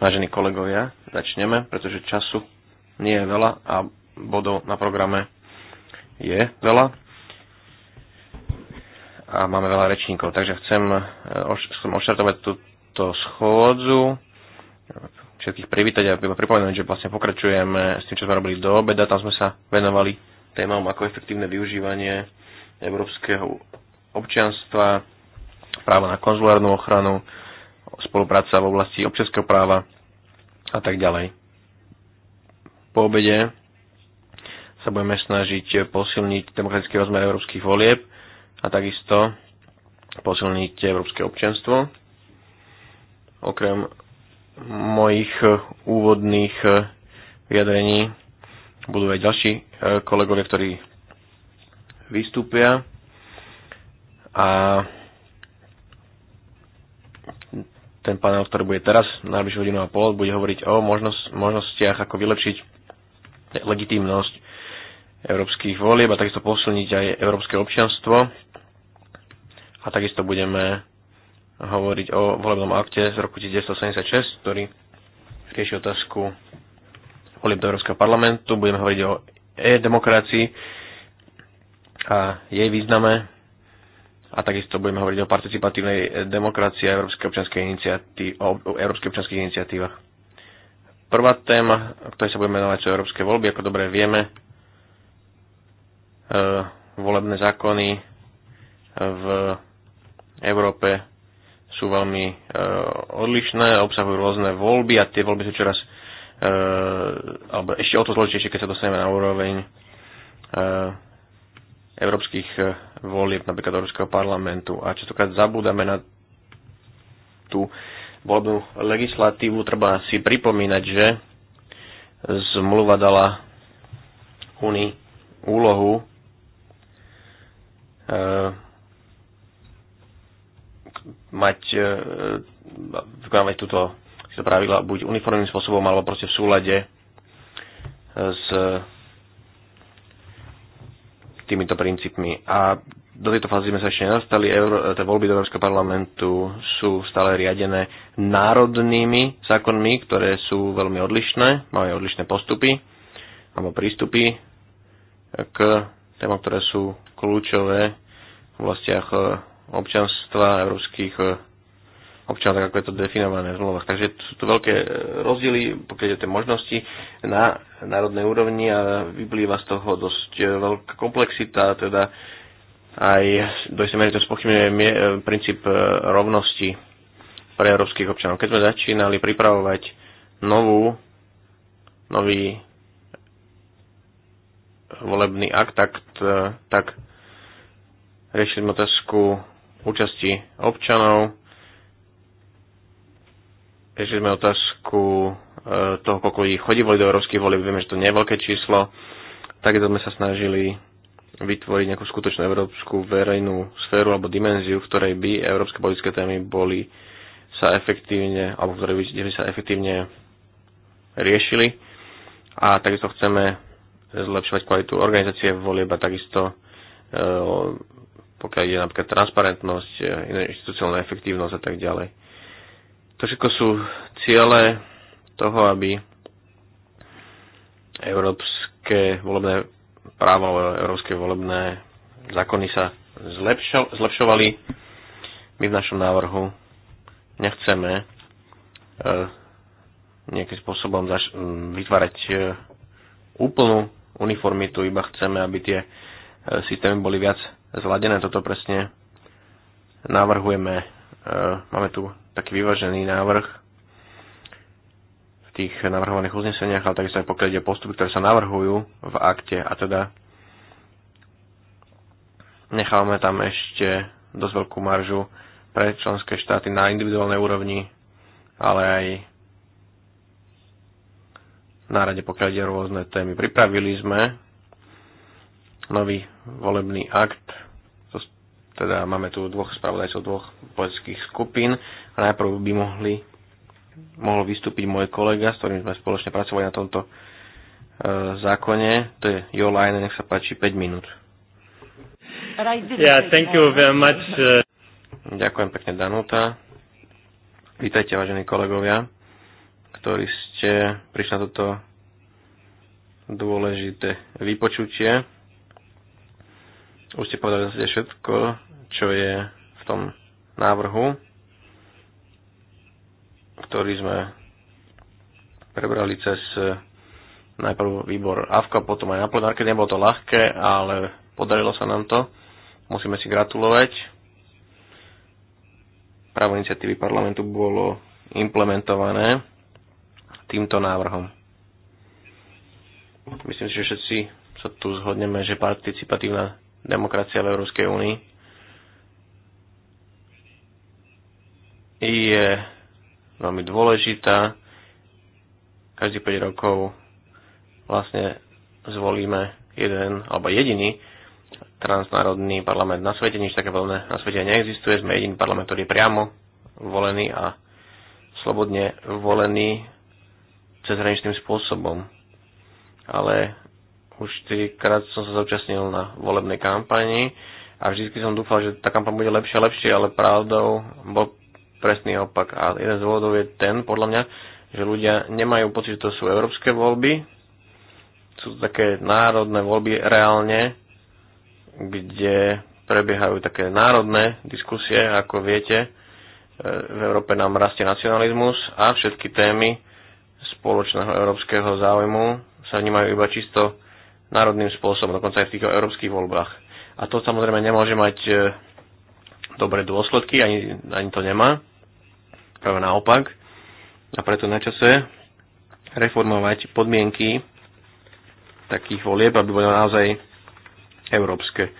Vážení kolegovia, začneme, pretože času nie je veľa a bodov na programe je veľa a máme veľa rečníkov, takže chcem, e, chcem oštartovať túto schôdzu, všetkých privítať a iba pripomenúť, že vlastne pokračujeme s tým, čo sme robili do obeda, tam sme sa venovali témam ako efektívne využívanie európskeho občianstva, právo na konzulárnu ochranu, spolupráca v oblasti občianského práva a tak ďalej. Po obede sa budeme snažiť posilniť demokratický rozmer európskych volieb a takisto posilniť európske občianstvo. Okrem mojich úvodných vyjadrení budú aj ďalší e, kolegovia, ktorí vystúpia a ten panel, ktorý bude teraz, najbližšiu hodinu a pol, bude hovoriť o možnosť, možnostiach, ako vylepšiť legitímnosť európskych volieb a takisto posilniť aj európske občianstvo. A takisto budeme hovoriť o volebnom akte z roku 1976, ktorý rieši otázku volieb do Európskeho parlamentu. Budeme hovoriť o e-demokracii a jej význame a takisto budeme hovoriť o participatívnej demokracii a Európskej občanskej iniciatí- o občanských iniciatívach. Prvá téma, ktorej sa budeme venovať, sú európske voľby, ako dobre vieme. E, volebné zákony e, v Európe sú veľmi e, odlišné, obsahujú rôzne voľby a tie voľby sú čoraz e, alebo ešte o to zložitejšie, keď sa dostaneme na úroveň e, európskych eh, volieb, napríklad Európskeho parlamentu. A častokrát zabúdame na tú voľbnú legislatívu. Treba si pripomínať, že zmluva dala Unii úlohu e, mať e, vykonávať túto, túto pravidla buď uniformným spôsobom alebo proste v súlade s týmito princípmi. A do tejto fázy sme sa ešte nedostali. Euro, e, tie voľby do Európskeho parlamentu sú stále riadené národnými zákonmi, ktoré sú veľmi odlišné, majú odlišné postupy alebo prístupy k témam, ktoré sú kľúčové v oblastiach e, občanstva, európskych e, občan, tak ako je to definované v zmluvách. Takže sú tu veľké rozdiely, pokiaľ je tie možnosti na národnej úrovni a vyplýva z toho dosť veľká komplexita, teda aj do istej miery to spochybňuje princíp e, rovnosti pre európskych občanov. Keď sme začínali pripravovať novú, nový volebný akt, tak, tak riešili otázku účasti občanov, Riešili sme otázku e, toho, koľko ľudí chodí voliť do európskych volieb. Vieme, že to nie je veľké číslo. Takisto sme sa snažili vytvoriť nejakú skutočnú európsku verejnú sféru alebo dimenziu, v ktorej by európske politické témy boli sa efektívne, alebo ktoré by sa efektívne riešili. A takisto chceme zlepšovať kvalitu organizácie volieb a takisto e, pokiaľ ide napríklad transparentnosť, e, institucionálna efektívnosť a tak ďalej. To všetko sú ciele toho, aby európske volebné právo alebo európske volebné zákony sa zlepšovali. My v našom návrhu nechceme e, nejakým spôsobom vytvárať e, úplnú uniformitu, iba chceme, aby tie e, systémy boli viac zladené. Toto presne navrhujeme. Máme tu taký vyvážený návrh v tých navrhovaných uzneseniach, ale takisto aj pokiaľ ide postupy, ktoré sa navrhujú v akte a teda nechávame tam ešte dosť veľkú maržu pre členské štáty na individuálnej úrovni, ale aj na rade, pokiaľ ide rôzne témy. Pripravili sme nový volebný akt teda máme tu dvoch spravodajcov dvoch politických skupín a najprv by mohli, mohol vystúpiť môj kolega, s ktorým sme spoločne pracovali na tomto uh, zákone. To je Jo nech sa páči 5 minút. Yeah, thank you very much. Uh, Ďakujem pekne Danuta. Vítajte, vážení kolegovia, ktorí ste prišli na toto dôležité vypočutie už ste povedali zase všetko, čo je v tom návrhu, ktorý sme prebrali cez najprv výbor AFKO, potom aj na plenárke. Nebolo to ľahké, ale podarilo sa nám to. Musíme si gratulovať. Právo iniciatívy parlamentu bolo implementované týmto návrhom. Myslím si, že všetci sa tu zhodneme, že participatívna demokracia v Európskej únii je veľmi dôležitá. Každý 5 rokov vlastne zvolíme jeden alebo jediný transnárodný parlament na svete. Nič také podobné na svete neexistuje. Sme jediný parlament, ktorý je priamo volený a slobodne volený cezhraničným spôsobom. Ale už trikrát som sa zúčastnil na volebnej kampani a vždy som dúfal, že tá kampaň bude lepšia a lepšia, ale pravdou bol presný opak. A jeden z dôvodov je ten, podľa mňa, že ľudia nemajú pocit, že to sú európske voľby, sú to také národné voľby reálne, kde prebiehajú také národné diskusie, ako viete. E, v Európe nám rastie nacionalizmus a všetky témy spoločného európskeho záujmu sa vnímajú iba čisto národným spôsobom, dokonca aj v tých európskych voľbách. A to samozrejme nemôže mať e, dobré dôsledky, ani, ani to nemá. Práve naopak. A preto na čase reformovať podmienky takých volieb, aby boli naozaj európske.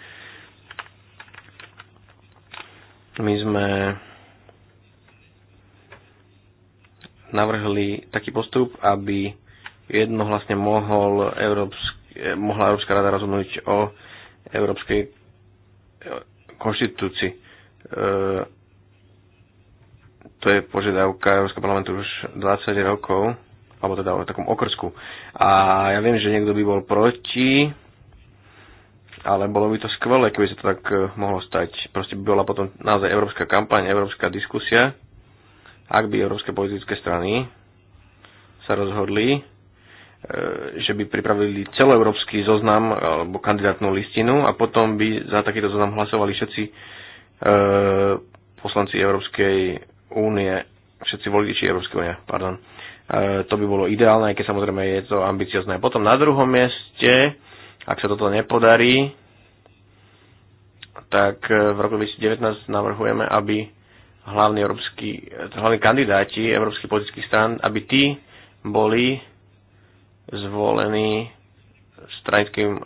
My sme navrhli taký postup, aby jednohlasne mohol Európsky mohla Európska rada rozhodnúť o Európskej e, konštitúcii. E, to je požiadavka Európskeho parlamentu už 20 rokov, alebo teda o takom okrsku. A ja viem, že niekto by bol proti, ale bolo by to skvelé, keby sa to tak e, mohlo stať. Proste by bola potom naozaj európska kampaň, európska diskusia, ak by európske politické strany sa rozhodli E, že by pripravili celoeurópsky zoznam alebo kandidátnu listinu a potom by za takýto zoznam hlasovali všetci e, poslanci Európskej únie, všetci voliči Európskej únie, pardon. E, to by bolo ideálne, aj keď samozrejme je to ambiciozne. Potom na druhom mieste, ak sa toto nepodarí, tak e, v roku 2019 navrhujeme, aby hlavní, európsky, hlavní kandidáti európskych politických strán, aby tí boli zvolený stranickým e,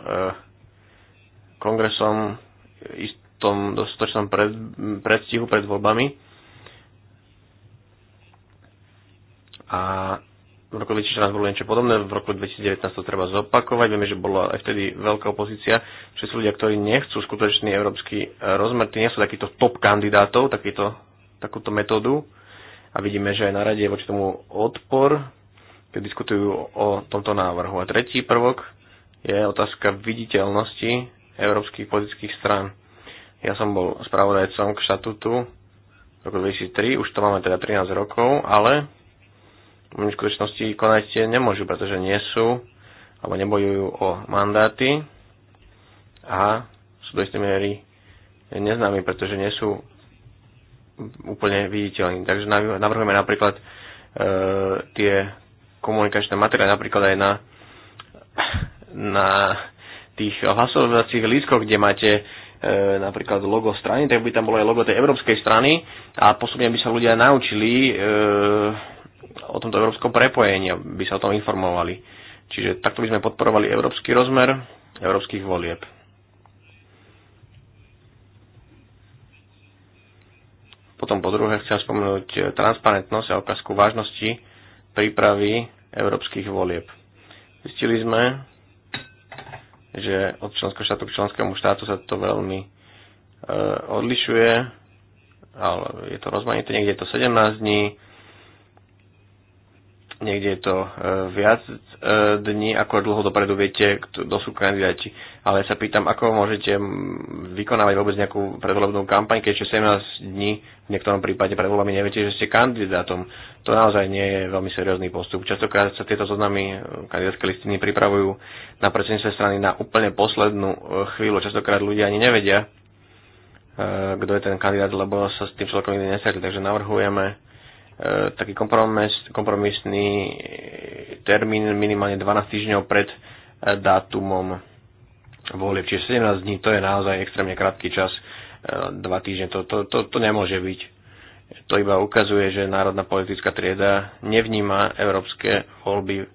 kongresom v istom dostatočnom pred, predstihu pred voľbami. A v roku 2014 bolo niečo podobné, v roku 2019 to treba zopakovať. Vieme, že bola aj vtedy veľká opozícia. Všetci ľudia, ktorí nechcú skutočný európsky e, rozmer, tí nie sú takýto top kandidátov, takýto, takúto metódu. A vidíme, že aj na rade je voči tomu odpor keď diskutujú o tomto návrhu. A tretí prvok je otázka viditeľnosti európskych politických strán. Ja som bol spravodajcom k štatútu v roku 2003, už to máme teda 13 rokov, ale v skutočnosti konať tie nemôžu, pretože nie sú alebo nebojujú o mandáty a sú do istej miery neznámi, pretože nie sú úplne viditeľní. Takže navrhujeme napríklad e, tie komunikačné materiály, napríklad aj na, na tých hlasovacích lístkoch, kde máte e, napríklad logo strany, tak by tam bolo aj logo tej európskej strany a postupne by sa ľudia naučili e, o tomto európskom prepojení, aby sa o tom informovali. Čiže takto by sme podporovali európsky rozmer európskych volieb. Potom po druhé chcem spomenúť transparentnosť a otázku vážnosti prípravy európskych volieb. Zistili sme, že od členského štátu k členskému štátu sa to veľmi e, odlišuje, ale je to rozmanité, niekde je to 17 dní, niekde je to e, viac e, dní, ako dlho dopredu viete, kto, sú kandidáti ale sa pýtam, ako môžete vykonávať vôbec nejakú predvolebnú kampaň, keďže 17 dní v niektorom prípade pred voľbami neviete, že ste kandidátom. To naozaj nie je veľmi seriózny postup. Častokrát sa tieto zoznamy e, kandidátske listiny pripravujú na predsedníctve strany na úplne poslednú e, chvíľu. Častokrát ľudia ani nevedia, e, kto je ten kandidát, lebo sa s tým človekom nikdy nestretli. Takže navrhujeme taký kompromis, kompromisný termín minimálne 12 týždňov pred dátumom volieb. Čiže 17 dní to je naozaj extrémne krátky čas, e, dva týždne, to, to, to, to nemôže byť. To iba ukazuje, že národná politická trieda nevníma európske voľby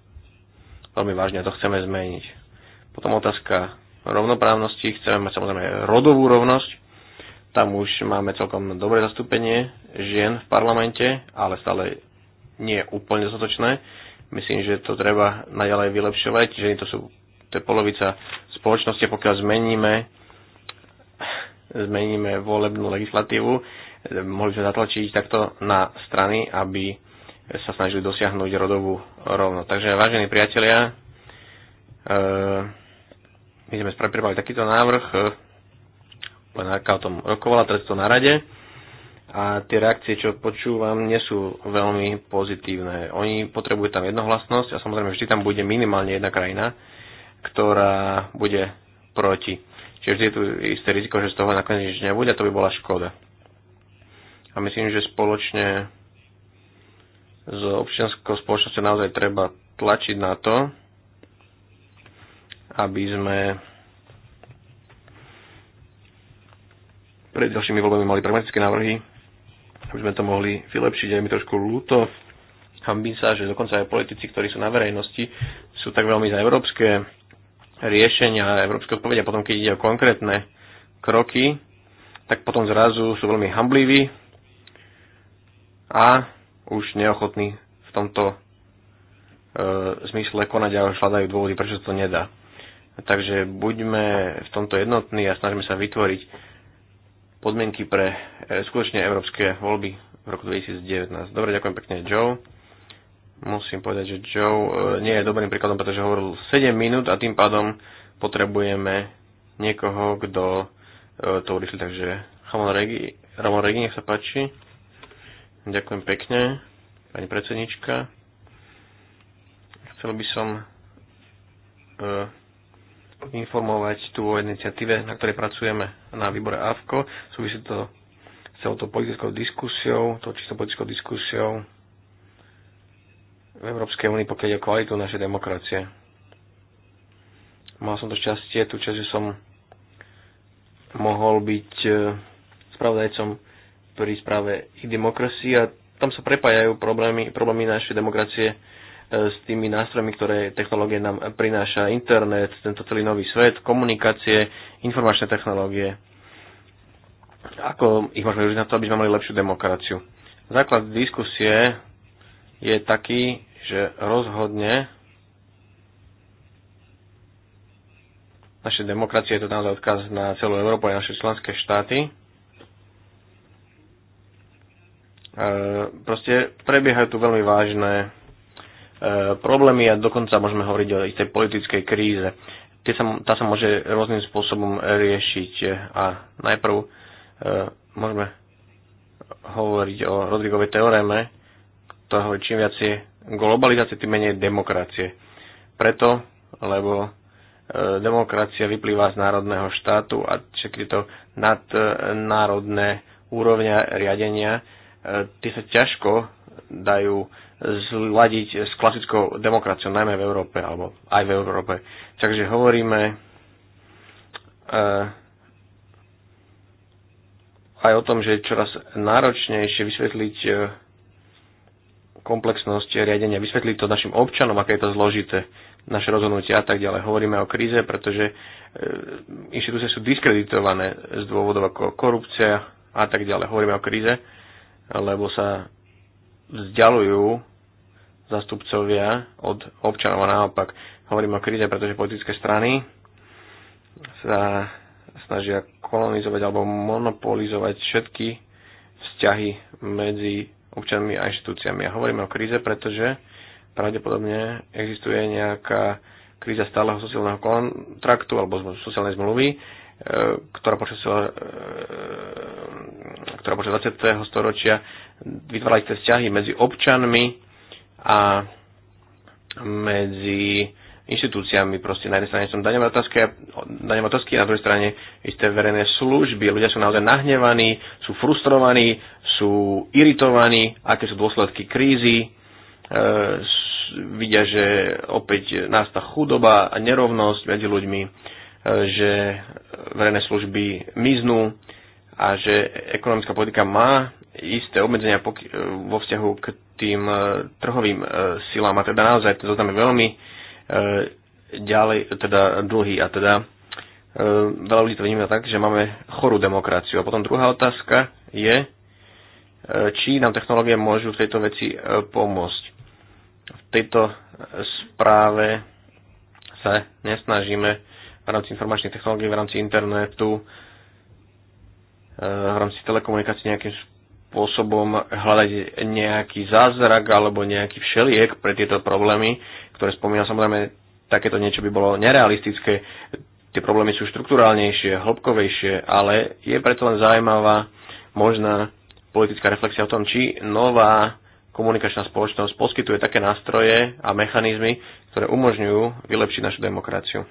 veľmi vážne a to chceme zmeniť. Potom otázka rovnoprávnosti, chceme mať samozrejme rodovú rovnosť, tam už máme celkom dobré zastúpenie žien v parlamente, ale stále nie úplne dostatočné. Myslím, že to treba naďalej vylepšovať. Ženy to sú to je polovica spoločnosti, pokiaľ zmeníme, zmeníme volebnú legislatívu, mohli sme zatlačiť takto na strany, aby sa snažili dosiahnuť rodovú rovno. Takže, vážení priatelia, e, my sme spravili takýto návrh, e, plenárka o tom rokovala, teraz to na rade a tie reakcie, čo počúvam, nie sú veľmi pozitívne. Oni potrebujú tam jednohlasnosť a samozrejme vždy tam bude minimálne jedna krajina, ktorá bude proti. Čiže vždy je tu isté riziko, že z toho nakoniec nič nebude a to by bola škoda. A myslím, že spoločne s občianskou spoločnosťou naozaj treba tlačiť na to, aby sme pred ďalšími voľbami mali pragmatické návrhy, aby sme to mohli vylepšiť. aj mi trošku ľúto, hambím sa, že dokonca aj politici, ktorí sú na verejnosti, sú tak veľmi za európske riešenia Európskej odpovede a potom, keď ide o konkrétne kroky, tak potom zrazu sú veľmi hambliví a už neochotní v tomto e, zmysle konať a už hľadajú dôvody, prečo to nedá. Takže buďme v tomto jednotní a snažíme sa vytvoriť podmienky pre e, skutočne európske voľby v roku 2019. Dobre, ďakujem pekne, Joe musím povedať, že Joe e, nie je dobrým príkladom, pretože hovoril 7 minút a tým pádom potrebujeme niekoho, kto e, to urychlí. Takže Ramon Regi, Ramon Regi, nech sa páči. Ďakujem pekne, pani predsednička. Chcel by som e, informovať tu o iniciatíve, na ktorej pracujeme na výbore AFKO. Súvisí to s celou tou politickou diskusiou, to čisto politickou diskusiou v Európskej únii, pokiaľ je o kvalitu našej demokracie. Mal som to šťastie, tu čas, že som mohol byť e, spravodajcom pri správe ich demokracii a tam sa prepájajú problémy, problémy našej demokracie e, s tými nástrojmi, ktoré technológie nám prináša internet, tento celý nový svet, komunikácie, informačné technológie. Ako ich môžeme využiť na to, aby sme mali lepšiu demokraciu? Základ diskusie je taký, že rozhodne naše demokracie, je to naozaj odkaz na celú Európu a naše členské štáty, e, proste prebiehajú tu veľmi vážne e, problémy a dokonca môžeme hovoriť o istej politickej kríze. Tá sa môže rôznym spôsobom riešiť a najprv e, môžeme hovoriť o Rodrigovej teoréme, hovorí, čím viac je globalizácie, tým menej demokracie. Preto, lebo e, demokracia vyplýva z národného štátu a všetky to nadnárodné úrovňa riadenia, e, tie sa ťažko dajú zladiť s klasickou demokraciou, najmä v Európe, alebo aj v Európe. Takže hovoríme e, aj o tom, že je čoraz náročnejšie vysvetliť komplexnosť riadenia, vysvetliť to našim občanom, aké je to zložité, naše rozhodnutia a tak ďalej. Hovoríme o kríze, pretože e, inštitúcie sú diskreditované z dôvodov ako korupcia a tak ďalej. Hovoríme o kríze, lebo sa vzdialujú zastupcovia od občanov a naopak. Hovoríme o kríze, pretože politické strany sa snažia kolonizovať alebo monopolizovať všetky vzťahy medzi občanmi a inštitúciami. A hovoríme o kríze, pretože pravdepodobne existuje nejaká kríza stáleho sociálneho kontraktu alebo sociálnej zmluvy, e, ktorá počas, e, e, ktorá počas 20. storočia vytvárala isté vzťahy medzi občanmi a medzi inštitúciami. Proste na jednej strane som daňové otázky, daňové otázky a na druhej strane isté verejné služby. Ľudia sú naozaj nahnevaní, sú frustrovaní, sú iritovaní, aké sú dôsledky krízy, e, s, vidia, že opäť nás tá chudoba a nerovnosť medzi ľuďmi, e, že verejné služby miznú a že ekonomická politika má isté obmedzenia e, vo vzťahu k tým e, trhovým e, silám a teda naozaj to zoznam veľmi E, ďalej, teda dlhý a teda e, veľa ľudí to vníma tak, že máme chorú demokraciu. A potom druhá otázka je, e, či nám technológie môžu v tejto veci pomôcť. V tejto správe sa nesnažíme v rámci informačných technológií, v rámci internetu, v rámci telekomunikácií nejakým spôsobom hľadať nejaký zázrak alebo nejaký všeliek pre tieto problémy ktoré spomínam, samozrejme takéto niečo by bolo nerealistické. Tie problémy sú štruktúrálnejšie, hĺbkovejšie, ale je preto len zaujímavá možná politická reflexia o tom, či nová komunikačná spoločnosť poskytuje také nástroje a mechanizmy, ktoré umožňujú vylepšiť našu demokraciu.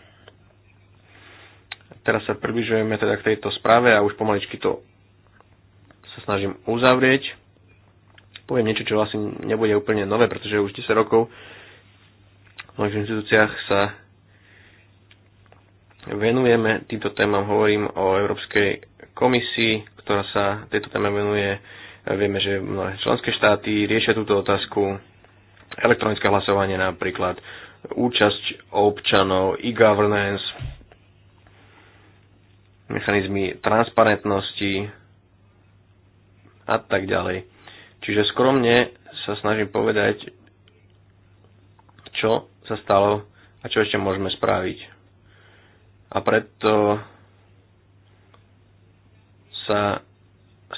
Teraz sa približujeme teda k tejto správe a už pomaličky to sa snažím uzavrieť. Poviem niečo, čo asi nebude úplne nové, pretože už 10 rokov v mnohých inštitúciách sa venujeme týmto témam. Hovorím o Európskej komisii, ktorá sa tejto téme venuje. Vieme, že mnohé členské štáty riešia túto otázku. Elektronické hlasovanie napríklad, účasť občanov, e-governance, mechanizmy transparentnosti a tak ďalej. Čiže skromne sa snažím povedať, čo sa stalo a čo ešte môžeme spraviť. A preto sa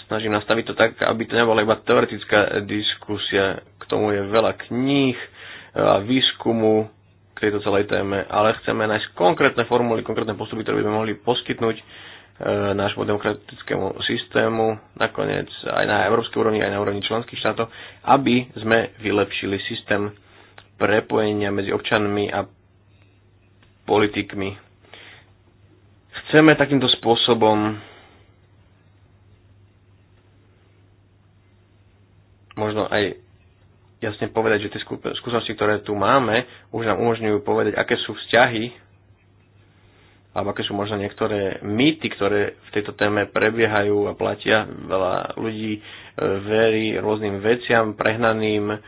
snažím nastaviť to tak, aby to nebola iba teoretická diskusia. K tomu je veľa kníh a výskumu k tejto celej téme, ale chceme nájsť konkrétne formuly, konkrétne postupy, ktoré by sme mohli poskytnúť e, nášmu demokratickému systému, nakoniec aj na európskej úrovni, aj na úrovni členských štátov, aby sme vylepšili systém prepojenia medzi občanmi a politikmi. Chceme takýmto spôsobom možno aj jasne povedať, že tie skúsenosti, ktoré tu máme, už nám umožňujú povedať, aké sú vzťahy alebo aké sú možno niektoré mýty, ktoré v tejto téme prebiehajú a platia. Veľa ľudí e, verí rôznym veciam, prehnaným, e,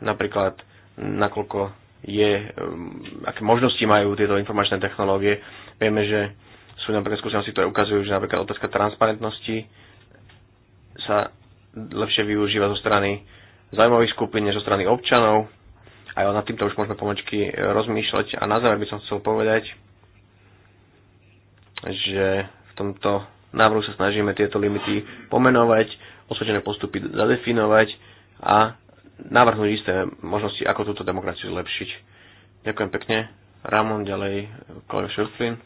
napríklad nakoľko je, um, aké možnosti majú tieto informačné technológie. Vieme, že sú napríklad skúsenosti, ktoré ukazujú, že napríklad otázka transparentnosti sa lepšie využíva zo strany zaujímavých skupín, než zo strany občanov. Aj nad týmto už môžeme pomočky rozmýšľať. A na záver by som chcel povedať, že v tomto návrhu sa snažíme tieto limity pomenovať, osvedčené postupy zadefinovať a navrhnúť isté možnosti, ako túto demokraciu zlepšiť. Ďakujem pekne. Ramon ďalej, kolega Šurflin.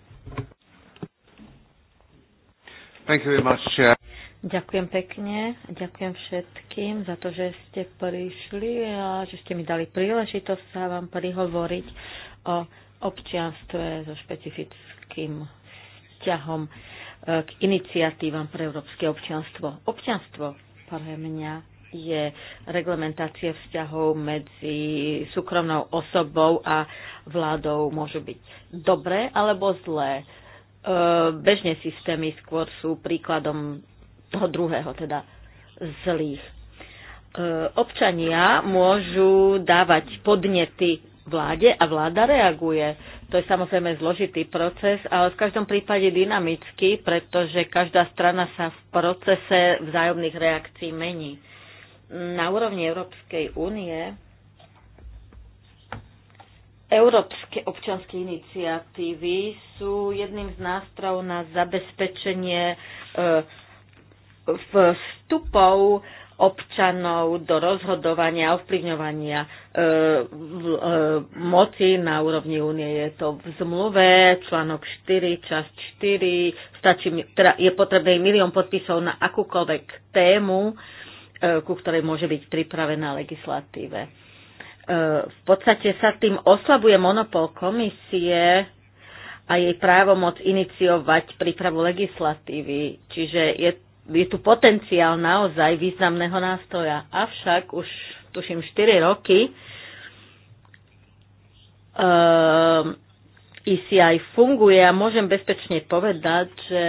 Ďakujem pekne. Ďakujem všetkým za to, že ste prišli a že ste mi dali príležitosť sa vám prihovoriť o občianstve so špecifickým vzťahom eh, k iniciatívam pre európske občianstvo. Občianstvo pre mňa je reglementácia vzťahov medzi súkromnou osobou a vládou môžu byť dobré alebo zlé. E, Bežne systémy skôr sú príkladom toho druhého, teda zlých. E, občania môžu dávať podnety vláde a vláda reaguje. To je samozrejme zložitý proces, ale v každom prípade dynamický, pretože každá strana sa v procese vzájomných reakcií mení na úrovni Európskej únie Európske občanské iniciatívy sú jedným z nástrojov na zabezpečenie e, vstupov občanov do rozhodovania a ovplyvňovania e, e, moci na úrovni únie. Je to v zmluve, článok 4, časť 4, stačí, teda je potrebné milión podpisov na akúkoľvek tému, E, ku ktorej môže byť pripravená legislatíve. E, v podstate sa tým oslabuje monopol komisie a jej právomoc iniciovať prípravu legislatívy. Čiže je, je tu potenciál naozaj významného nástroja. Avšak už tuším 4 roky ICI e, ECI funguje a môžem bezpečne povedať, že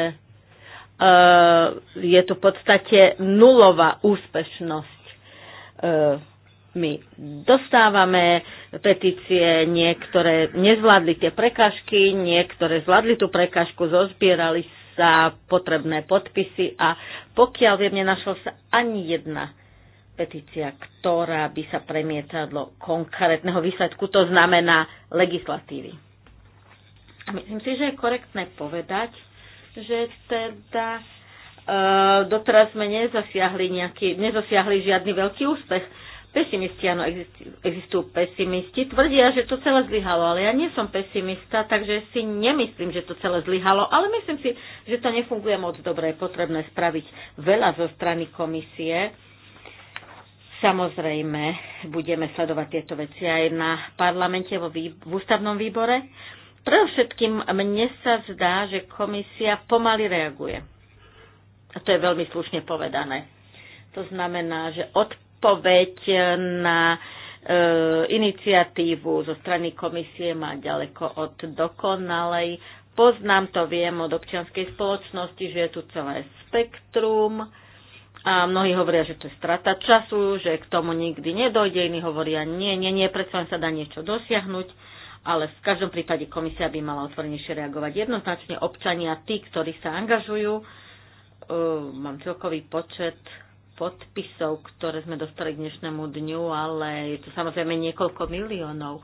Eh, je tu v podstate nulová úspešnosť. Eh, my dostávame petície, niektoré nezvládli tie prekažky, niektoré zvládli tú prekažku, zozbierali sa potrebné podpisy a pokiaľ viem, nenašla sa ani jedna petícia, ktorá by sa premietla do konkrétneho výsledku, to znamená legislatívy. A myslím si, že je korektné povedať, že teda e, doteraz sme nezasiahli, nejaký, nezasiahli žiadny veľký úspech. Pesimisti, áno, existujú pesimisti. Tvrdia, že to celé zlyhalo, ale ja nie som pesimista, takže si nemyslím, že to celé zlyhalo, ale myslím si, že to nefunguje moc dobre. Je potrebné spraviť veľa zo strany komisie. Samozrejme, budeme sledovať tieto veci aj na parlamente vo v ústavnom výbore Predovšetkým mne sa zdá, že komisia pomaly reaguje. A to je veľmi slušne povedané. To znamená, že odpoveď na e, iniciatívu zo strany komisie má ďaleko od dokonalej. Poznám to, viem od občianskej spoločnosti, že je tu celé spektrum a mnohí hovoria, že to je strata času, že k tomu nikdy nedojde, iní hovoria nie, nie, nie, predsa sa dá niečo dosiahnuť ale v každom prípade komisia by mala otvornejšie reagovať. Jednoznačne občania, tí, ktorí sa angažujú, e, mám celkový počet podpisov, ktoré sme dostali k dnešnému dňu, ale je to samozrejme niekoľko miliónov. E,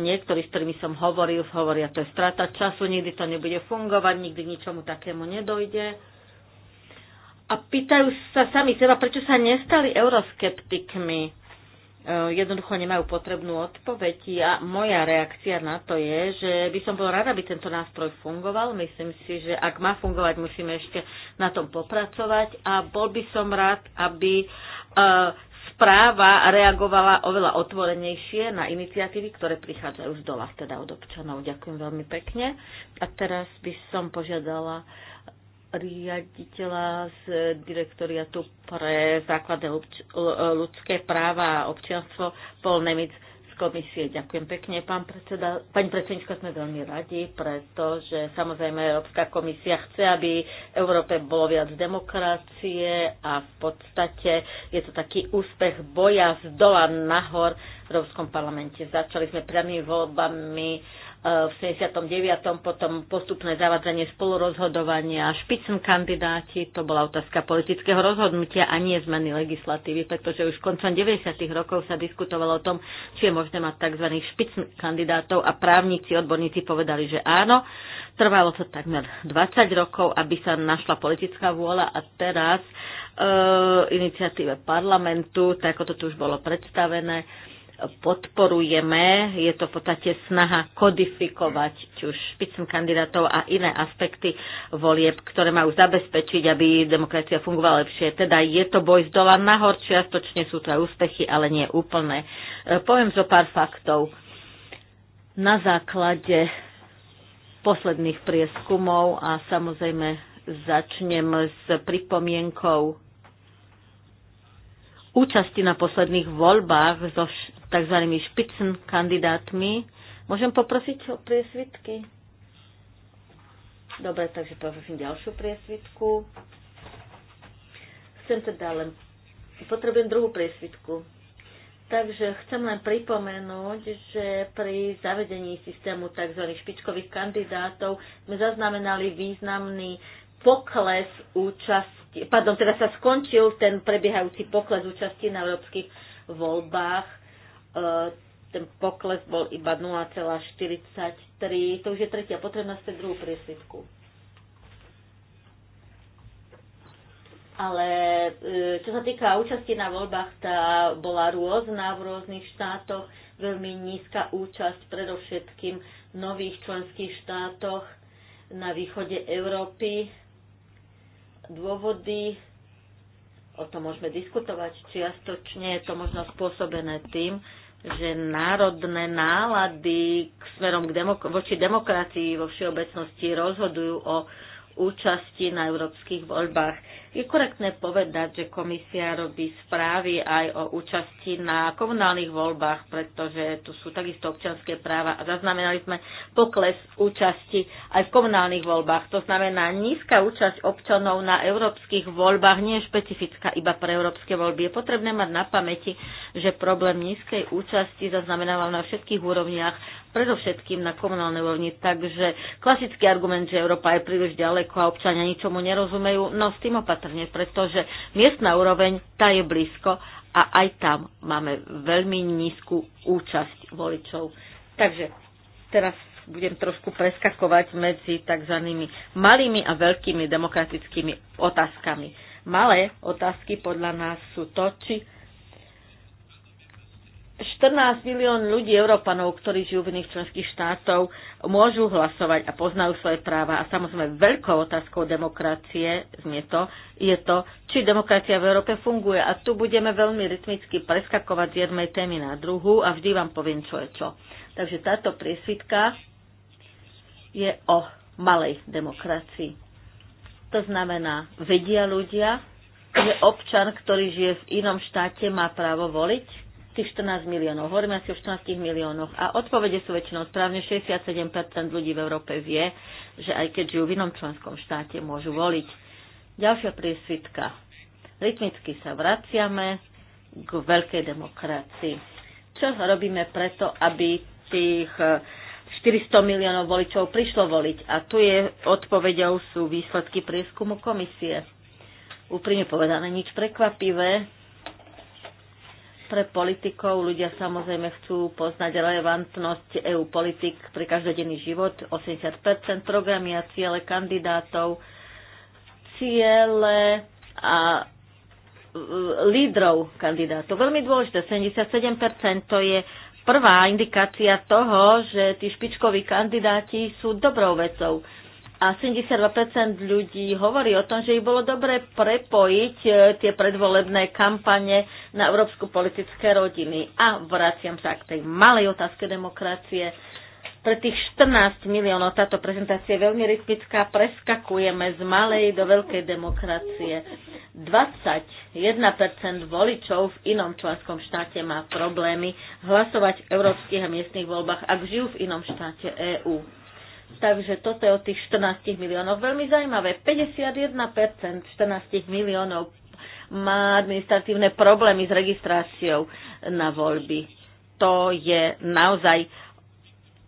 niektorí, s ktorými som hovoril, hovoria, to je strata času, nikdy to nebude fungovať, nikdy ničomu takému nedojde. A pýtajú sa sami seba, prečo sa nestali euroskeptikmi Eh, jednoducho nemajú potrebnú odpoveď. A moja reakcia na to je, že by som bol rada, aby tento nástroj fungoval. Myslím si, že ak má fungovať, musíme ešte na tom popracovať a bol by som rád, aby eh, správa reagovala oveľa otvorenejšie na iniciatívy, ktoré prichádzajú z dola, teda od občanov. Ďakujem veľmi pekne. A teraz by som požiadala uh, riaditeľa z direktoriatu pre základné ľudské práva a občianstvo Paul Nemic z komisie. Ďakujem pekne, pán predseda. Pani predsednička, sme veľmi radi, pretože samozrejme Európska komisia chce, aby v Európe bolo viac demokracie a v podstate je to taký úspech boja z dola nahor v Európskom parlamente. Začali sme priamými voľbami v 79. potom postupné zavadzanie spolurozhodovania, špicn kandidáti, to bola otázka politického rozhodnutia a nie zmeny legislatívy, pretože už koncom 90. rokov sa diskutovalo o tom, či je možné mať tzv. špicn kandidátov a právnici, odborníci povedali, že áno. Trvalo to takmer 20 rokov, aby sa našla politická vôľa a teraz e, iniciatíve parlamentu, tak ako to tu už bolo predstavené, e, podporujeme. Je to v podstate snaha kodifikovať či už špicn kandidátov a iné aspekty volieb, ktoré majú zabezpečiť, aby demokracia fungovala lepšie. Teda je to boj z dola nahor, čiastočne sú to aj úspechy, ale nie úplné. E, poviem zo pár faktov. Na základe posledných prieskumov a samozrejme začnem s pripomienkou účasti na posledných voľbách zo tzv. špicen kandidátmi. Môžem poprosiť o priesvitky? Dobre, takže poprosím ďalšiu priesvitku. Chcem teda len... Potrebujem druhú priesvitku. Takže chcem len pripomenúť, že pri zavedení systému tzv. špičkových kandidátov sme zaznamenali významný pokles účasti, pardon, teda sa skončil ten prebiehajúci pokles účasti na európskych voľbách E, ten pokles bol iba 0,43. To už je tretia, potrebná ste druhú priesvitku. Ale e, čo sa týka účasti na voľbách, tá bola rôzna v rôznych štátoch, veľmi nízka účasť predovšetkým v nových členských štátoch na východe Európy. Dôvody, o tom môžeme diskutovať čiastočne, je to možno spôsobené tým, že národné nálady k smerom k demok- voči demokracii vo všeobecnosti rozhodujú o účasti na európskych voľbách. Je korektné povedať, že komisia robí správy aj o účasti na komunálnych voľbách, pretože tu sú takisto občanské práva a zaznamenali sme pokles účasti aj v komunálnych voľbách. To znamená, nízka účasť občanov na európskych voľbách nie je špecifická iba pre európske voľby. Je potrebné mať na pamäti, že problém nízkej účasti zaznamenával na všetkých úrovniach predovšetkým na komunálnej úrovni. Takže klasický argument, že Európa je príliš ďaleko a občania ničomu nerozumejú, no s tým opatrne, pretože miestna úroveň tá je blízko a aj tam máme veľmi nízku účasť voličov. Takže teraz budem trošku preskakovať medzi tzv. malými a veľkými demokratickými otázkami. Malé otázky podľa nás sú to, či 14 milión ľudí, Európanov, ktorí žijú v iných členských štátov, môžu hlasovať a poznajú svoje práva. A samozrejme veľkou otázkou demokracie znie to, je to, či demokracia v Európe funguje. A tu budeme veľmi rytmicky preskakovať z jednej témy na druhú a vždy vám poviem, čo je čo. Takže táto priesvitka je o malej demokracii. To znamená, vedia ľudia, že občan, ktorý žije v inom štáte, má právo voliť, tých 14 miliónov. Hovoríme asi o 14 miliónoch a odpovede sú väčšinou správne. 67% ľudí v Európe vie, že aj keď žijú v inom členskom štáte, môžu voliť. Ďalšia priesvitka. Rytmicky sa vraciame k veľkej demokracii. Čo robíme preto, aby tých 400 eh, miliónov voličov prišlo voliť? A tu je odpovedou sú výsledky prieskumu komisie. Úprimne povedané, nič prekvapivé pre politikov ľudia samozrejme chcú poznať relevantnosť EU politik pre každodenný život, 80 programy a ciele kandidátov, ciele a e, lídrov kandidátov. Veľmi dôležité, 77 to je prvá indikácia toho, že tí špičkoví kandidáti sú dobrou vecou a 72% ľudí hovorí o tom, že ich bolo dobre prepojiť e, tie predvolebné kampane na európsku politické rodiny. A vraciam sa k tej malej otázke demokracie. Pre tých 14 miliónov táto prezentácia je veľmi rytmická. Preskakujeme z malej do veľkej demokracie. 21% voličov v inom členskom štáte má problémy hlasovať v európskych a miestnych voľbách, ak žijú v inom štáte EÚ Takže toto je od tých 14 miliónov. Veľmi zaujímavé, 51% 14 miliónov má administratívne problémy s registráciou na voľby. To je naozaj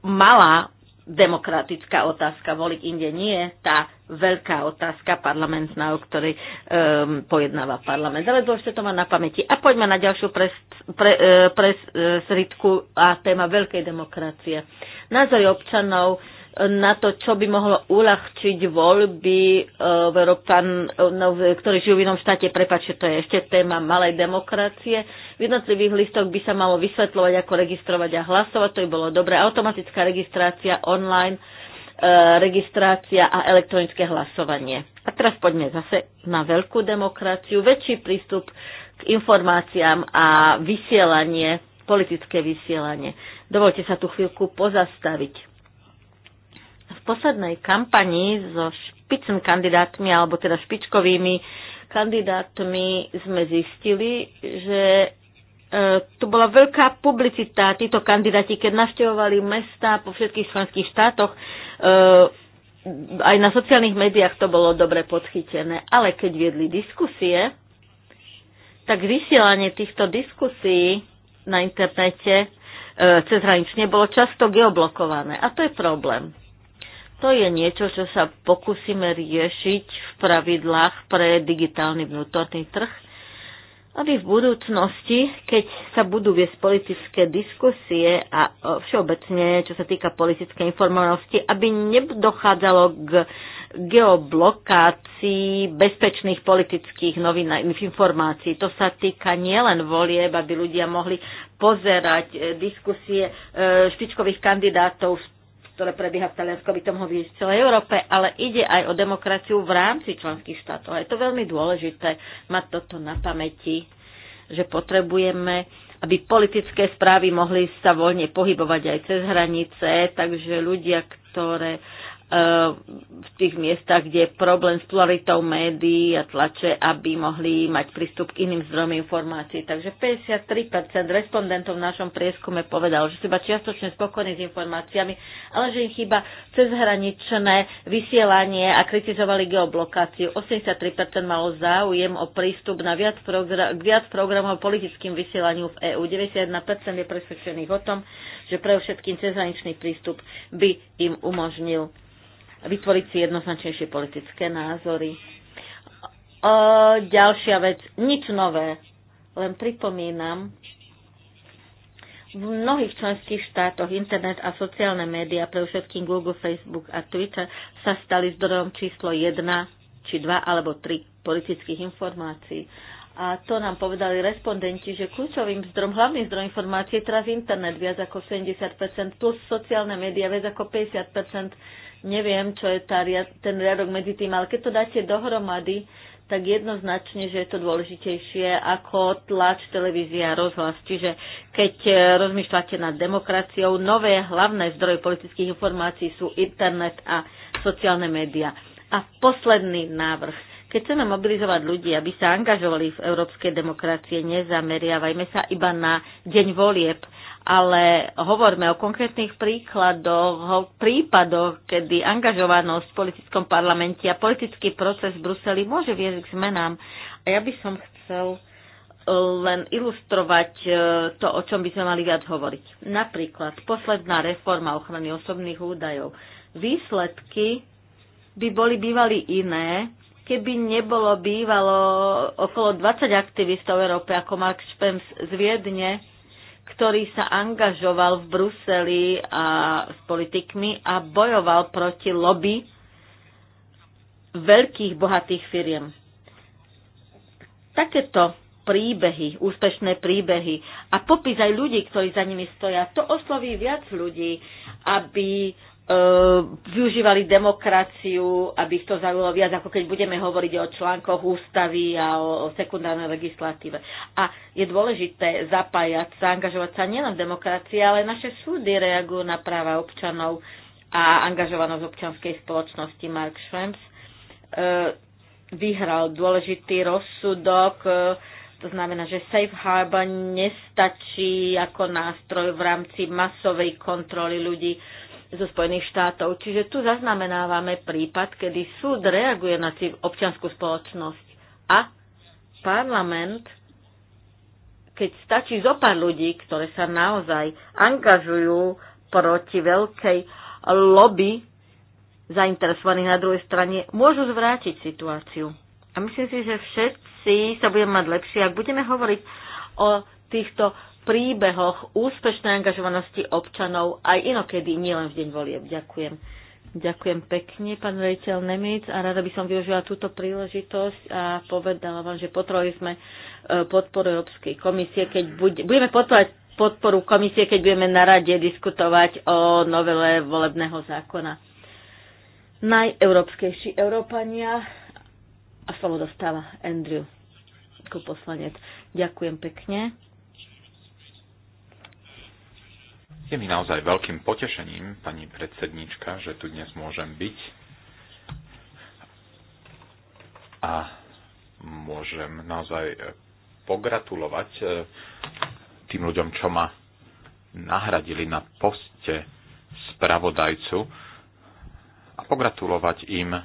malá demokratická otázka, voliť inde nie, tá veľká otázka parlamentná, o ktorej um, pojednáva parlament. Ale dôležite to má na pamäti. A poďme na ďalšiu presritku pre, pre, pre e, a téma veľkej demokracie. Názory občanov na to, čo by mohlo uľahčiť voľby e, Európan, e, no, ktorí žijú v inom štáte. Prepačte, to je ešte téma malej demokracie. V jednotlivých listoch by sa malo vysvetľovať, ako registrovať a hlasovať. To by bolo dobré. Automatická registrácia online, e, registrácia a elektronické hlasovanie. A teraz poďme zase na veľkú demokraciu, väčší prístup k informáciám a vysielanie, politické vysielanie. Dovolte sa tu chvíľku pozastaviť poslednej kampani so špicen kandidátmi, alebo teda špičkovými kandidátmi sme zistili, že e, tu bola veľká publicita. Títo kandidáti, keď navštevovali mesta po všetkých členských štátoch, e, aj na sociálnych médiách to bolo dobre podchytené. Ale keď viedli diskusie, tak vysielanie týchto diskusí na internete e, cezhranične bolo často geoblokované. A to je problém. To je niečo, čo sa pokúsime riešiť v pravidlách pre digitálny vnútorný trh, aby v budúcnosti, keď sa budú viesť politické diskusie a e, všeobecne, čo sa týka politickej informovanosti, aby nedochádzalo k geoblokácii bezpečných politických novín informácií. To sa týka nielen volieb, aby ľudia mohli pozerať e, diskusie e, špičkových kandidátov z ktoré prebieha v Taliansku, by to mohlo vidieť v celej Európe, ale ide aj o demokraciu v rámci členských štátov. A je to veľmi dôležité mať toto na pamäti, že potrebujeme, aby politické správy mohli sa voľne pohybovať aj cez hranice, takže ľudia, ktoré v tých miestach, kde je problém s pluralitou médií a tlače, aby mohli mať prístup k iným zdrojom informácií. Takže 53% respondentov v našom prieskume povedal, že sú iba čiastočne spokojní s informáciami, ale že im chýba cezhraničné vysielanie a kritizovali geoblokáciu. 83% malo záujem o prístup na viac, program, viac programov politickým vysielaniu v EÚ. 91% je presvedčených o tom, že pre všetkým cezhraničný prístup by im umožnil vytvoriť si jednoznačnejšie politické názory. O, ďalšia vec, nič nové. Len pripomínam, v mnohých členských štátoch internet a sociálne médiá, pre všetkým Google, Facebook a Twitter, sa stali zdrojom číslo 1, či 2 alebo 3 politických informácií. A to nám povedali respondenti, že kľúčovým zdrojom, hlavným zdrojom informácií je teraz internet, viac ako 70%, plus sociálne médiá, viac ako 50% neviem, čo je tá, ten riadok medzi tým, ale keď to dáte dohromady, tak jednoznačne, že je to dôležitejšie ako tlač, televízia, rozhlas. Čiže keď e, rozmýšľate nad demokraciou, nové hlavné zdroje politických informácií sú internet a sociálne médiá. A posledný návrh. Keď chceme mobilizovať ľudí, aby sa angažovali v európskej demokracie, nezameriavajme sa iba na deň volieb, ale hovorme o konkrétnych príkladoch, o prípadoch, kedy angažovanosť v politickom parlamente a politický proces v Bruseli môže viesť k zmenám. A ja by som chcel e, len ilustrovať e, to, o čom by sme mali viac hovoriť. Napríklad posledná reforma ochrany osobných údajov. Výsledky by boli bývali iné, keby nebolo bývalo okolo 20 aktivistov v Európe, ako Mark Spence z Viedne, ktorý sa angažoval v Bruseli a s politikmi a bojoval proti lobby veľkých bohatých firiem. Takéto príbehy, úspešné príbehy a popis aj ľudí, ktorí za nimi stoja, to osloví viac ľudí, aby Eh, využívali demokraciu, aby ich to zaujalo viac, ako keď budeme hovoriť o článkoch ústavy a o, o sekundárnej legislatíve. A je dôležité zapájať sa, angažovať sa nielen v ale naše súdy reagujú na práva občanov a angažovanosť občanskej spoločnosti. Mark Schrems eh, vyhral dôležitý rozsudok, eh, to znamená, že Safe Harbor nestačí ako nástroj v rámci masovej kontroly ľudí zo Spojených štátov. Čiže tu zaznamenávame prípad, kedy súd reaguje na občianskú spoločnosť a parlament, keď stačí zo pár ľudí, ktoré sa naozaj angažujú proti veľkej lobby zainteresovaných na druhej strane, môžu zvrátiť situáciu. A myslím si, že všetci sa budeme mať lepšie, ak budeme hovoriť o týchto príbehoch úspešnej angažovanosti občanov aj inokedy, nielen v deň volieb. Ďakujem. Ďakujem pekne, pán rejiteľ Nemec, a rada by som využila túto príležitosť a povedala vám, že potrebovali sme e, podporu Európskej komisie, keď budeme potrebovať podporu komisie, keď budeme na rade diskutovať o novele volebného zákona. Najeurópskejší Európania a slovo dostáva Andrew ako poslanec. Ďakujem pekne. Je mi naozaj veľkým potešením, pani predsedníčka, že tu dnes môžem byť a môžem naozaj e, pogratulovať e, tým ľuďom, čo ma nahradili na poste spravodajcu a pogratulovať im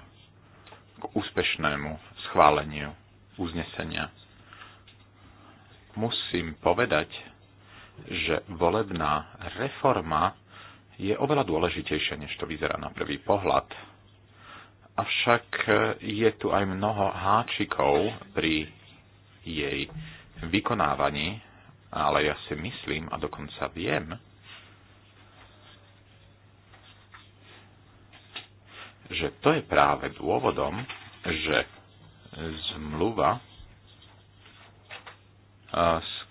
k úspešnému schváleniu uznesenia. Musím povedať, že volebná reforma je oveľa dôležitejšia, než to vyzerá na prvý pohľad. Avšak je tu aj mnoho háčikov pri jej vykonávaní, ale ja si myslím a dokonca viem, že to je práve dôvodom, že zmluva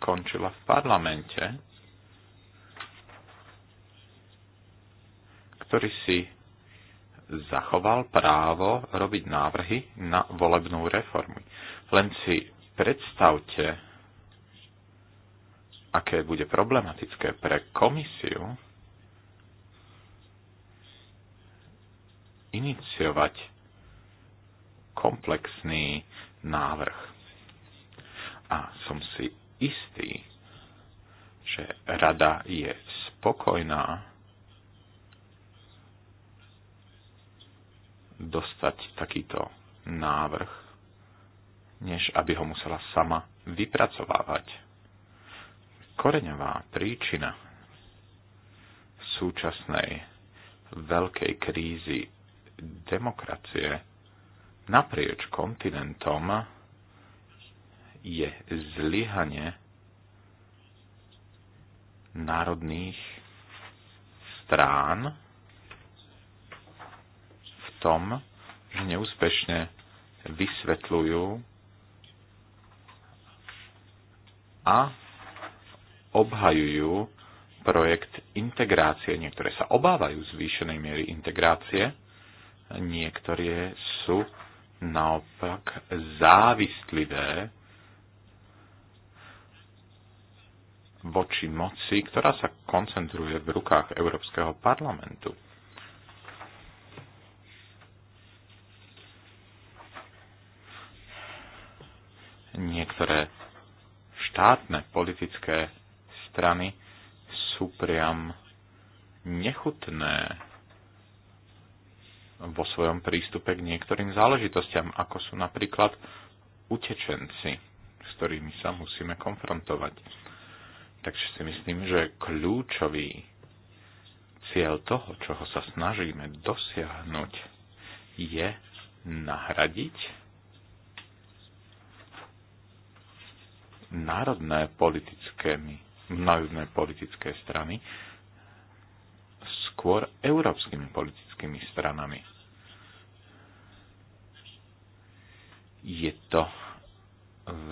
skončila v parlamente, ktorý si zachoval právo robiť návrhy na volebnú reformu. Len si predstavte, aké bude problematické pre komisiu iniciovať komplexný návrh. A som si istý, že rada je spokojná dostať takýto návrh, než aby ho musela sama vypracovávať. Koreňová príčina súčasnej veľkej krízy demokracie naprieč kontinentom je zlyhanie národných strán v tom, že neúspešne vysvetľujú a obhajujú projekt integrácie. Niektoré sa obávajú zvýšenej miery integrácie, niektoré sú naopak závislivé voči moci, ktorá sa koncentruje v rukách Európskeho parlamentu. Niektoré štátne politické strany sú priam nechutné vo svojom prístupe k niektorým záležitostiam, ako sú napríklad utečenci, s ktorými sa musíme konfrontovať. Takže si myslím, že kľúčový cieľ toho, čoho sa snažíme dosiahnuť, je nahradiť národné politické, národné politické strany skôr európskymi politickými stranami. Je to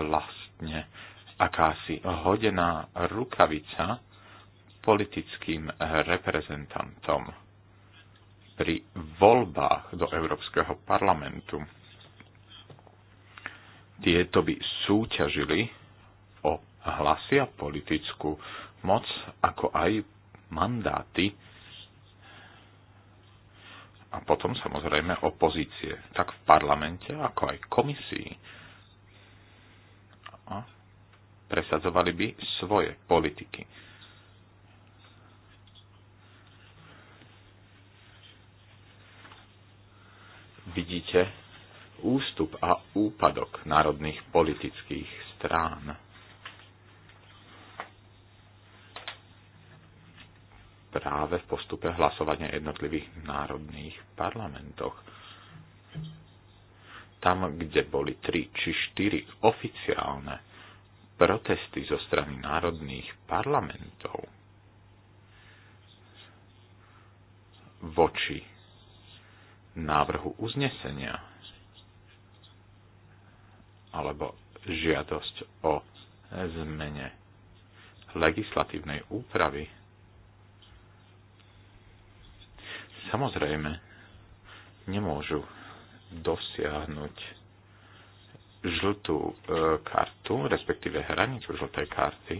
vlastne akási hodená rukavica politickým reprezentantom pri voľbách do Európskeho parlamentu. Tieto by súťažili o hlasy a politickú moc, ako aj mandáty a potom samozrejme opozície, tak v parlamente, ako aj komisii a presadzovali by svoje politiky. Vidíte ústup a úpadok národných politických strán. práve v postupe hlasovania jednotlivých národných parlamentoch. Tam, kde boli tri či štyri oficiálne protesty zo strany národných parlamentov voči návrhu uznesenia alebo žiadosť o zmene legislatívnej úpravy. Samozrejme, nemôžu dosiahnuť žltú e, kartu, respektíve hranicu žltej karty,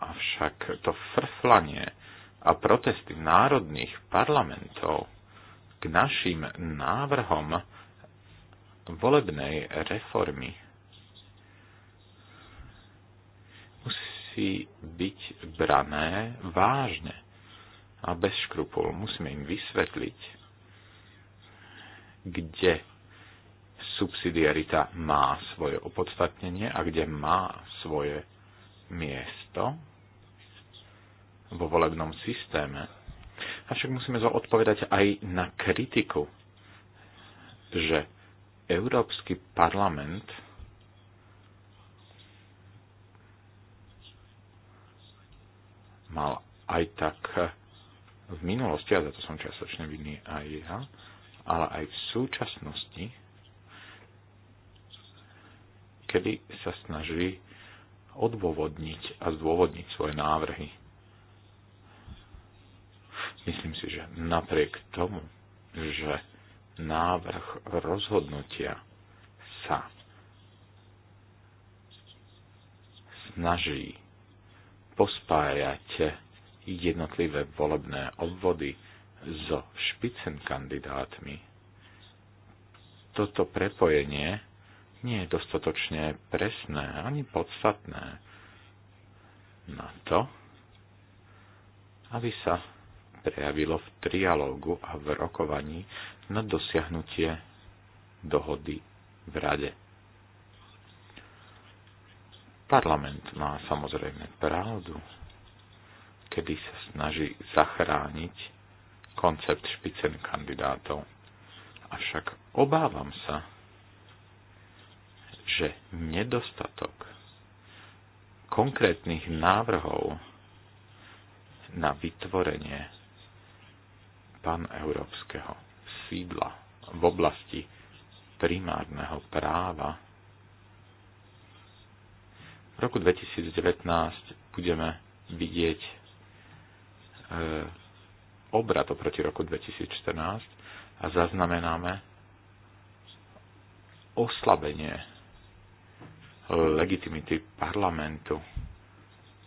avšak to frflanie a protesty národných parlamentov k našim návrhom volebnej reformy musí byť brané vážne a bez škrupul. Musíme im vysvetliť, kde subsidiarita má svoje opodstatnenie a kde má svoje miesto vo volebnom systéme. Avšak musíme odpovedať aj na kritiku, že Európsky parlament mal aj tak v minulosti, a za to som čiastočne vinný aj ja, ale aj v súčasnosti kedy sa snaží odôvodniť a zdôvodniť svoje návrhy. Myslím si, že napriek tomu, že návrh rozhodnutia sa snaží pospájať jednotlivé volebné obvody so špicen kandidátmi. Toto prepojenie nie je dostatočne presné ani podstatné na to, aby sa prejavilo v trialógu a v rokovaní na dosiahnutie dohody v Rade. Parlament má samozrejme pravdu, kedy sa snaží zachrániť koncept špicen kandidátov. Avšak obávam sa, že nedostatok konkrétnych návrhov na vytvorenie paneurópskeho sídla v oblasti primárneho práva v roku 2019 budeme vidieť e, obrat oproti roku 2014 a zaznamenáme oslabenie E, mhm. legitimity parlamentu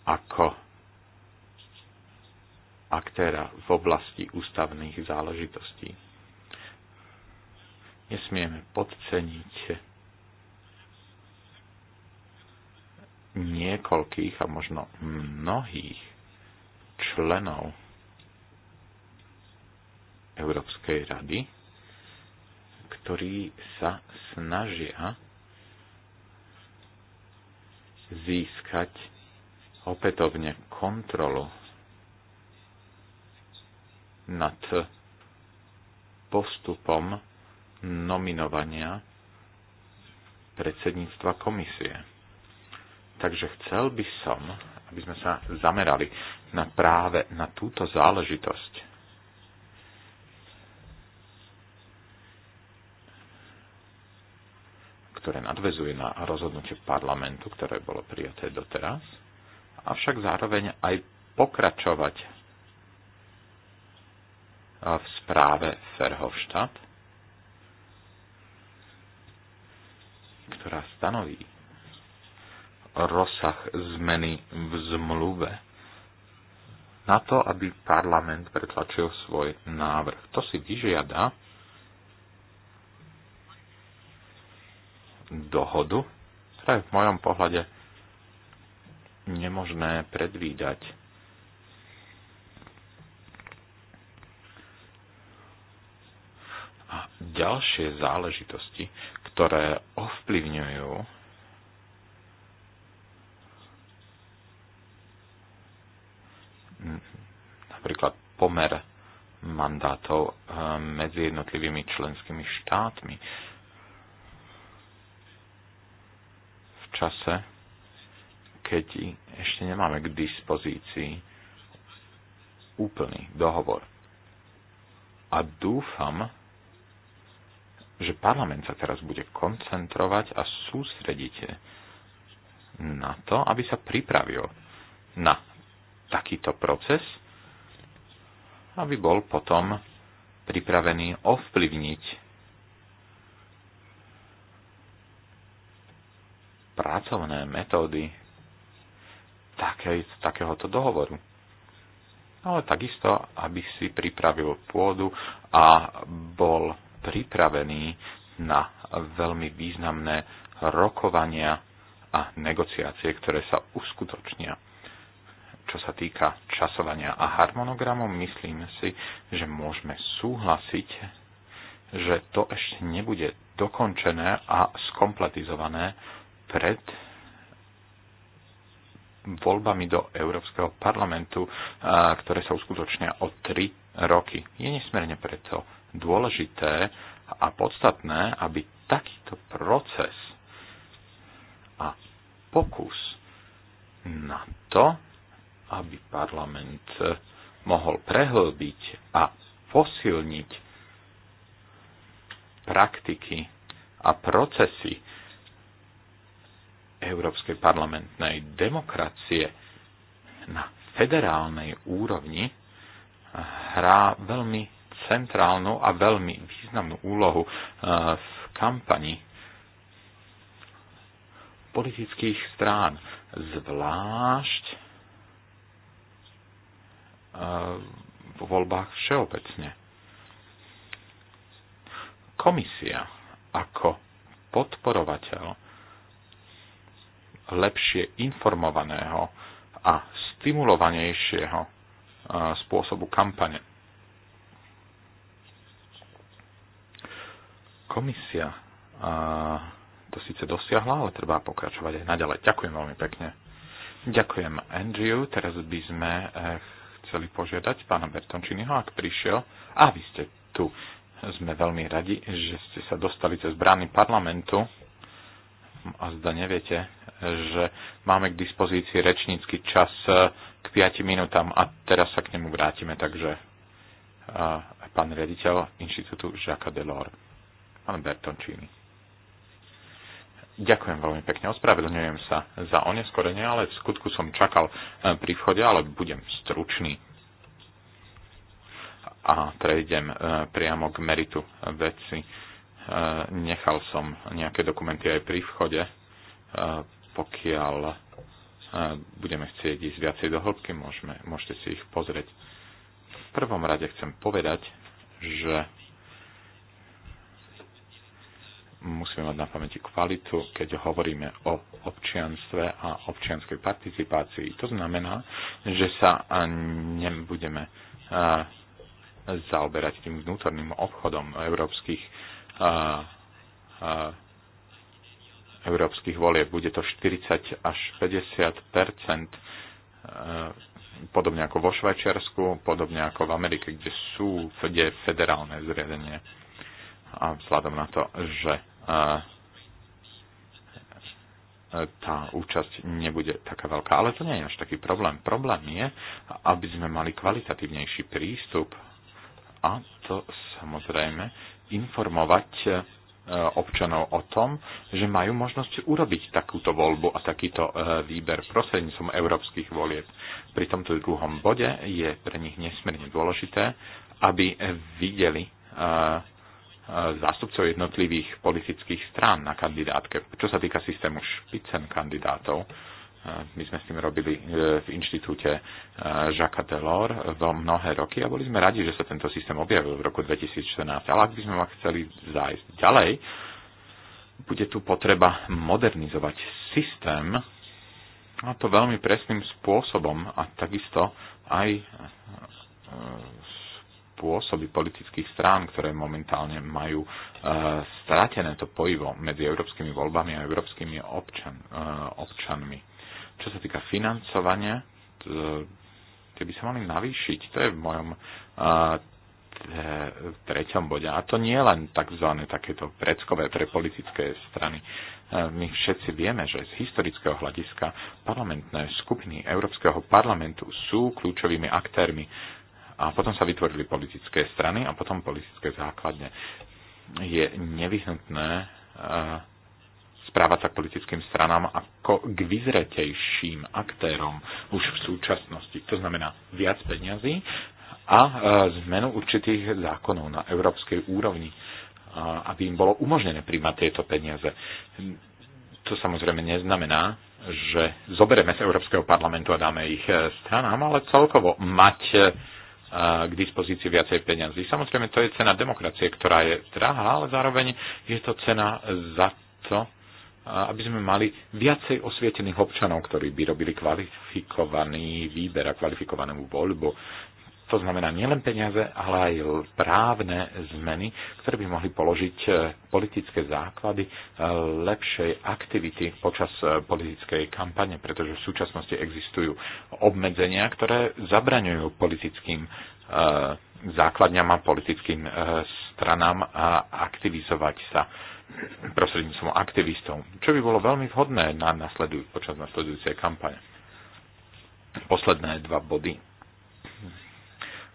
ako aktéra v oblasti ústavných záležitostí. Nesmieme podceniť niekoľkých a možno mnohých členov Európskej rady, ktorí sa snažia získať opätovne kontrolu nad postupom nominovania predsedníctva komisie. Takže chcel by som, aby sme sa zamerali na práve na túto záležitosť. ktoré nadvezuje na rozhodnutie parlamentu, ktoré bolo prijaté doteraz, avšak zároveň aj pokračovať v správe Ferhofstadt, ktorá stanoví rozsah zmeny v zmluve na to, aby parlament pretlačil svoj návrh. To si vyžiada dohodu, ktorá je v mojom pohľade nemožné predvídať. A ďalšie záležitosti, ktoré ovplyvňujú napríklad pomer mandátov eh, medzi jednotlivými členskými štátmi čase, keď ešte nemáme k dispozícii úplný dohovor. A dúfam, že parlament sa teraz bude koncentrovať a sústrediť na to, aby sa pripravil na takýto proces, aby bol potom pripravený ovplyvniť pracovné metódy také, takéhoto dohovoru. Ale takisto, aby si pripravil pôdu a bol pripravený na veľmi významné rokovania a negociácie, ktoré sa uskutočnia. Čo sa týka časovania a harmonogramu, myslím si, že môžeme súhlasiť, že to ešte nebude dokončené a skompletizované pred voľbami do Európskeho parlamentu, ktoré sa uskutočnia o tri roky. Je nesmierne preto dôležité a podstatné, aby takýto proces a pokus na to, aby parlament mohol prehlbiť a posilniť praktiky a procesy, európskej parlamentnej demokracie na federálnej úrovni hrá veľmi centrálnu a veľmi významnú úlohu eh, v kampani politických strán, zvlášť eh, v voľbách všeobecne. Komisia ako podporovateľ lepšie informovaného a stimulovanejšieho e, spôsobu kampane. Komisia e, to síce dosiahla, ale treba pokračovať aj naďalej. Ďakujem veľmi pekne. Ďakujem Andrew. Teraz by sme e, chceli požiadať pána Bertončiniho, ak prišiel. A vy ste tu. Sme veľmi radi, že ste sa dostali cez brány parlamentu a zda neviete, že máme k dispozícii rečnícky čas e, k 5 minútam a teraz sa k nemu vrátime, takže e, pán riaditeľ Inštitútu Jacques Delors, pán Bertoncini. Ďakujem veľmi pekne, ospravedlňujem sa za oneskorenie, ale v skutku som čakal e, pri vchode, ale budem stručný a prejdem priamo k meritu veci Eh, nechal som nejaké dokumenty aj pri vchode, eh, pokiaľ eh, budeme chcieť ísť viacej do hĺbky, môžeme, môžete si ich pozrieť. V prvom rade chcem povedať, že musíme mať na pamäti kvalitu, keď hovoríme o občianstve a občianskej participácii. To znamená, že sa nebudeme zaoberať tým vnútorným obchodom európskych európskych volieb. Bude to 40 až 50 e, podobne ako vo Švajčiarsku, podobne ako v Amerike, kde sú kde federálne zriadenie. A vzhľadom na to, že e, tá účasť nebude taká veľká. Ale to nie je až taký problém. Problém je, aby sme mali kvalitatívnejší prístup a to samozrejme informovať e, občanov o tom, že majú možnosť urobiť takúto voľbu a takýto e, výber prostredníctvom európskych volieb. Pri tomto druhom bode je pre nich nesmierne dôležité, aby videli e, zástupcov jednotlivých politických strán na kandidátke. Čo sa týka systému špicen kandidátov, my sme s tým robili e, v inštitúte e, Jacques Delors mnohé roky a boli sme radi, že sa tento systém objavil v roku 2014. Ale ak by sme chceli zájsť ďalej, bude tu potreba modernizovať systém a to veľmi presným spôsobom a takisto aj e, spôsoby politických strán, ktoré momentálne majú e, stratené to pojivo medzi európskymi voľbami a európskymi občan, e, občanmi. Čo sa týka financovania, tie by sa mali navýšiť. To je v mojom a, treťom bode. A to nie len tzv. takéto predskové pre politické strany. E, my všetci vieme, že z historického hľadiska parlamentné skupiny Európskeho parlamentu sú kľúčovými aktérmi a potom sa vytvorili politické strany a potom politické základne. Je nevyhnutné e, správať sa k politickým stranám ako k vyzretejším aktérom už v súčasnosti. To znamená viac peňazí a e, zmenu určitých zákonov na európskej úrovni, e, aby im bolo umožnené príjmať tieto peniaze. To samozrejme neznamená, že zobereme z Európskeho parlamentu a dáme ich e, stranám, ale celkovo mať k dispozícii viacej peniazy. Samozrejme, to je cena demokracie, ktorá je drahá, ale zároveň je to cena za to, aby sme mali viacej osvietených občanov, ktorí by robili kvalifikovaný výber a kvalifikovanú voľbu. To znamená nielen peniaze, ale aj právne zmeny, ktoré by mohli položiť e, politické základy e, lepšej aktivity počas e, politickej kampane, pretože v súčasnosti existujú obmedzenia, ktoré zabraňujú politickým základňam a politickým stranám a aktivizovať sa prostredníctvom aktivistov, čo by bolo veľmi vhodné na nasleduj- počas nasledujúcej kampane. Posledné dva body.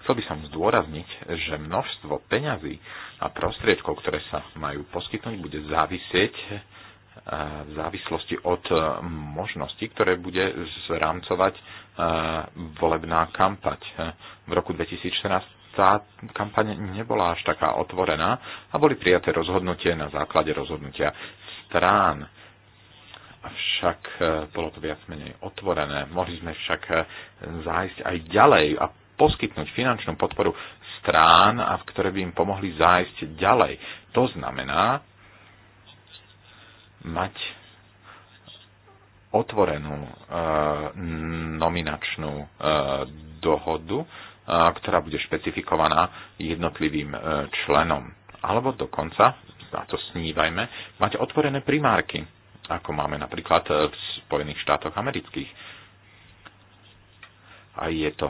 Chcel by som zdôrazniť, že množstvo peňazí a prostriedkov, ktoré sa majú poskytnúť, bude závisieť e, v závislosti od e, možností, ktoré bude zrámcovať e, volebná kampať. V roku 2014 tá kampaň nebola až taká otvorená a boli prijaté rozhodnutie na základe rozhodnutia strán. Avšak e, bolo to viac menej otvorené. Mohli sme však e, zájsť aj ďalej a poskytnúť finančnú podporu strán, a v ktoré by im pomohli zájsť ďalej. To znamená mať otvorenú e, nominačnú e, dohodu, ktorá bude špecifikovaná jednotlivým e, členom. Alebo dokonca, na to snívajme, mať otvorené primárky, ako máme napríklad e, v Spojených štátoch amerických. A je to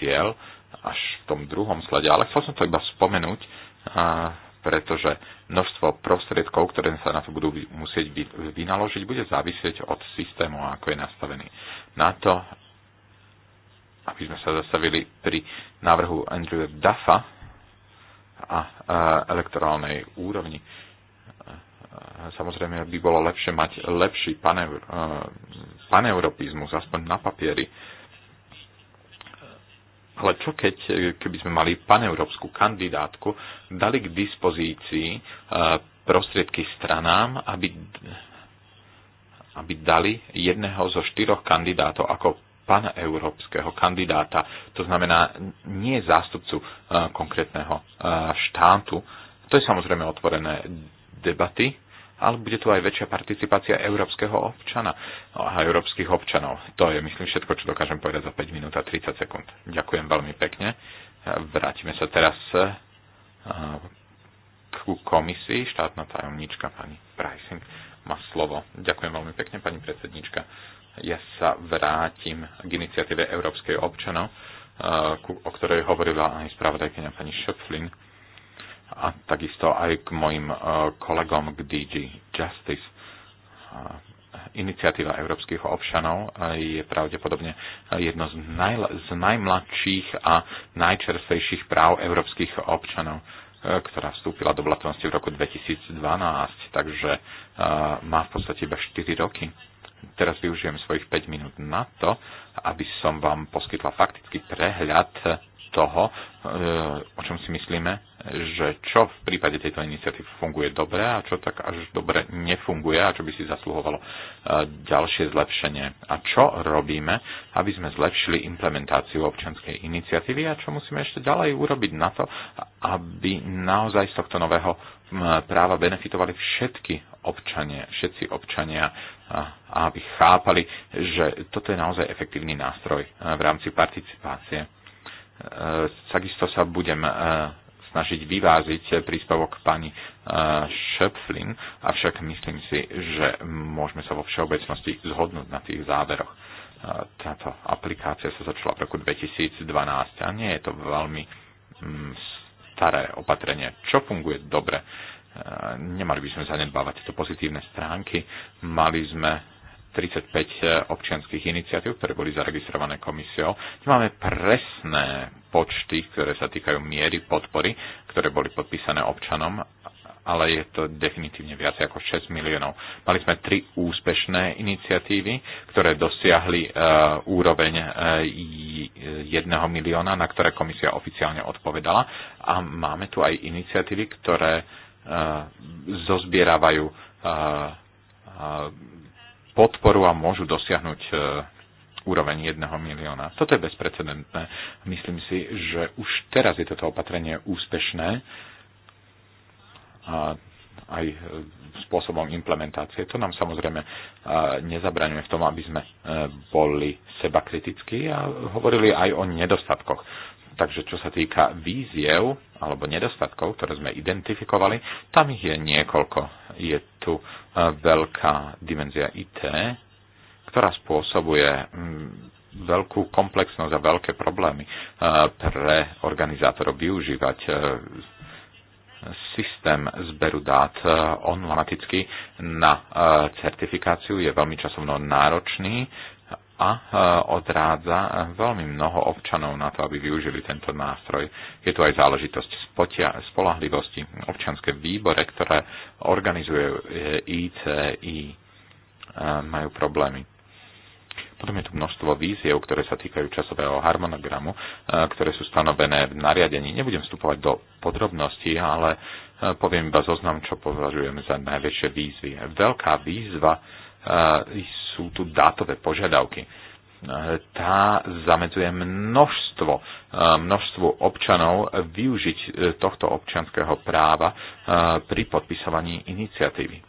cieľ až v tom druhom slade, ale chcel som to iba spomenúť, pretože množstvo prostriedkov, ktoré sa na to budú musieť vynaložiť, bude závisieť od systému, ako je nastavený. Na to, aby sme sa zastavili pri návrhu Andrew Duffa a elektorálnej úrovni. Samozrejme by bolo lepšie mať lepší paneur, paneuropizmus, aspoň na papieri. Ale čo keď, keby sme mali paneurópsku kandidátku, dali k dispozícii prostriedky stranám, aby, aby dali jedného zo štyroch kandidátov ako paneurópskeho kandidáta, to znamená nie zástupcu e, konkrétneho e, štátu. To je samozrejme otvorené debaty, ale bude tu aj väčšia participácia európskeho občana no, a európskych občanov. To je, myslím, všetko, čo dokážem povedať za 5 minút a 30 sekúnd. Ďakujem veľmi pekne. E, vrátime sa teraz ku komisii, štátna tajomníčka pani Pricing má slovo. Ďakujem veľmi pekne, pani predsednička. Ja sa vrátim k iniciatíve Európskej občanov, eh, o ktorej hovorila aj spravodajkynia pani Šöpflin a takisto aj k mojim eh, kolegom k DG Justice. Eh, iniciatíva európskych občanov je pravdepodobne jedno z, najl- z najmladších a najčerstvejších práv európskych občanov ktorá vstúpila do platnosti v roku 2012, takže e, má v podstate iba 4 roky. Teraz využijem svojich 5 minút na to, aby som vám poskytla faktický prehľad toho, e, o čom si myslíme, že čo v prípade tejto iniciatívy funguje dobre a čo tak až dobre nefunguje a čo by si zasluhovalo e, ďalšie zlepšenie. A čo robíme, aby sme zlepšili implementáciu občianskej iniciatívy a čo musíme ešte ďalej urobiť na to, aby naozaj z tohto nového práva benefitovali všetky občania, všetci občania a aby chápali, že toto je naozaj efektívny nástroj e, v rámci participácie. E, takisto sa budem snažiť vyváziť príspevok pani Šöpflin, eh, avšak myslím si, že môžeme sa vo všeobecnosti zhodnúť na tých záveroch. Eh, táto aplikácia sa začala v roku 2012 a nie je to veľmi mm, staré opatrenie. Čo funguje dobre? Eh, nemali by sme zanedbávať tieto pozitívne stránky, mali sme 35 občianských iniciatív, ktoré boli zaregistrované komisiou. Tu máme presné počty, ktoré sa týkajú miery podpory, ktoré boli podpísané občanom ale je to definitívne viac ako 6 miliónov. Mali sme tri úspešné iniciatívy, ktoré dosiahli uh, úroveň uh, jedného milióna, na ktoré komisia oficiálne odpovedala. A máme tu aj iniciatívy, ktoré uh, zozbieravajú uh, uh, podporu a môžu dosiahnuť e, úroveň 1 milióna. Toto je bezprecedentné. Myslím si, že už teraz je toto opatrenie úspešné a aj e, spôsobom implementácie. To nám samozrejme e, nezabraňuje v tom, aby sme boli seba kritickí a hovorili aj o nedostatkoch. Takže čo sa týka víziev alebo nedostatkov, ktoré sme identifikovali, tam ich je niekoľko. Je tu e, veľká dimenzia IT, ktorá spôsobuje mm, veľkú komplexnosť a veľké problémy e, pre organizátorov využívať e, systém zberu dát automaticky na certifikáciu je veľmi časovno náročný a e, odrádza e, veľmi mnoho občanov na to, aby využili tento nástroj. Je tu aj záležitosť spotia, spolahlivosti občanské výbore, ktoré organizuje ICI, e, majú problémy. Potom je tu množstvo víziev, ktoré sa týkajú časového harmonogramu, ktoré sú stanovené v nariadení. Nebudem vstupovať do podrobností, ale poviem iba zoznam, čo považujem za najväčšie výzvy. Veľká výzva sú tu dátové požiadavky. Eh, tá zamedzuje množstvo, eh, množstvo občanov využiť eh, tohto občanského práva pri podpisovaní iniciatívy.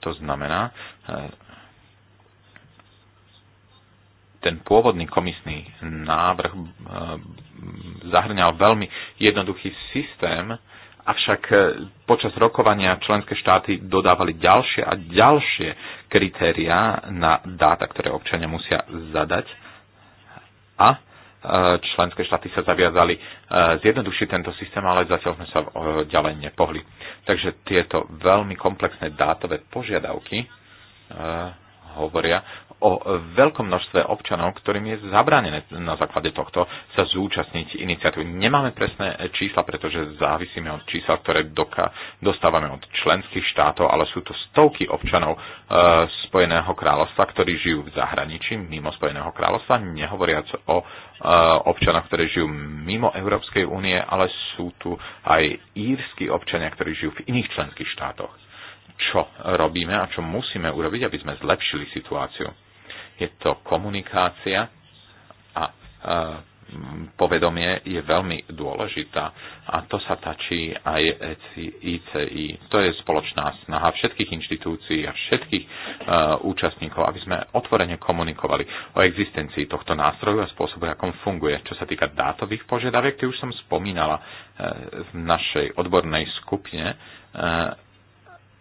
To znamená, ten pôvodný komisný návrh zahrňal veľmi jednoduchý systém, Avšak e, počas rokovania členské štáty dodávali ďalšie a ďalšie kritériá na dáta, ktoré občania musia zadať. A e, členské štáty sa zaviazali e, zjednodušiť tento systém, ale zatiaľ sme sa ďalej nepohli. Takže tieto veľmi komplexné dátové požiadavky hovoria o veľkom množstve občanov, ktorým je zabránené na základe tohto sa zúčastniť iniciatívy. Nemáme presné čísla, pretože závisíme od čísla, ktoré dostávame od členských štátov, ale sú to stovky občanov e, Spojeného kráľovstva, ktorí žijú v zahraničí, mimo Spojeného kráľovstva, nehovoriac o e, občanoch, ktorí žijú mimo Európskej únie, ale sú tu aj írsky občania, ktorí žijú v iných členských štátoch čo robíme a čo musíme urobiť, aby sme zlepšili situáciu je to komunikácia a povedomie je veľmi dôležitá a to sa tačí aj ICI. E to je spoločná snaha všetkých inštitúcií a všetkých e, účastníkov, aby sme otvorene komunikovali o existencii tohto nástroju a spôsobu, akom funguje. Čo sa týka dátových požiadaviek, ty už som spomínala e, v našej odbornej skupine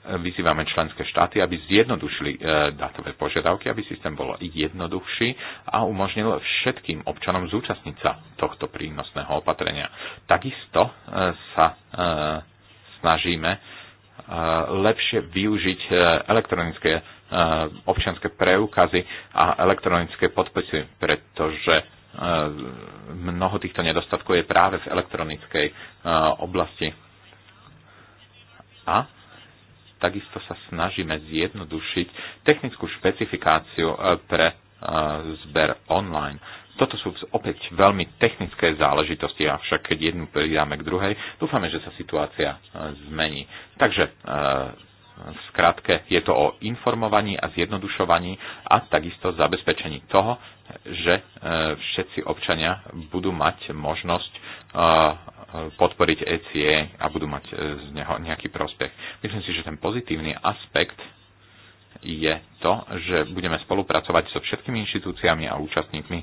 vyzývame členské štáty, aby zjednodušili e, dátové požiadavky, aby systém bol jednoduchší a umožnil všetkým občanom zúčastniť sa tohto prínosného opatrenia. Takisto e, sa e, snažíme lepšie využiť elektronické občianské preukazy a elektronické podpisy, pretože mnoho týchto nedostatkov je práve v elektronickej oblasti. A Takisto sa snažíme zjednodušiť technickú špecifikáciu e, pre e, zber online. Toto sú opäť veľmi technické záležitosti, avšak keď jednu pridáme k druhej, dúfame, že sa situácia e, zmení. Takže v skratke je to o informovaní a zjednodušovaní a takisto zabezpečení toho, že e, všetci občania budú mať možnosť e, podporiť ECE e a budú mať z neho nejaký prospech. Myslím si, že ten pozitívny aspekt je to, že budeme spolupracovať so všetkými inštitúciami a účastníkmi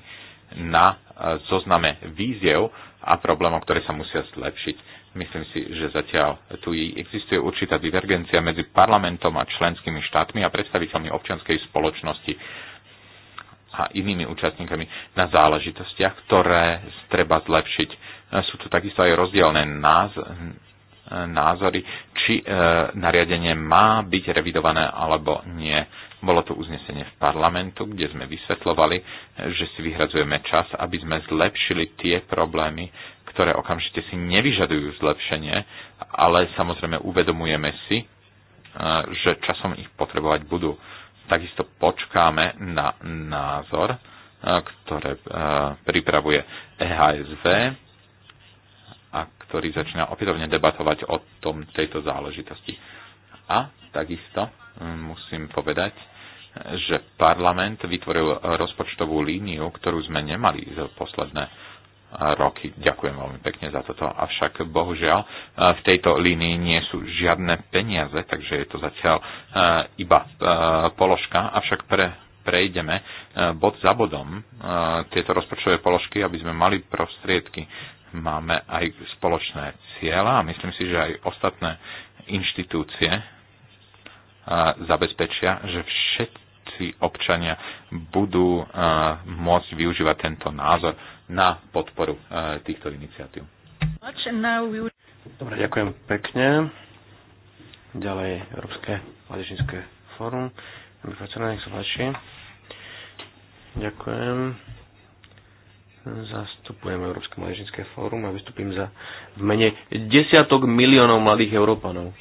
na zozname víziev a problémov, ktoré sa musia zlepšiť Myslím si, že zatiaľ tu existuje určitá divergencia medzi parlamentom a členskými štátmi a predstaviteľmi občianskej spoločnosti a inými účastníkami na záležitostiach, ktoré treba zlepšiť. Sú tu takisto aj rozdielne názory, či e, nariadenie má byť revidované alebo nie. Bolo to uznesenie v parlamentu, kde sme vysvetlovali, že si vyhradzujeme čas, aby sme zlepšili tie problémy, ktoré okamžite si nevyžadujú zlepšenie, ale samozrejme uvedomujeme si, eh, že časom ich potrebovať budú. Takisto počkáme na názor, eh, ktoré eh, pripravuje EHSV a ktorý začína opätovne debatovať o tom, tejto záležitosti. A takisto musím povedať, že parlament vytvoril rozpočtovú líniu, ktorú sme nemali za posledné roky. Ďakujem veľmi pekne za toto. Avšak bohužiaľ e, v tejto línii nie sú žiadne peniaze, takže je to zatiaľ e, iba e, položka. Avšak pre, prejdeme bod za bodom tieto rozpočtové položky, aby sme mali prostriedky. Máme aj spoločné cieľa a myslím si, že aj ostatné inštitúcie zabezpečia, že všet, všetci občania budú eh, môcť využívať tento názor na podporu eh, týchto iniciatív. Dobre, ďakujem pekne. Ďalej Európske mládežnícke fórum. Nech sa páči. Ďakujem. Zastupujem Európske mládežnícke fórum a vystupím za v mene desiatok miliónov mladých Európanov.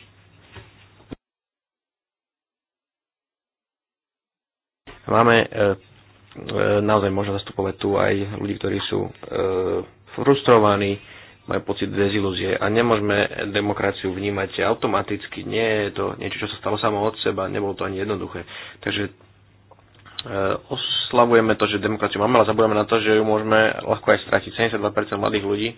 Máme e, e, naozaj možno zastupovať tu aj ľudí, ktorí sú e, frustrovaní, majú pocit dezilúzie a nemôžeme demokraciu vnímať automaticky. Nie je to niečo, čo sa stalo samo od seba, nebolo to ani jednoduché. Takže oslavujeme to, že demokraciu máme, ale zabudujeme na to, že ju môžeme ľahko aj stratiť. 72% mladých ľudí,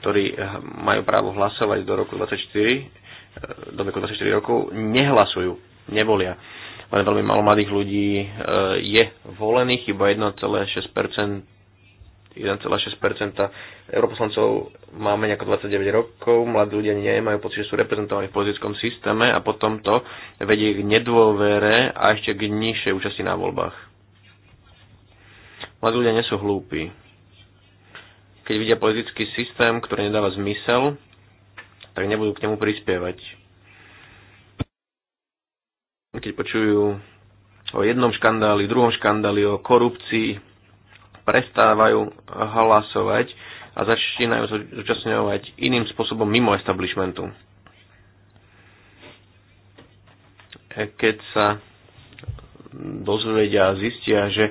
ktorí majú právo hlasovať do roku 24, do veku 24 rokov, nehlasujú, nevolia len veľmi malo mladých ľudí e, je volených, iba 1,6%, 1,6% europoslancov máme nejako 29 rokov, mladí ľudia nemajú pocit, že sú reprezentovaní v politickom systéme a potom to vedie k nedôvere a ešte k nižšej účasti na voľbách. Mladí ľudia nie sú hlúpi. Keď vidia politický systém, ktorý nedáva zmysel, tak nebudú k nemu prispievať keď počujú o jednom škandáli, druhom škandáli, o korupcii, prestávajú hlasovať a začínajú sa zúčastňovať iným spôsobom mimo establishmentu. E, keď sa dozvedia a zistia, že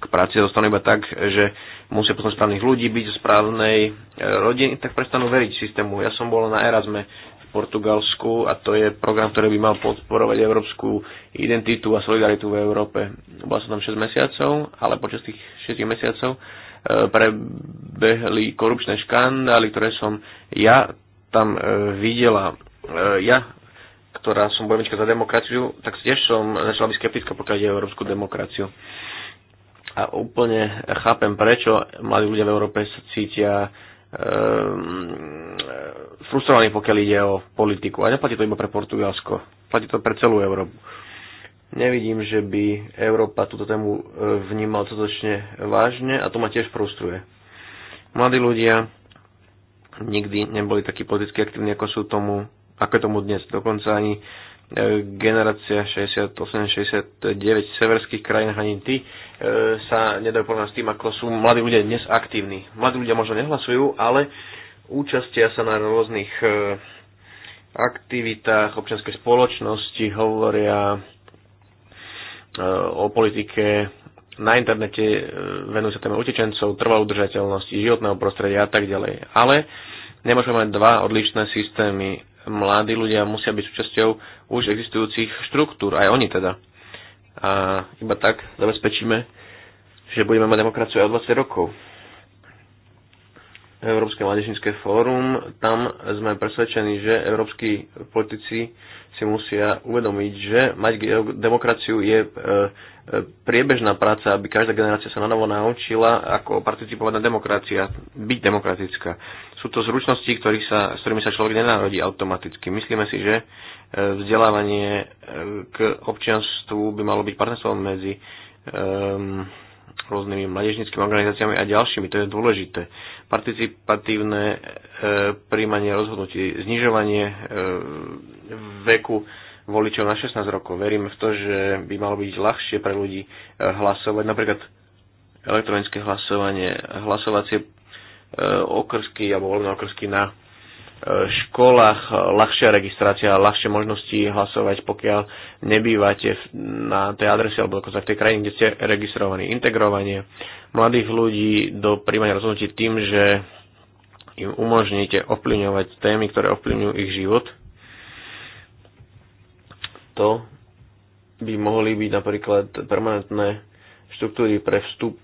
k práci dostanú iba tak, že musia poznať správnych ľudí, byť zo správnej rodiny, tak prestanú veriť systému. Ja som bol na Erasme Portugalsku a to je program, ktorý by mal podporovať európsku identitu a solidaritu v Európe. Bola som tam 6 mesiacov, ale počas tých 6 mesiacov e, prebehli korupčné škandály, ktoré som ja tam e, videla. E, ja, ktorá som bojovnička za demokraciu, tak tiež som začala byť skeptická, pokiaľ ide o európsku demokraciu. A úplne chápem, prečo mladí ľudia v Európe sa cítia Ehm, frustrovaní, pokiaľ ide o politiku. A neplatí to iba pre Portugalsko, platí to pre celú Európu. Nevidím, že by Európa túto tému e, vnímala dostatočne vážne a to ma tiež frustruje. Mladí ľudia nikdy neboli takí politicky aktívni, ako sú tomu, ako je tomu dnes. Dokonca ani E, generácia 68-69 severských krajín, ani ty e, sa nedajú porovnať s tým, ako sú mladí ľudia dnes aktívni. Mladí ľudia možno nehlasujú, ale účastia sa na rôznych e, aktivitách občianskej spoločnosti, hovoria o politike na internete, venujú sa téme utečencov, trvalú udržateľnosti, životného prostredia a tak ďalej. Ale nemôžeme mať dva odlišné systémy mladí ľudia musia byť súčasťou už existujúcich štruktúr, aj oni teda. A iba tak zabezpečíme, že budeme mať demokraciu aj o 20 rokov. Európske mládežnícke fórum, tam sme presvedčení, že európsky politici si musia uvedomiť, že mať demokraciu je e, e, priebežná práca, aby každá generácia sa na novo naučila, ako participovať na demokracia, byť demokratická. Sú to zručnosti, ktorých sa, s ktorými sa človek nenarodí automaticky. Myslíme si, že e, vzdelávanie k občianstvu by malo byť partnerstvom medzi um, rôznymi mládežnickými organizáciami a ďalšími. To je dôležité. Participatívne e, príjmanie rozhodnutí, znižovanie e, veku voličov na 16 rokov. Veríme v to, že by malo byť ľahšie pre ľudí e, hlasovať. Napríklad elektronické hlasovanie, hlasovacie e, okrsky alebo voľné okrsky na školách ľahšia registrácia, ľahšie možnosti hlasovať, pokiaľ nebývate na tej adrese alebo dokonca v tej krajine, kde ste registrovaní. Integrovanie mladých ľudí do príjmania rozhodnutí tým, že im umožníte ovplyvňovať témy, ktoré ovplyvňujú ich život. To by mohli byť napríklad permanentné štruktúry pre vstup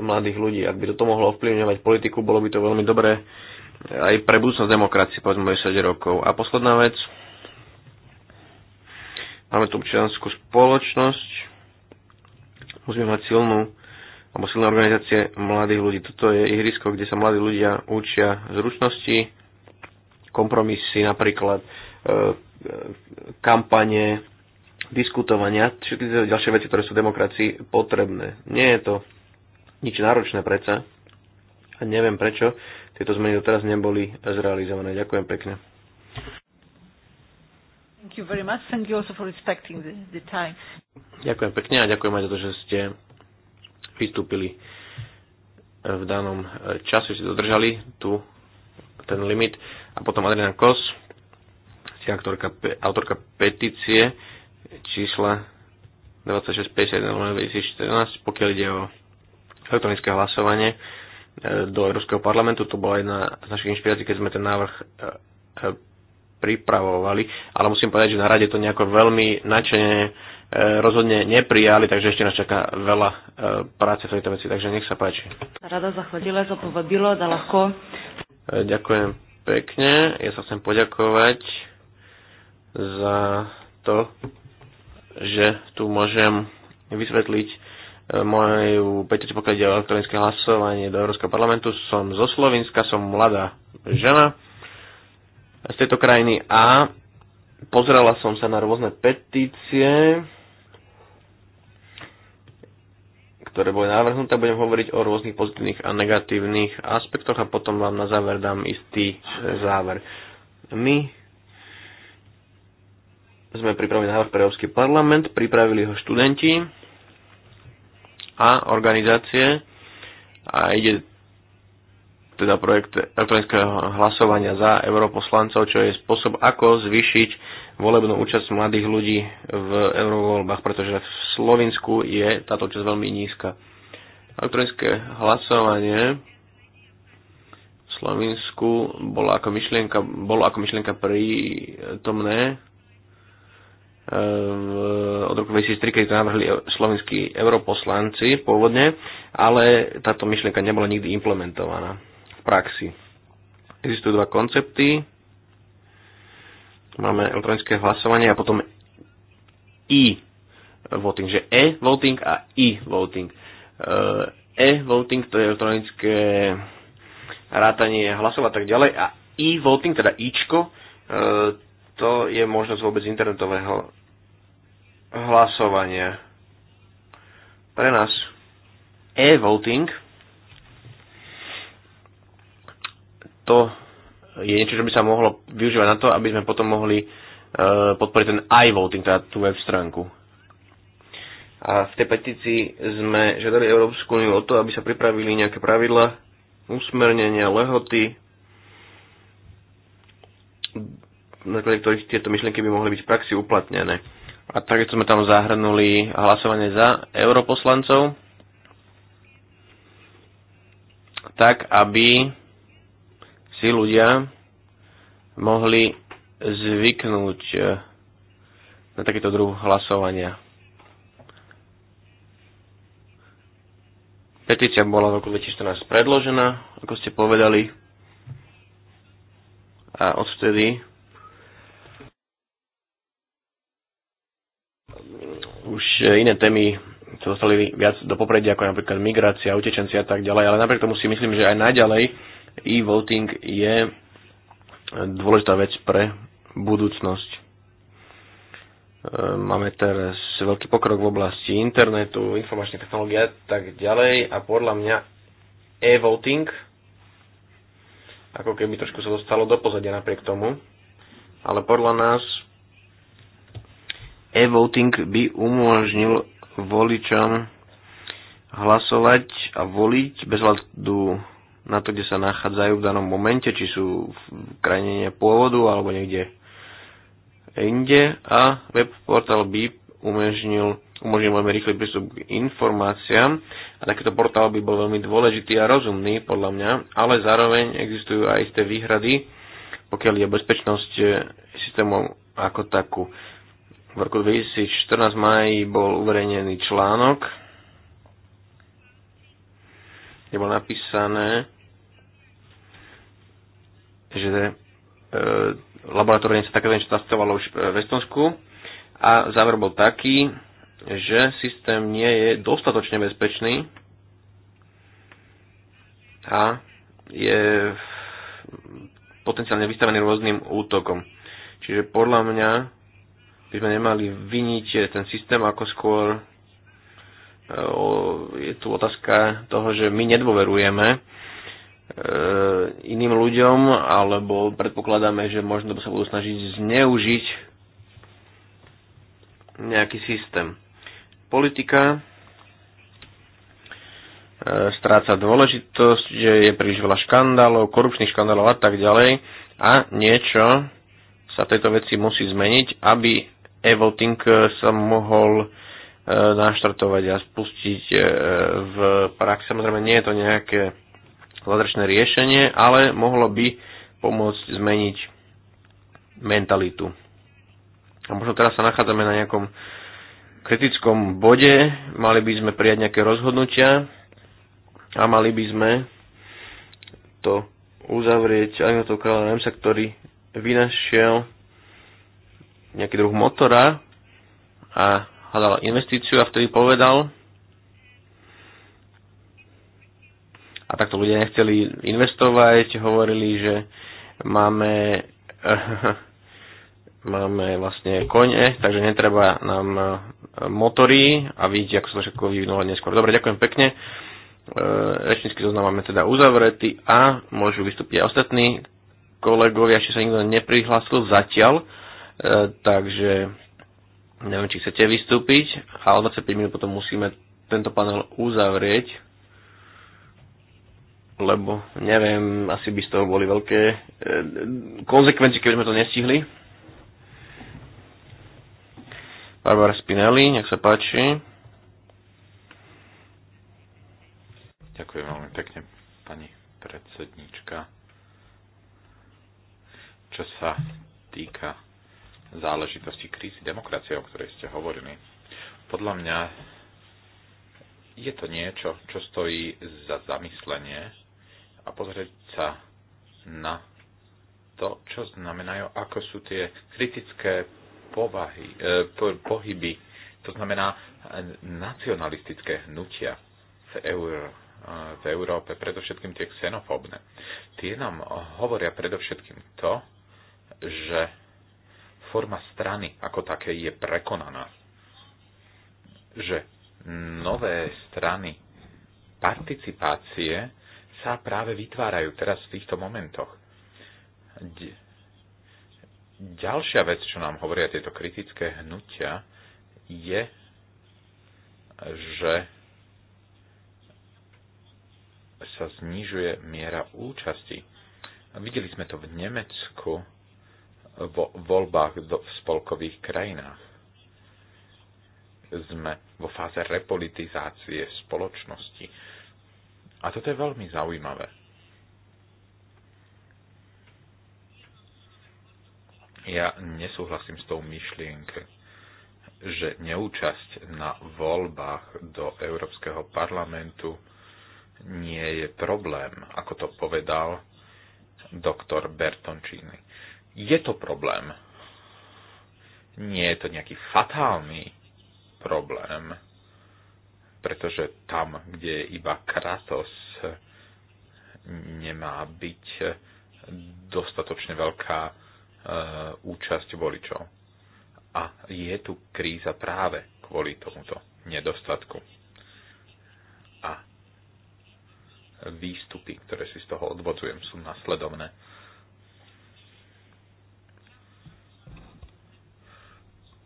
mladých ľudí. Ak by toto mohlo ovplyvňovať politiku, bolo by to veľmi dobré aj pre budúcnosť demokracie, povedzme 10 rokov. A posledná vec, máme tu občianskú spoločnosť, musíme mať silnú alebo silné organizácie mladých ľudí. Toto je ihrisko, kde sa mladí ľudia učia zručnosti, kompromisy napríklad, e, e, kampane, diskutovania, všetky tie ďalšie veci, ktoré sú v demokracii potrebné. Nie je to nič náročné predsa a neviem prečo tieto zmeny doteraz neboli zrealizované. Ďakujem pekne. Thank you very much. Thank you also for respecting the, the time. Ďakujem pekne a ďakujem aj za to, že ste vystúpili v danom eh, čase, ste dodržali tu ten limit. A potom Adriana Kos, ste autorka, autorka petície čísla 2651 2014, pokiaľ ide o elektronické hlasovanie E, do Európskeho parlamentu. To bola jedna z našich inšpirácií, keď sme ten návrh e, e, pripravovali, ale musím povedať, že na rade to nejako veľmi načene rozhodne neprijali, takže ešte nás čaká veľa práce v tejto veci, takže nech sa páči. Rada zachodila, to povabilo, da lahko. Ďakujem pekne, ja sa chcem poďakovať za to, že tu môžem vysvetliť moju peťoť, pokiaľ o elektronické hlasovanie do Európskeho parlamentu. Som zo Slovenska, som mladá žena z tejto krajiny a pozrela som sa na rôzne petície, ktoré boli navrhnuté. Budem hovoriť o rôznych pozitívnych a negatívnych aspektoch a potom vám na záver dám istý záver. My sme pripravili návrh pre Európsky parlament, pripravili ho študenti, a organizácie a ide teda projekt elektronického hlasovania za europoslancov, čo je spôsob, ako zvýšiť volebnú účasť mladých ľudí v eurovoľbách, pretože v Slovensku je táto účasť veľmi nízka. Elektronické hlasovanie v Slovensku bolo ako myšlienka, bolo ako myšlienka prítomné od roku 2003, keď to navrhli slovenskí europoslanci pôvodne, ale táto myšlienka nebola nikdy implementovaná v praxi. Existujú dva koncepty. Máme elektronické hlasovanie a potom e-voting, že e-voting a e-voting. E, e-voting to je elektronické rátanie hlasov a tak ďalej a e-voting, teda ičko, e, to je možnosť vôbec internetového hlasovanie. Pre nás e-voting to je niečo, čo by sa mohlo využívať na to, aby sme potom mohli e, podporiť ten i-voting, teda tú web stránku. A v tej petícii sme žiadali Európsku úniu o to, aby sa pripravili nejaké pravidla, usmernenia, lehoty, na základe ktorých tieto myšlienky by mohli byť v praxi uplatnené a takisto sme tam zahrnuli hlasovanie za europoslancov, tak aby si ľudia mohli zvyknúť eh, na takýto druh hlasovania. Petícia bola v roku 2014 predložená, ako ste povedali, a odvtedy už e, iné témy sa dostali viac do popredia, ako napríklad migrácia, utečenci a tak ďalej, ale napriek tomu si myslím, že aj naďalej e-voting je dôležitá vec pre budúcnosť. E, máme teraz veľký pokrok v oblasti internetu, informačných technológie a tak ďalej a podľa mňa e-voting ako keby trošku sa dostalo do pozadia napriek tomu, ale podľa nás e-voting by umožnil voličom hlasovať a voliť bez hľadu na to, kde sa nachádzajú v danom momente, či sú v krajine pôvodu alebo niekde inde a web portál by umožnil, umožnil veľmi rýchly prístup k informáciám a takýto portál by bol veľmi dôležitý a rozumný podľa mňa, ale zároveň existujú aj isté výhrady, pokiaľ je bezpečnosť systémov ako takú. V roku 2014 maji bol uverejnený článok, kde bolo napísané, že e, laboratórne sa také niečo testovalo už v Estonsku a záver bol taký, že systém nie je dostatočne bezpečný a je potenciálne vystavený rôznym útokom. Čiže podľa mňa by sme nemali vyniť ten systém, ako skôr je tu otázka toho, že my nedôverujeme e, iným ľuďom, alebo predpokladáme, že možno sa budú snažiť zneužiť nejaký systém. Politika e, stráca dôležitosť, že je príliš veľa škandálov, korupčných škandálov a tak ďalej a niečo sa tejto veci musí zmeniť, aby e-voting e, sa mohol e, naštartovať a spustiť e, v praxi. Samozrejme, nie je to nejaké zázračné riešenie, ale mohlo by pomôcť zmeniť mentalitu. A možno teraz sa nachádzame na nejakom kritickom bode, mali by sme prijať nejaké rozhodnutia a mali by sme to uzavrieť aj na to kráľa Remsa, ktorý vynašiel nejaký druh motora a hľadal investíciu a vtedy povedal, a takto ľudia nechceli investovať, hovorili, že máme, máme vlastne kone, takže netreba nám motory a vidíte, ako sa to všetko vyvinulo neskôr. Dobre, ďakujem pekne. E, rečnícky zoznam máme teda uzavretý a môžu vystúpiť aj ostatní kolegovia, ešte sa nikto neprihlásil zatiaľ. E, takže neviem, či chcete vystúpiť a 25 minút potom musíme tento panel uzavrieť, lebo neviem, asi by z toho boli veľké e, konsekvencie, keby sme to nestihli. Barbara Spinelli, nech sa páči. Ďakujem veľmi pekne, pani predsednička. Čo sa týka záležitosti krízy demokracie, o ktorej ste hovorili. Podľa mňa je to niečo, čo stojí za zamyslenie a pozrieť sa na to, čo znamenajú, ako sú tie kritické povahy, eh, pohyby, to znamená nacionalistické hnutia v Európe v Európe, predovšetkým tie xenofóbne. Tie nám hovoria predovšetkým to, že forma strany ako také je prekonaná. Že nové strany participácie sa práve vytvárajú teraz v týchto momentoch. Ďalšia vec, čo nám hovoria tieto kritické hnutia, je, že sa znižuje miera účasti. Videli sme to v Nemecku, vo voľbách do, v spolkových krajinách. Sme vo fáze repolitizácie spoločnosti. A toto je veľmi zaujímavé. Ja nesúhlasím s tou myšlienkou, že neúčasť na voľbách do Európskeho parlamentu nie je problém, ako to povedal doktor Bertoncini. Je to problém. Nie je to nejaký fatálny problém, pretože tam, kde je iba Kratos, nemá byť dostatočne veľká e, účasť voličov. A je tu kríza práve kvôli tomuto nedostatku. A výstupy, ktoré si z toho odvodzujem, sú nasledovné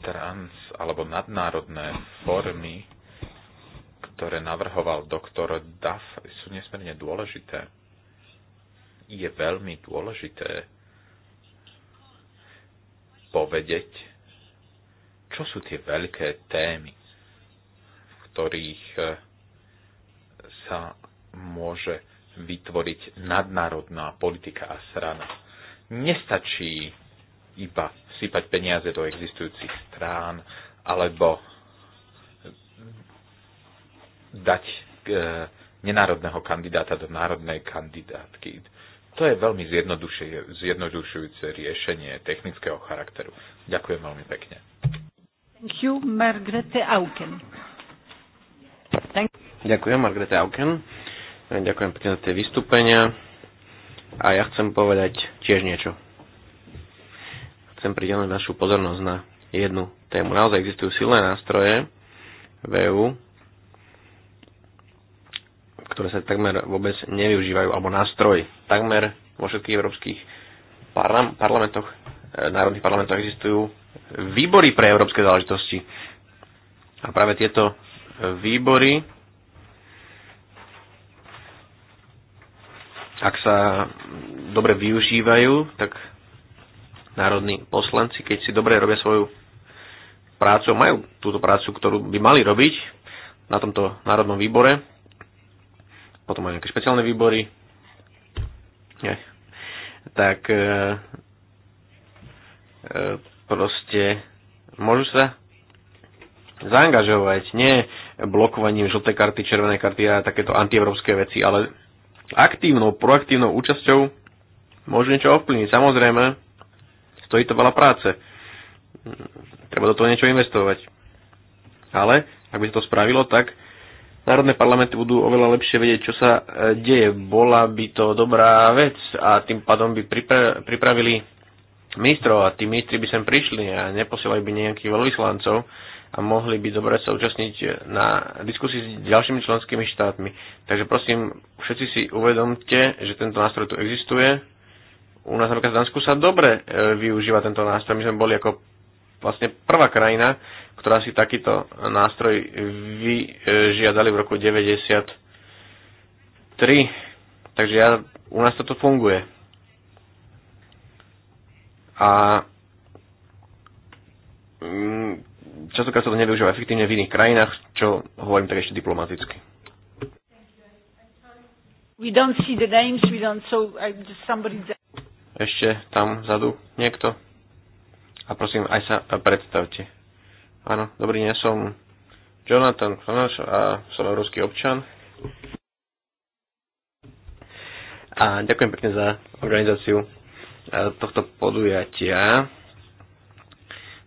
trans alebo nadnárodné formy, ktoré navrhoval doktor Duff, sú nesmierne dôležité. Je veľmi dôležité povedeť, čo sú tie veľké témy, v ktorých e, sa môže vytvoriť nadnárodná politika a strana. Nestačí iba sypať peniaze do existujúcich strán alebo dať e, nenárodného kandidáta do národnej kandidátky. To je veľmi zjednodušujúce riešenie technického charakteru. Ďakujem veľmi pekne. Thank you, Margrethe Auken. Thank you. Ďakujem, Margrethe Auken. Ďakujem pekne za tie vystúpenia. A ja chcem povedať tiež niečo chcem pridelať našu pozornosť na jednu tému. Naozaj existujú silné nástroje v EU, ktoré sa takmer vôbec nevyužívajú, alebo nástroj. Takmer vo všetkých európskych parlamentoch, e, národných parlamentoch existujú výbory pre európske záležitosti. A práve tieto výbory, ak sa dobre využívajú, tak národní poslanci, keď si dobre robia svoju prácu, majú túto prácu, ktorú by mali robiť na tomto národnom výbore, potom aj nejaké špeciálne výbory, Nie. tak e, e, proste môžu sa zaangažovať, nie blokovaním žltej karty, červenej karty a takéto antievropské veci, ale aktívnou, proaktívnou účasťou môžu niečo ovplyvniť. Samozrejme, stojí to veľa práce. Treba do toho niečo investovať. Ale ak by sa to spravilo, tak národné parlamenty budú oveľa lepšie vedieť, čo sa e, deje. Bola by to dobrá vec a tým pádom by pripra pripravili ministrov a tí ministri by sem prišli a neposielali by nejakých veľvyslancov a mohli by dobre sa účastniť na diskusii s ďalšími členskými štátmi. Takže prosím, všetci si uvedomte, že tento nástroj tu existuje u nás napríklad v Dánsku sa dobre e, využíva tento nástroj. My sme boli ako vlastne prvá krajina, ktorá si takýto nástroj vyžiadali v roku 1993. Takže ja, u nás toto funguje. A mm, častokrát sa to nevyužíva efektívne v iných krajinách, čo hovorím tak ešte diplomaticky. We don't see the names, we don't, so I uh, just somebody... Ešte tam vzadu niekto? A prosím, aj sa predstavte. Áno, dobrý deň, som Jonathan Klonáš a som európsky občan. A ďakujem pekne za organizáciu e, tohto podujatia.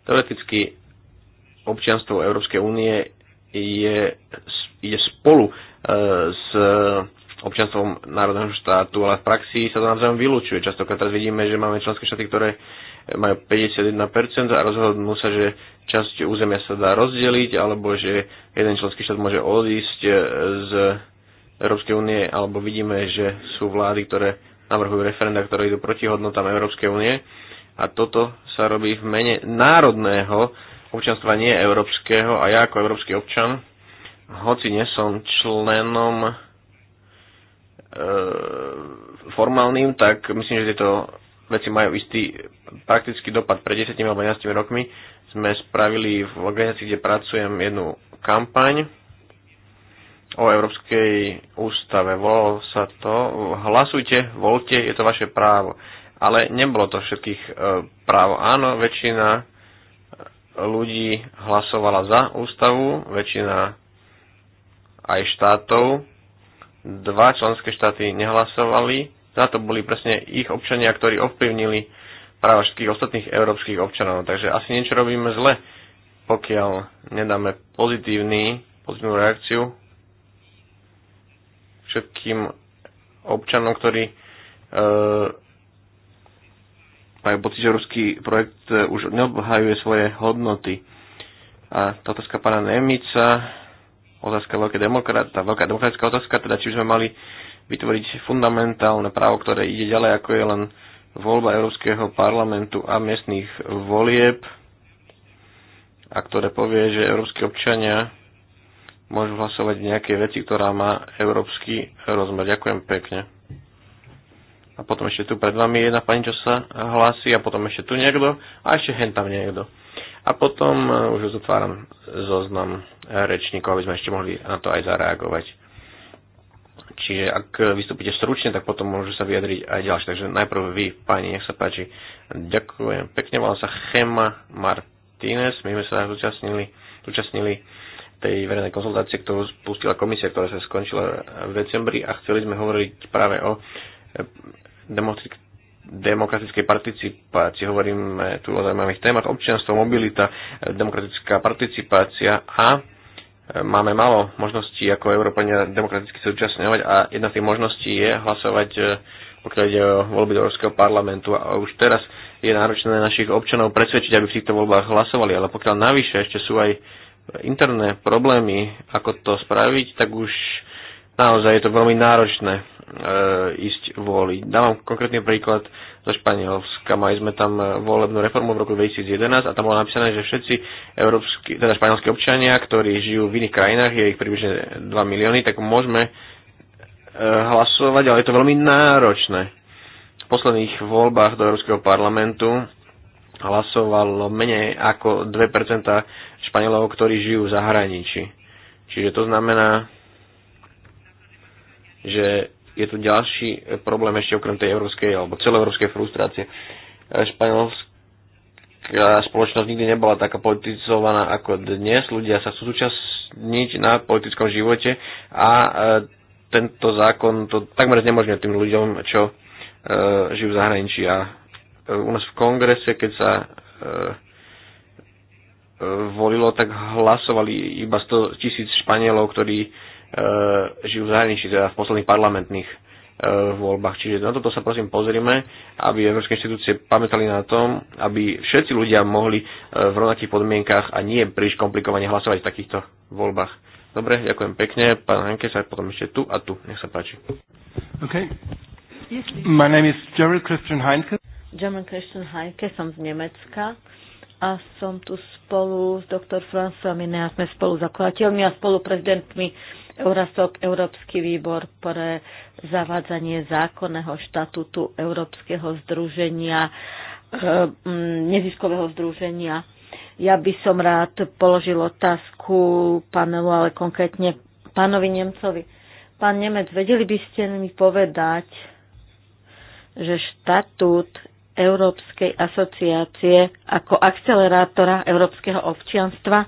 Teoreticky občianstvo Európskej únie je, ide spolu e, s občanstvom národného štátu, ale v praxi sa to navzájom vylúčuje. Častokrát teraz vidíme, že máme členské štáty, ktoré majú 51% a rozhodnú sa, že časť územia sa dá rozdeliť, alebo že jeden členský štát môže odísť e, z Európskej únie, alebo vidíme, že sú vlády, ktoré navrhujú referenda, ktoré idú proti hodnotám Európskej únie. A toto sa robí v mene národného občanstva, nie európskeho. A ja ako európsky občan, hoci nie som členom E, formálnym, tak myslím, že tieto veci majú istý praktický dopad. Pred 10 alebo 11 rokmi sme spravili v organizácii, kde pracujem, jednu kampaň o Európskej ústave. Volalo sa to Hlasujte, volte, je to vaše právo. Ale nebolo to všetkých e, práv. Áno, väčšina e, ľudí hlasovala za ústavu, väčšina aj štátov dva členské štáty nehlasovali, za to boli presne ich občania, ktorí ovplyvnili práva všetkých ostatných európskych občanov. Takže asi niečo robíme zle, pokiaľ nedáme pozitívny, pozitívnu reakciu všetkým občanom, ktorí e, majú pocit, že ruský projekt e, už neobhajuje svoje hodnoty. A táto skapaná pána Nemica, otázka veľké demokrat, tá veľká demokratická otázka, teda či by sme mali vytvoriť fundamentálne právo, ktoré ide ďalej, ako je len voľba Európskeho parlamentu a miestných volieb, a ktoré povie, že európsky občania môžu hlasovať nejaké veci, ktorá má európsky rozmer. Ďakujem pekne. A potom ešte tu pred vami jedna pani, čo sa hlási, a potom ešte tu niekto, a ešte hen tam niekto. A potom eh, už zotváram zoznam rečníkov, aby sme ešte mohli na to aj zareagovať. Čiže ak vystúpite stručne, tak potom môžu sa vyjadriť aj ďalšie. Takže najprv vy, pani, nech sa páči. Ďakujem pekne, volám sa Chema Martínez. My sme sa zúčastnili, zúčastnili tej verejnej konzultácie, ktorú spustila komisia, ktorá sa skončila v decembri a chceli sme hovoriť práve o demokratickej participácii. Hovoríme tu o zaujímavých témach. Občianstvo, mobilita, demokratická participácia a máme málo možností ako Európania demokraticky sa zúčastňovať a jedna z tých možností je hlasovať, e, pokiaľ ide o voľby do Európskeho parlamentu. A už teraz je náročné našich občanov presvedčiť, aby v týchto voľbách hlasovali, ale pokiaľ navyše ešte sú aj interné problémy, ako to spraviť, tak už naozaj je to veľmi náročné e, ísť voliť. Dávam konkrétny príklad zo Španielska. Mali sme tam e, volebnú reformu v roku 2011 a tam bolo napísané, že všetci európsky, teda španielskí občania, ktorí žijú v iných krajinách, je ich približne 2 milióny, tak môžeme e, hlasovať, ale je to veľmi náročné. V posledných voľbách do Európskeho parlamentu hlasovalo menej ako 2% Španielov, ktorí žijú v zahraničí. Čiže to znamená, že je tu ďalší e, problém ešte okrem tej európskej alebo celoeurópskej frustrácie. E, španielská spoločnosť nikdy nebola taká politizovaná ako dnes. Ľudia sa chcú zúčastniť na politickom živote a e, tento zákon to takmer znemožňuje tým ľuďom, čo žijú v zahraničí. A u nás v kongrese, keď sa volilo, tak hlasovali iba 100 tisíc Španielov, ktorí E, žijú v zahraničí, teda v posledných parlamentných e, voľbách. Čiže na toto sa prosím pozrime, aby európske inštitúcie pamätali na tom, aby všetci ľudia mohli e, v rovnakých podmienkach a nie príliš komplikovane hlasovať v takýchto voľbách. Dobre, ďakujem pekne. Pán Henke sa potom ešte tu a tu. Nech sa páči. OK. My name is Gerald Christian Heinke. German Christian Heinke, som z Nemecka a som tu spolu s doktor François Miné a sme spolu zakladateľmi a spolu prezidentmi Eurasok, Európsky výbor pre zavádzanie zákonného štatútu Európskeho združenia, e, neziskového združenia. Ja by som rád položil otázku panelu, ale konkrétne pánovi Nemcovi. Pán Nemec, vedeli by ste mi povedať, že štatút Európskej asociácie ako akcelerátora európskeho občianstva,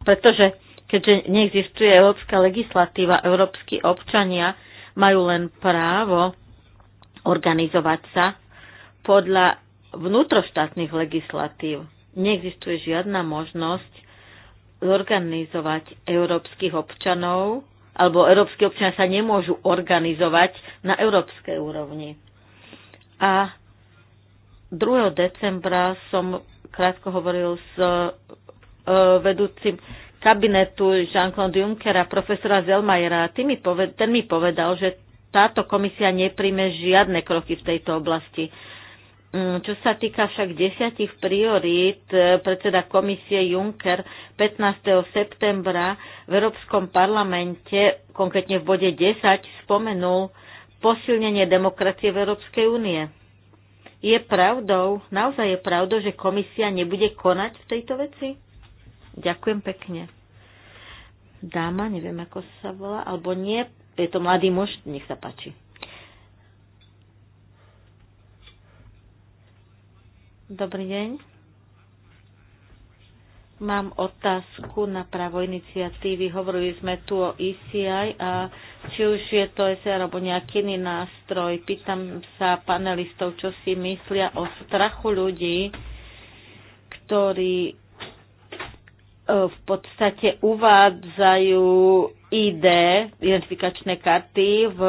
pretože Keďže neexistuje európska legislatíva, európsky občania majú len právo organizovať sa podľa vnútroštátnych legislatív. Neexistuje žiadna možnosť zorganizovať európskych občanov, alebo európsky občania sa nemôžu organizovať na európskej úrovni. A 2. decembra som krátko hovoril s e, vedúcim kabinetu Jean-Claude Junckera, profesora Zelmajera, poved, ten mi povedal, že táto komisia nepríjme žiadne kroky v tejto oblasti. Mm, čo sa týka však desiatich priorít, e, predseda komisie Juncker 15. septembra v Európskom parlamente, konkrétne v bode 10, spomenul posilnenie demokracie v Európskej únie. Je pravdou, naozaj je pravdou, že komisia nebude konať v tejto veci? Ďakujem pekne. Dáma, neviem, ako sa volá, alebo nie, je to mladý muž, nech sa páči. Dobrý deň. Mám otázku na právo iniciatívy. Hovorili sme tu o ECI a či už je to SR e alebo nejaký iný nástroj. Pýtam sa panelistov, čo si myslia o strachu ľudí, ktorí E, v podstate uvádzajú ID, identifikačné karty v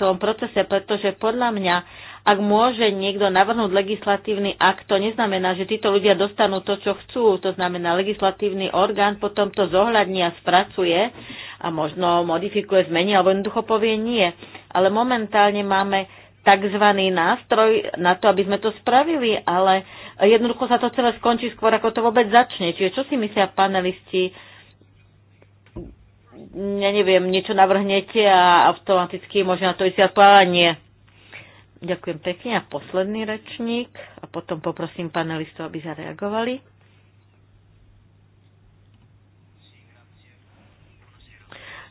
celom procese, pretože podľa mňa, ak môže niekto navrhnúť legislatívny akt, to neznamená, že títo ľudia dostanú to, čo chcú. To znamená, legislatívny orgán potom to zohľadní a spracuje a možno modifikuje, zmení alebo jednoducho povie nie. Ale momentálne máme tzv. nástroj na to, aby sme to spravili, ale jednoducho sa to celé skončí skôr, ako to vôbec začne. Čiže čo si myslia panelisti? Ja neviem, niečo navrhnete a automaticky môže na to ísť a nie. Ďakujem pekne. A posledný rečník. A potom poprosím panelistov, aby zareagovali.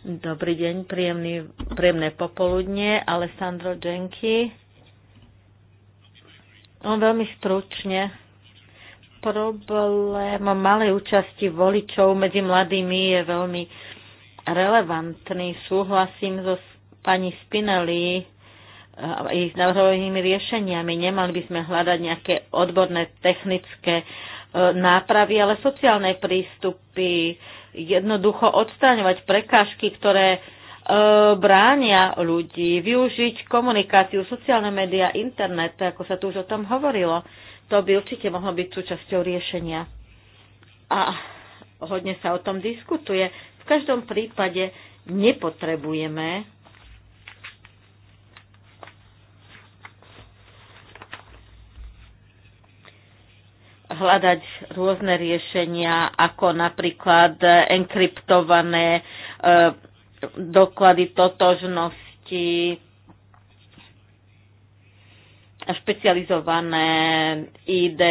Dobrý deň, príjemný, príjemné popoludne. Alessandro Dženky. On veľmi stručne. Problém malej účasti voličov medzi mladými je veľmi relevantný. Súhlasím so pani Spinelli a eh, ich navrhovými riešeniami. Nemali by sme hľadať nejaké odborné technické eh, nápravy, ale sociálne prístupy, jednoducho odstraňovať prekážky, ktoré e, bránia ľudí, využiť komunikáciu, sociálne médiá, internet, ako sa tu už o tom hovorilo. To by určite mohlo byť súčasťou riešenia. A hodne sa o tom diskutuje. V každom prípade nepotrebujeme hľadať rôzne riešenia, ako napríklad enkryptované e, doklady totožnosti, špecializované ID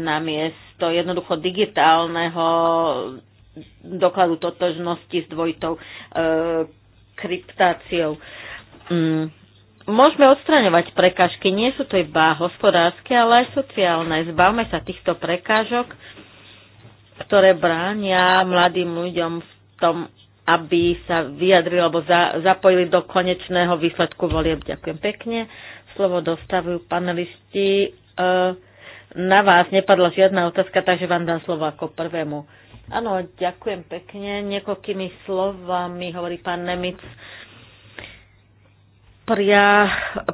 na miesto jednoducho digitálneho dokladu totožnosti s dvojitou e, kryptáciou. Mm môžeme odstraňovať prekažky. Nie sú to iba hospodárske, ale aj sociálne. Zbavme sa týchto prekážok, ktoré bránia mladým ľuďom v tom, aby sa vyjadrili alebo za, zapojili do konečného výsledku volieb. Ďakujem pekne. Slovo dostavujú panelisti. E, na vás nepadla žiadna otázka, takže vám dám slovo ako prvému. Áno, ďakujem pekne. Niekoľkými slovami hovorí pán Nemic pria,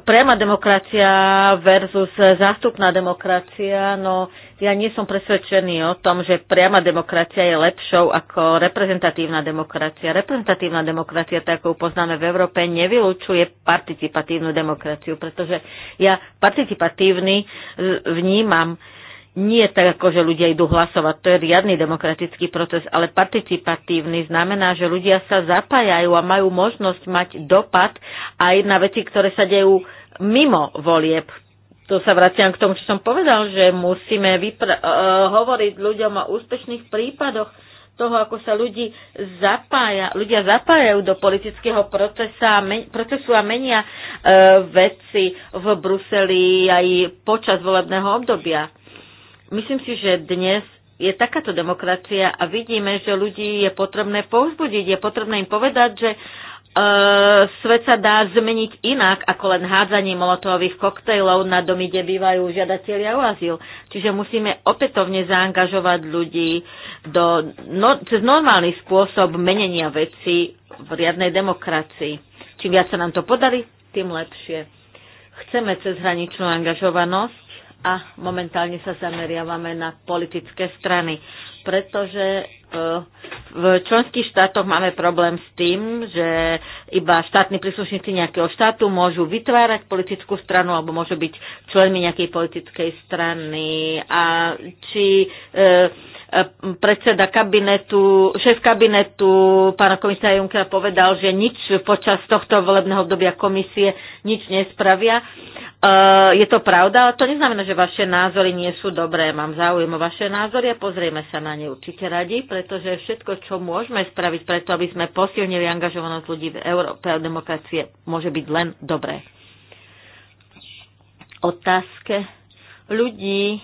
priama demokracia versus zástupná demokracia, no ja nie som presvedčený o tom, že priama demokracia je lepšou ako reprezentatívna demokracia. Reprezentatívna demokracia, tak ako poznáme v Európe, nevylučuje participatívnu demokraciu, pretože ja participatívny e, vnímam nie tak, ako že ľudia idú hlasovať, to je riadny demokratický proces, ale participatívny znamená, že ľudia sa zapájajú a majú možnosť mať dopad aj na veci, ktoré sa dejú mimo volieb. To sa vraciam k tomu, čo som povedal, že musíme uh, hovoriť ľuďom o úspešných prípadoch toho, ako sa ľudí zapája, ľudia zapájajú do politického procesa, men, procesu a menia e, uh, veci v Bruseli aj počas volebného obdobia Myslím si, že dnes je takáto demokracia a vidíme, že ľudí je potrebné povzbudiť, je potrebné im povedať, že Uh, svet sa dá zmeniť inak ako len hádzanie molotových koktejlov na domy, kde bývajú žiadatelia o azyl. Čiže musíme opätovne zaangažovať ľudí do, no, cez normálny spôsob menenia veci v riadnej demokracii. Čím viac sa nám to podarí, tým lepšie. Chceme cezhraničnú angažovanosť, a momentálne sa zameriavame na politické strany, pretože e, v členských štátoch máme problém s tým, že iba štátni príslušníci nejakého štátu môžu vytvárať politickú stranu alebo môžu byť členmi nejakej politickej strany. A či e, E, predseda kabinetu, šéf kabinetu pána komisára Junckera povedal, že nič počas tohto volebného obdobia komisie nič nespravia. E, je to pravda, ale to neznamená, že vaše názory nie sú dobré. Mám záujem o vaše názory a pozrieme sa na ne určite radi, pretože všetko, čo môžeme spraviť preto, aby sme posilnili angažovanosť ľudí v Európe a demokracie, môže byť len dobré. Otázke ľudí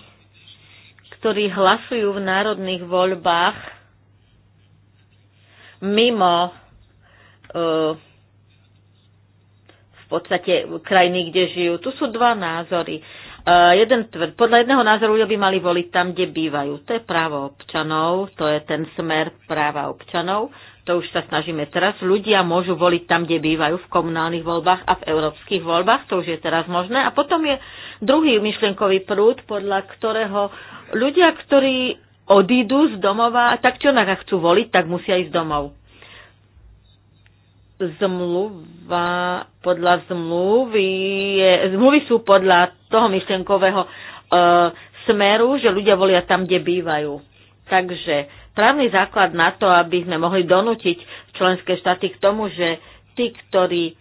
ktorí hlasujú v národných voľbách mimo e, v podstate krajiny, kde žijú. Tu sú dva názory. E, jeden tvrd, podľa jedného názoru ľudia by mali voliť tam, kde bývajú. To je právo občanov, to je ten smer práva občanov. To už sa snažíme teraz. Ľudia môžu voliť tam, kde bývajú, v komunálnych voľbách a v európskych voľbách. To už je teraz možné. A potom je druhý myšlienkový prúd, podľa ktorého ľudia, ktorí odídu z domova, tak čo na chcú voliť, tak musia ísť domov. Zmluva, podľa zmluvy, je, zmluvy sú podľa toho myšlienkového e, smeru, že ľudia volia tam, kde bývajú. Takže právny základ na to, aby sme mohli donútiť členské štáty k tomu, že tí, ktorí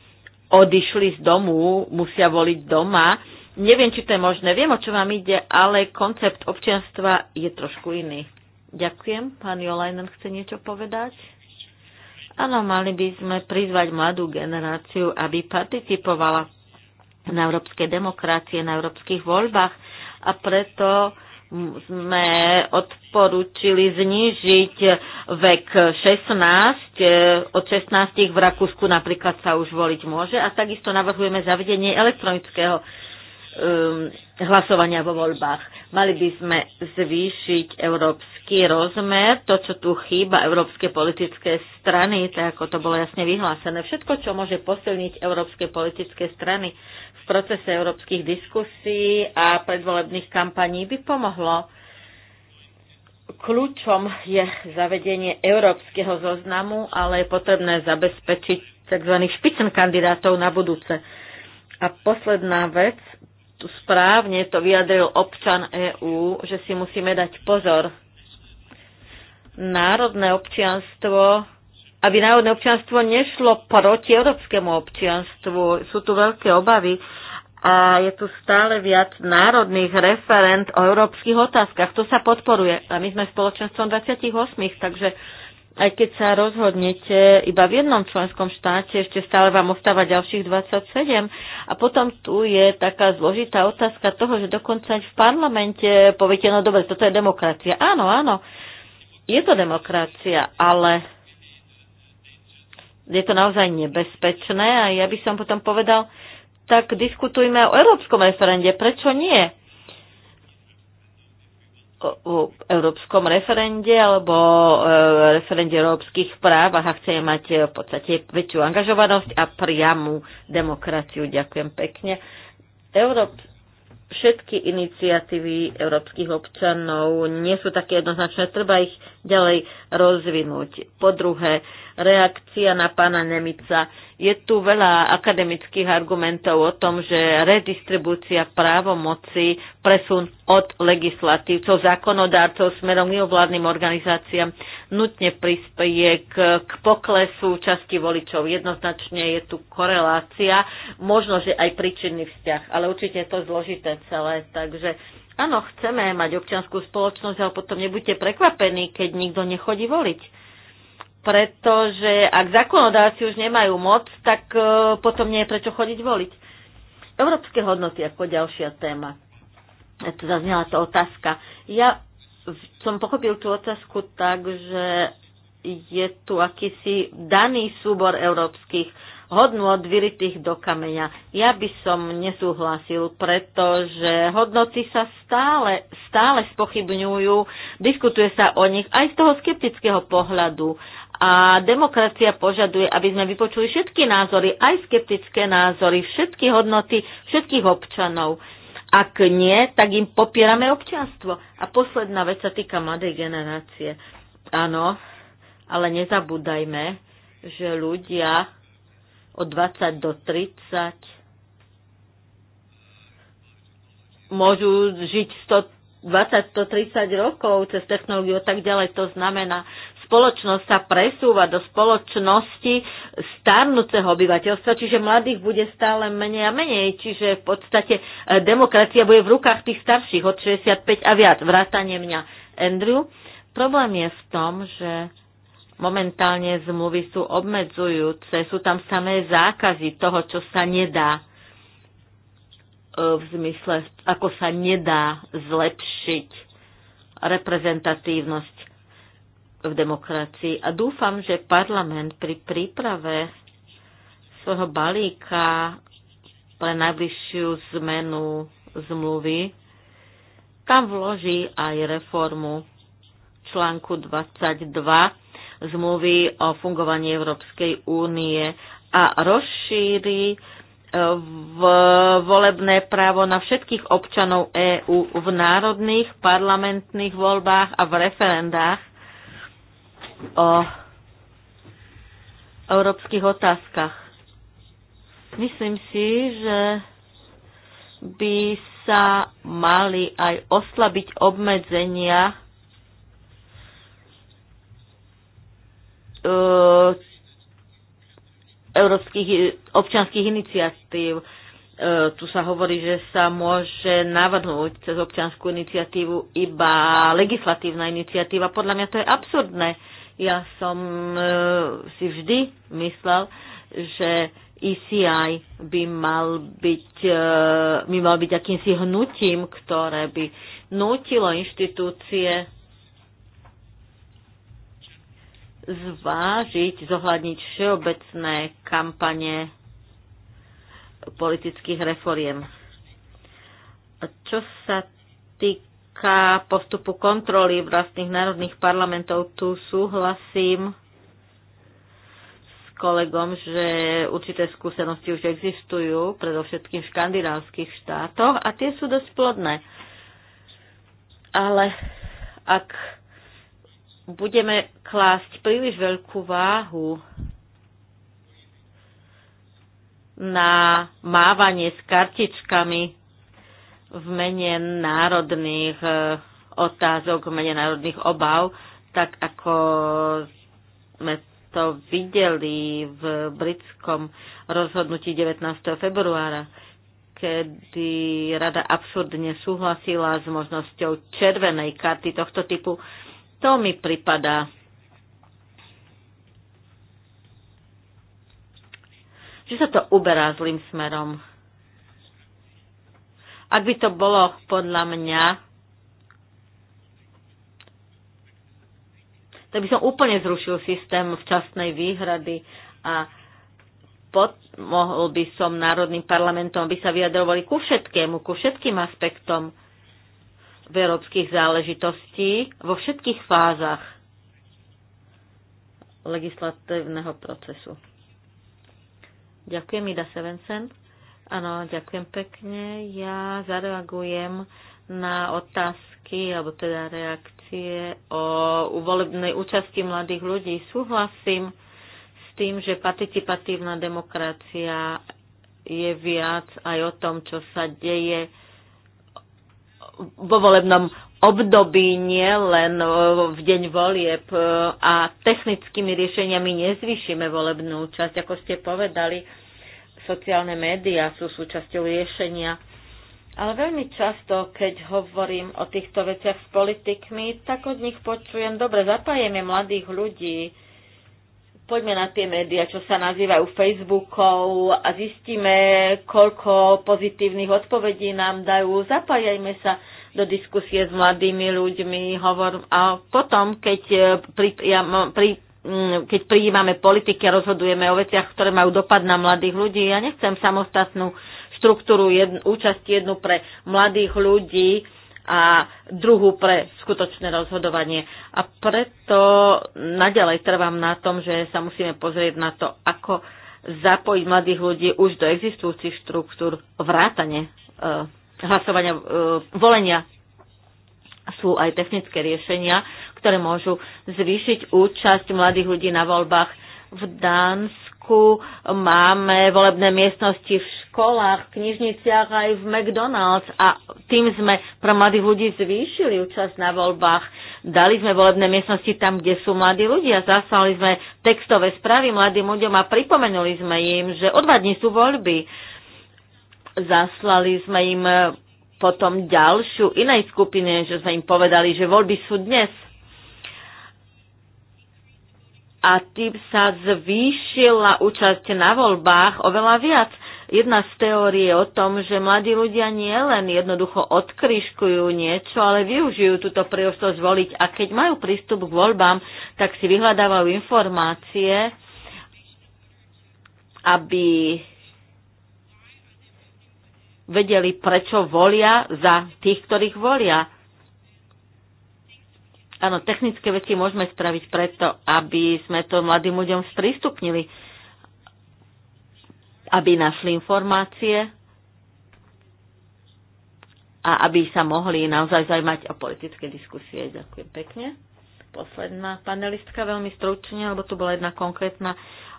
odišli z domu, musia voliť doma, Neviem, či to je možné. Viem, o čo vám ide, ale koncept občianstva je trošku iný. Ďakujem. Pán Jolajnen chce niečo povedať? Áno, mali by sme prizvať mladú generáciu, aby participovala na európskej demokracie, na európskych voľbách a preto sme odporúčili znížiť vek 16. E, od 16 v Rakúsku napríklad sa už voliť môže a takisto navrhujeme zavedenie elektronického Um, hlasovania vo voľbách. Mali by sme zvýšiť európsky rozmer, to, čo tu chýba, európske politické strany, tak ako to bolo jasne vyhlásené. Všetko, čo môže posilniť európske politické strany v procese európskych diskusí a predvolebných kampaní, by pomohlo. Kľúčom je zavedenie európskeho zoznamu, ale je potrebné zabezpečiť tzv. špicen kandidátov na budúce. A posledná vec, tu správne to vyjadril občan EÚ, že si musíme dať pozor. Národné občianstvo, aby národné občianstvo nešlo proti európskemu občianstvu. Sú tu veľké obavy a je tu stále viac národných referent o európskych otázkach. To sa podporuje. A my sme spoločenstvom 28, takže aj keď sa rozhodnete iba v jednom členskom štáte, ešte stále vám ostáva ďalších 27. A potom tu je taká zložitá otázka toho, že dokonca aj v parlamente poviete, no dobre, toto je demokracia. Áno, áno, je to demokracia, ale je to naozaj nebezpečné a ja by som potom povedal, tak diskutujme o európskom referende. Prečo nie? o európskom referende alebo e, referende európskych práv a chce mať e, v podstate väčšiu angažovanosť a priamu demokraciu. Ďakujem pekne. Európ, všetky iniciatívy európskych občanov nie sú také jednoznačné, treba ich ďalej rozvinúť. Po druhé, reakcia na pána Nemica. Je tu veľa akademických argumentov o tom, že redistribúcia právomoci, presun od legislatívcov, zákonodárcov smerom k neovládnym organizáciám nutne prispieje k, k poklesu časti voličov. Jednoznačne je tu korelácia, možno, že aj príčinný vzťah, ale určite je to zložité celé. Takže áno, chceme mať občianskú spoločnosť, ale potom nebuďte prekvapení, keď nikto nechodí voliť pretože ak zákonodáci už nemajú moc, tak e, potom nie je prečo chodiť voliť. Európske hodnoty ako ďalšia téma. Tu zaznela tá otázka. Ja som pochopil tú otázku tak, že je tu akýsi daný súbor európskych hodnot, vyritých do kameňa. Ja by som nesúhlasil, pretože hodnoty sa stále, stále spochybňujú, diskutuje sa o nich aj z toho skeptického pohľadu a demokracia požaduje, aby sme vypočuli všetky názory, aj skeptické názory, všetky hodnoty všetkých občanov. Ak nie, tak im popierame občianstvo. A posledná vec sa týka mladej generácie. Áno, ale nezabúdajme, že ľudia od 20 do 30 môžu žiť 120-130 rokov cez technológiu a tak ďalej. To znamená, spoločnosť sa presúva do spoločnosti starnúceho obyvateľstva, čiže mladých bude stále menej a menej, čiže v podstate e, demokracia bude v rukách tých starších od 65 a viac, vrátane mňa. Andrew, problém je v tom, že momentálne zmluvy sú obmedzujúce, sú tam samé zákazy toho, čo sa nedá e, v zmysle, ako sa nedá zlepšiť reprezentatívnosť v demokracii. A dúfam, že parlament pri príprave svojho balíka pre najbližšiu zmenu zmluvy tam vloží aj reformu článku 22 zmluvy o fungovaní Európskej únie a rozšíri e, v volebné právo na všetkých občanov EÚ v národných parlamentných voľbách a v referendách o európskych otázkach. Myslím si, že by sa mali aj oslabiť obmedzenia e, európskych občanských iniciatív. E, tu sa hovorí, že sa môže navrhnúť cez občanskú iniciatívu iba legislatívna iniciatíva. Podľa mňa to je absurdné ja som e, si vždy myslel, že ECI by mal byť, e, by mal byť akýmsi hnutím, ktoré by nútilo inštitúcie zvážiť, zohľadniť všeobecné kampane politických reforiem. Čo sa týka týka postupu kontroly vlastných národných parlamentov, tu súhlasím s kolegom, že určité skúsenosti už existujú, predovšetkým v škandinávskych štátoch a tie sú dosť plodné. Ale ak budeme klásť príliš veľkú váhu na mávanie s kartičkami v mene národných e, otázok, v mene národných obav, tak ako sme to videli v britskom rozhodnutí 19. februára, kedy rada absurdne súhlasila s možnosťou červenej karty tohto typu. To mi pripadá že sa to uberá zlým smerom. Ak by to bolo podľa mňa, to by som úplne zrušil systém včasnej výhrady a mohol by som národným parlamentom, aby sa vyjadrovali ku všetkému, ku všetkým aspektom v európskych záležitostí vo všetkých fázach legislatívneho procesu. Ďakujem, Ida Sevensen. Áno, ďakujem pekne. Ja zareagujem na otázky, alebo teda reakcie o volebnej účasti mladých ľudí. Súhlasím s tým, že participatívna demokracia je viac aj o tom, čo sa deje vo volebnom období, nie len v deň volieb a technickými riešeniami nezvýšime volebnú účasť. Ako ste povedali, sociálne médiá sú súčasťou riešenia. Ale veľmi často, keď hovorím o týchto veciach s politikmi, tak od nich počujem, dobre, zapájeme mladých ľudí, poďme na tie médiá, čo sa nazývajú Facebookov a zistíme, koľko pozitívnych odpovedí nám dajú. Zapájajme sa do diskusie s mladými ľuďmi. hovorím a potom, keď pri, ja, pri, Mm, keď prijímame politiky a rozhodujeme o veciach, ktoré majú dopad na mladých ľudí. Ja nechcem samostatnú štruktúru jedn, účasť jednu pre mladých ľudí a druhú pre skutočné rozhodovanie. A preto naďalej trvám na tom, že sa musíme pozrieť na to, ako zapojiť mladých ľudí už do existujúcich štruktúr vrátane e, hlasovania, e, volenia sú aj technické riešenia, ktoré môžu zvýšiť účasť mladých ľudí na voľbách. V Dánsku máme volebné miestnosti v školách, v knižniciach aj v McDonald's a tým sme pre mladých ľudí zvýšili účasť na voľbách. Dali sme volebné miestnosti tam, kde sú mladí ľudia, zaslali sme textové správy mladým ľuďom a pripomenuli sme im, že o dva dní sú voľby. Zaslali sme im potom ďalšiu inej skupine, že sme im povedali, že voľby sú dnes a tým sa zvýšila účasť na voľbách oveľa viac. Jedna z teórií je o tom, že mladí ľudia nie len jednoducho odkryškujú niečo, ale využijú túto príležitosť voliť a keď majú prístup k voľbám, tak si vyhľadávajú informácie, aby vedeli, prečo volia za tých, ktorých volia Áno, technické veci môžeme spraviť preto, aby sme to mladým ľuďom sprístupnili, aby našli informácie a aby sa mohli naozaj zajmať o politické diskusie. Ďakujem pekne. Posledná panelistka, veľmi stručne, lebo tu bola jedna konkrétna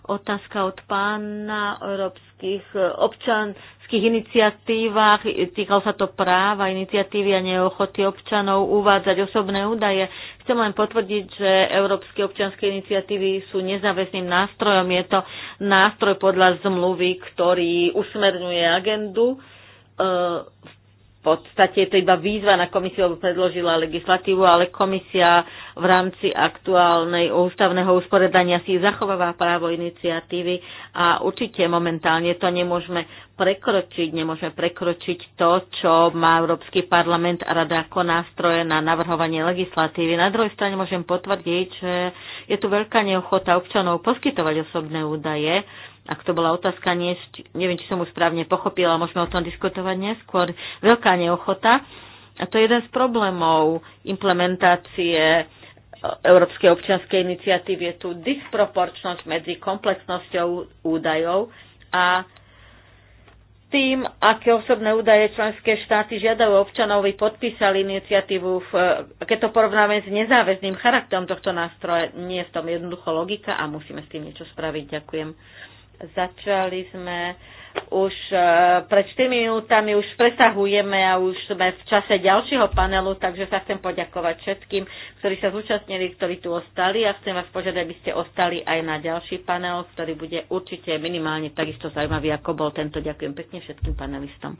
otázka od pána európskych e, občanských iniciatívach. Týkal sa to práva, iniciatívy a neochoty občanov uvádzať osobné údaje. Chcem len potvrdiť, že európske občanské iniciatívy sú nezáväzným nástrojom. Je to nástroj podľa zmluvy, ktorý usmerňuje agendu e, v podstate je to iba výzva na komisiu, aby predložila legislatívu, ale komisia v rámci aktuálnej ústavného usporiadania si zachováva právo iniciatívy a určite momentálne to nemôžeme prekročiť. Nemôžeme prekročiť to, čo má Európsky parlament a rada ako nástroje na navrhovanie legislatívy. Na druhej strane môžem potvrdiť, že je tu veľká neochota občanov poskytovať osobné údaje ak to bola otázka, nie, neviem, či som ju správne pochopila, môžeme o tom diskutovať neskôr, veľká neochota. A to je jeden z problémov implementácie e, Európskej občianskej iniciatívy, je tu disproporčnosť medzi komplexnosťou údajov a tým, aké osobné údaje členské štáty žiadajú občanov, podpísali iniciatívu, v, e, keď to porovnáme s nezáväzným charakterom tohto nástroja, nie je v tom jednoducho logika a musíme s tým niečo spraviť. Ďakujem. Začali sme už e, pred 4 minútami, už presahujeme a už sme v čase ďalšieho panelu, takže sa chcem poďakovať všetkým, ktorí sa zúčastnili, ktorí tu ostali a chcem vás požiadať, aby ste ostali aj na ďalší panel, ktorý bude určite minimálne takisto zaujímavý, ako bol tento. Ďakujem pekne všetkým panelistom.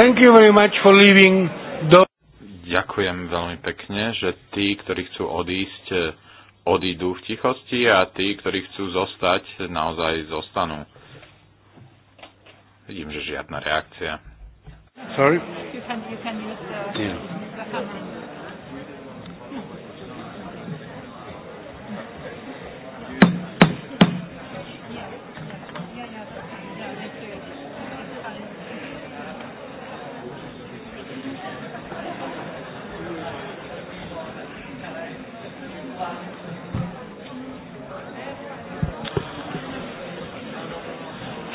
Thank you very much for leaving the... Ďakujem veľmi pekne, že tí, ktorí chcú odísť, odídu v tichosti a tí, ktorí chcú zostať, naozaj zostanú. Vidím, že žiadna reakcia. Sorry? You can, you can use the, yeah.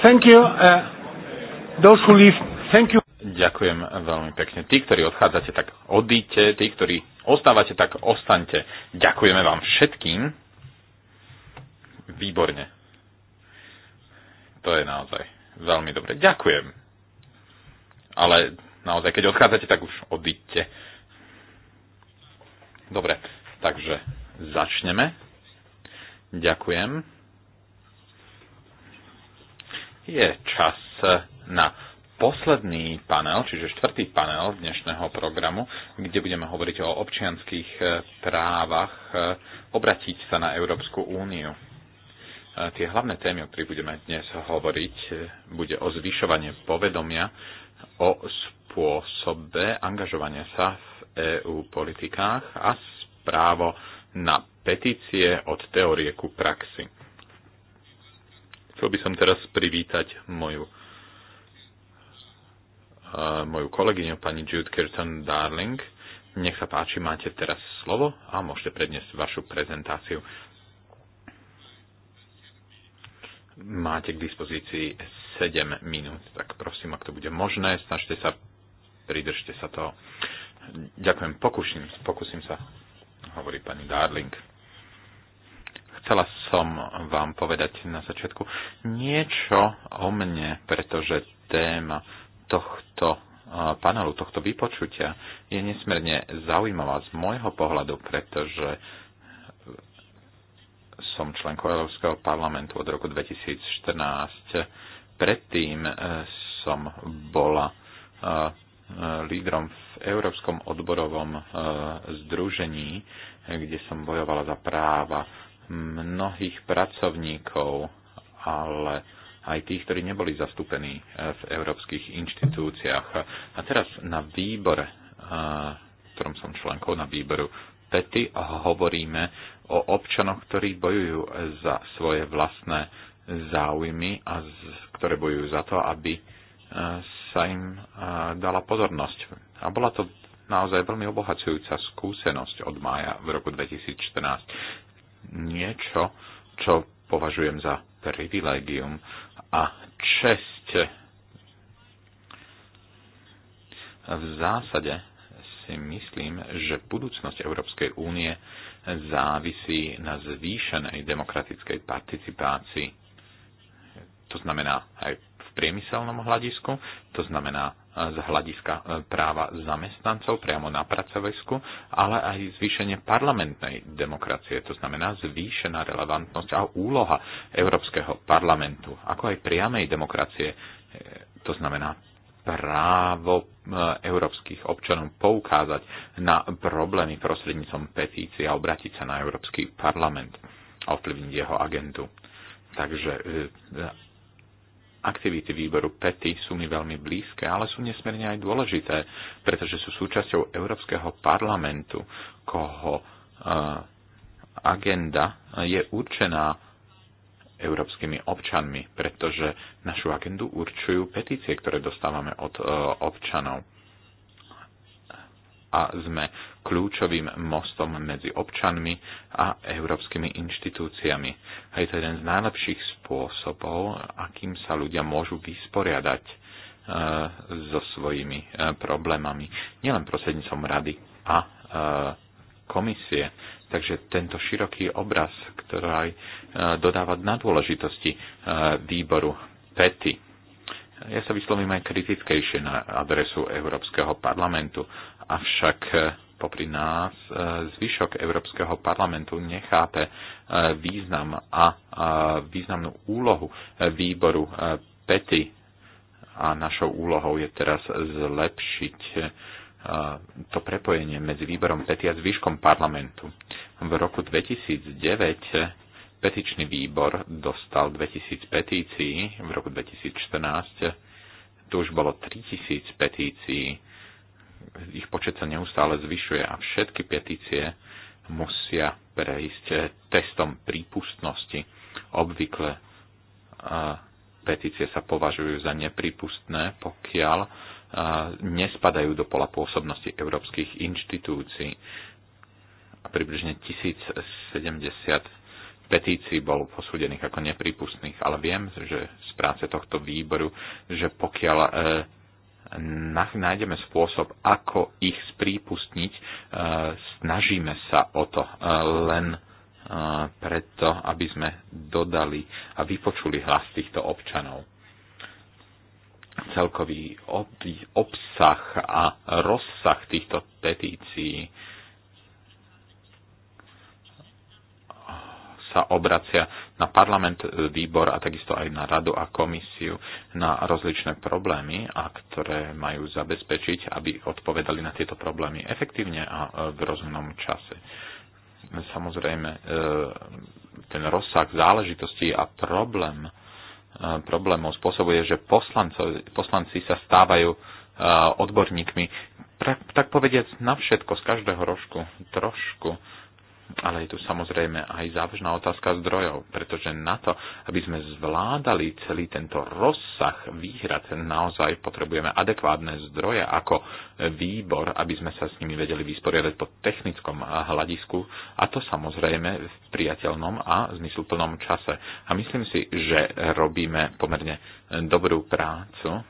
Thank you. Uh, those who leave, thank you. Ďakujem veľmi pekne. Tí, ktorí odchádzate, tak odíte. Tí, ktorí ostávate, tak ostaňte. Ďakujeme vám všetkým. Výborne. To je naozaj veľmi dobre. Ďakujem. Ale naozaj, keď odchádzate, tak už odíďte. Dobre, takže začneme. Ďakujem je čas na posledný panel, čiže štvrtý panel dnešného programu, kde budeme hovoriť o občianských e, právach, e, obratiť sa na Európsku úniu. E, tie hlavné témy, o ktorých budeme dnes hovoriť, bude o zvyšovanie povedomia, o spôsobe angažovania sa v EÚ politikách a správo na petície od teórie ku praxi Chcel by som teraz privítať moju, uh, moju kolegyňu, pani Jude Kirton Darling. Nech sa páči, máte teraz slovo a môžete predniesť vašu prezentáciu. Máte k dispozícii 7 minút, tak prosím, ak to bude možné, snažte sa, pridržte sa toho. Ďakujem, pokúšim, pokúsim sa, hovorí pani Darling chcela som vám povedať na začiatku niečo o mne, pretože téma tohto panelu, tohto vypočutia je nesmierne zaujímavá z môjho pohľadu, pretože som členkou Európskeho parlamentu od roku 2014. Predtým e, som bola e, lídrom v Európskom odborovom e, združení, kde som bojovala za práva mnohých pracovníkov, ale aj tých, ktorí neboli zastúpení e, v európskych inštitúciách. A teraz na výbor, e, ktorom som členkou na výboru PETY, hovoríme o občanoch, ktorí bojujú za svoje vlastné záujmy a ktoré bojujú za to, aby e, sa im dala pozornosť. A bola to naozaj veľmi obohacujúca skúsenosť od mája v roku 2014 niečo, čo považujem za privilegium a česť. V zásade si myslím, že budúcnosť Európskej únie závisí na zvýšenej demokratickej participácii. To znamená aj v priemyselnom hľadisku, to znamená z hľadiska e, práva zamestnancov priamo na pracovisku, ale aj zvýšenie parlamentnej demokracie, to znamená zvýšená relevantnosť a úloha Európskeho parlamentu, ako aj priamej demokracie, e, to znamená právo e, európskych občanov poukázať na problémy prostrednícom petície a obratiť sa na Európsky parlament a ovplyvniť jeho agendu. Takže Aktivity výboru PETI sú mi veľmi blízke, ale sú nesmierne aj dôležité, pretože sú súčasťou Európskeho parlamentu, koho eh, agenda je určená európskymi občanmi, pretože našu agendu určujú petície, ktoré dostávame od eh, občanov a sme kľúčovým mostom medzi občanmi a európskymi inštitúciami. A je to jeden z najlepších spôsobov, akým sa ľudia môžu vysporiadať e, so svojimi e, problémami. Nielen prostrednícom rady a e, komisie. Takže tento široký obraz, ktorý dodáva na dôležitosti výboru PETI, ja sa vyslovím aj kritickejšie na adresu Európskeho parlamentu, avšak eh, popri nás eh, zvyšok Európskeho parlamentu nechápe eh, význam a významnú úlohu výboru PETI a našou úlohou je teraz zlepšiť to prepojenie medzi výborom PETI a zvyškom parlamentu. V roku 2009 Petičný výbor dostal 2000 petícií v roku 2014. Tu už bolo 3000 petícií. Ich počet sa neustále zvyšuje a všetky petície musia prejsť testom prípustnosti. Obvykle e, petície sa považujú za neprípustné, pokiaľ e, nespadajú do pola pôsobnosti európskych inštitúcií. A približne 1070 petícií bol posúdených ako nepripustných, ale viem, že z práce tohto výboru, že pokiaľ e, nájdeme spôsob, ako ich sprípustniť, e, snažíme sa o to e, len e, preto, aby sme dodali a vypočuli hlas týchto občanov. Celkový obsah a rozsah týchto petícií sa obracia na parlament, e, výbor a takisto aj na radu a komisiu na rozličné problémy, a ktoré majú zabezpečiť, aby odpovedali na tieto problémy efektívne a e, v rozumnom čase. Samozrejme, e, ten rozsah záležitostí a problém, problémov spôsobuje, že poslanco, poslanci sa stávajú odborníkmi, tak povediac, na všetko, z každého rožku, trošku ale je tu samozrejme aj závažná otázka zdrojov, pretože na to, aby sme zvládali celý tento rozsah výhrad, naozaj potrebujeme adekvátne zdroje ako výbor, aby sme sa s nimi vedeli vysporiadať po technickom hľadisku a to samozrejme v priateľnom a zmysluplnom čase. A myslím si, že robíme pomerne dobrú prácu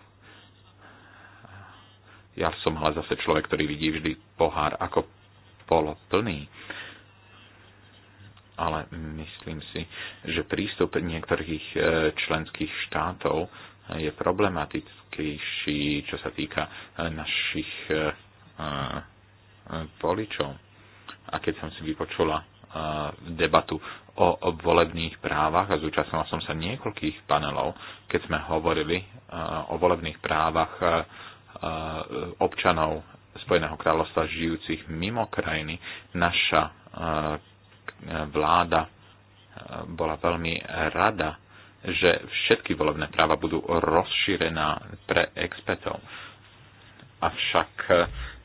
ja som ale zase človek, ktorý vidí vždy pohár ako poloplný ale myslím si, že prístup niektorých e, členských štátov e, je problematickejší, čo sa týka e, našich voličov. A keď som si vypočula debatu o volebných právach a zúčastnila som sa niekoľkých panelov, keď sme hovorili o volebných právach občanov Spojeného kráľovstva žijúcich mimo krajiny, naša E, vláda e, bola veľmi rada, že všetky volebné práva budú rozšírená pre expertov. Avšak e,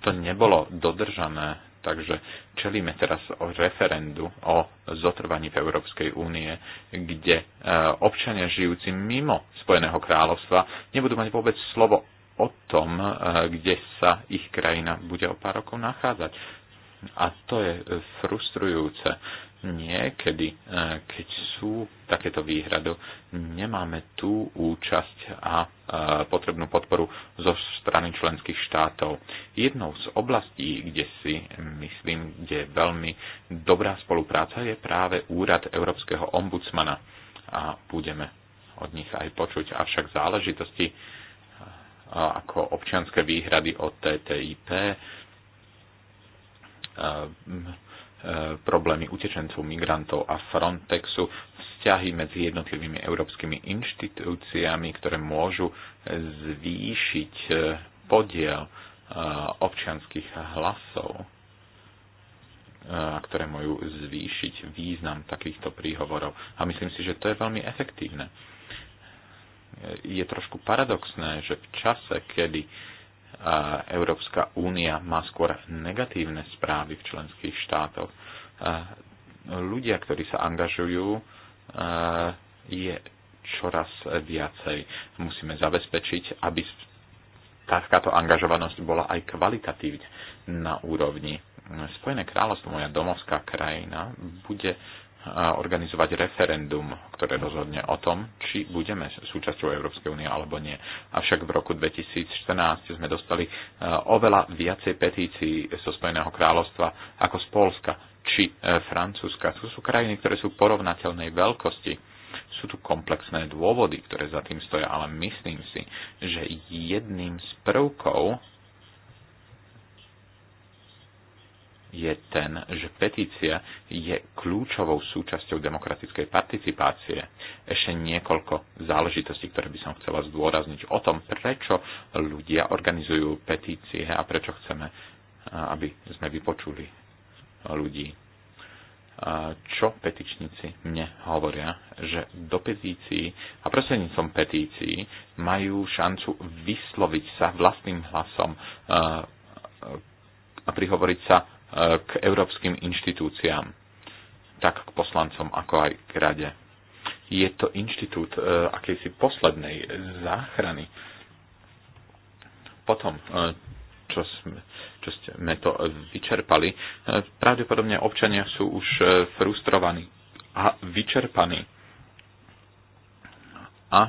to nebolo dodržané, takže čelíme teraz o referendu o zotrvaní v Európskej únie, kde občania žijúci mimo Spojeného kráľovstva nebudú mať vôbec slovo o tom, kde sa ich krajina bude o pár rokov nachádzať a to je e, frustrujúce. Niekedy, e, keď sú takéto výhrady, nemáme tú účasť a e, potrebnú podporu zo strany členských štátov. Jednou z oblastí, kde si myslím, kde je veľmi dobrá spolupráca, je práve úrad Európskeho ombudsmana. A budeme od nich aj počuť. Avšak záležitosti ako občianské výhrady od TTIP, E, problémy utečencov, migrantov a Frontexu, vzťahy medzi jednotlivými európskymi inštitúciami, ktoré môžu zvýšiť e, podiel e, občianských hlasov, ktoré majú zvýšiť význam takýchto príhovorov. A myslím si, že to je veľmi efektívne. Je trošku paradoxné, že v čase, kedy Európska únia má skôr negatívne správy v členských štátoch. Ľudia, ktorí sa angažujú, je čoraz viacej. Musíme zabezpečiť, aby takáto angažovanosť bola aj kvalitatívne na úrovni. Spojené kráľovstvo, moja domovská krajina, bude organizovať referendum, ktoré rozhodne o tom, či budeme súčasťou Európskej únie alebo nie. Avšak v roku 2014 sme dostali e, oveľa viacej petícií zo Spojeného kráľovstva ako z Polska či e, Francúzska. To sú krajiny, ktoré sú porovnateľnej veľkosti. Sú tu komplexné dôvody, ktoré za tým stoja, ale myslím si, že jedným z prvkov je ten, že petícia je kľúčovou súčasťou demokratickej participácie. Ešte niekoľko záležitostí, ktoré by som chcela zdôrazniť o tom, prečo ľudia organizujú petície a prečo chceme, aby sme vypočuli ľudí. Čo petičníci mne hovoria, že do petícií a prostredníctvom petícií majú šancu vysloviť sa vlastným hlasom a prihovoriť sa k európskym inštitúciám, tak k poslancom, ako aj k rade. Je to inštitút e, akejsi poslednej záchrany. Potom, e, čo sme, čo sme to vyčerpali, e, pravdepodobne občania sú už frustrovaní a vyčerpaní. A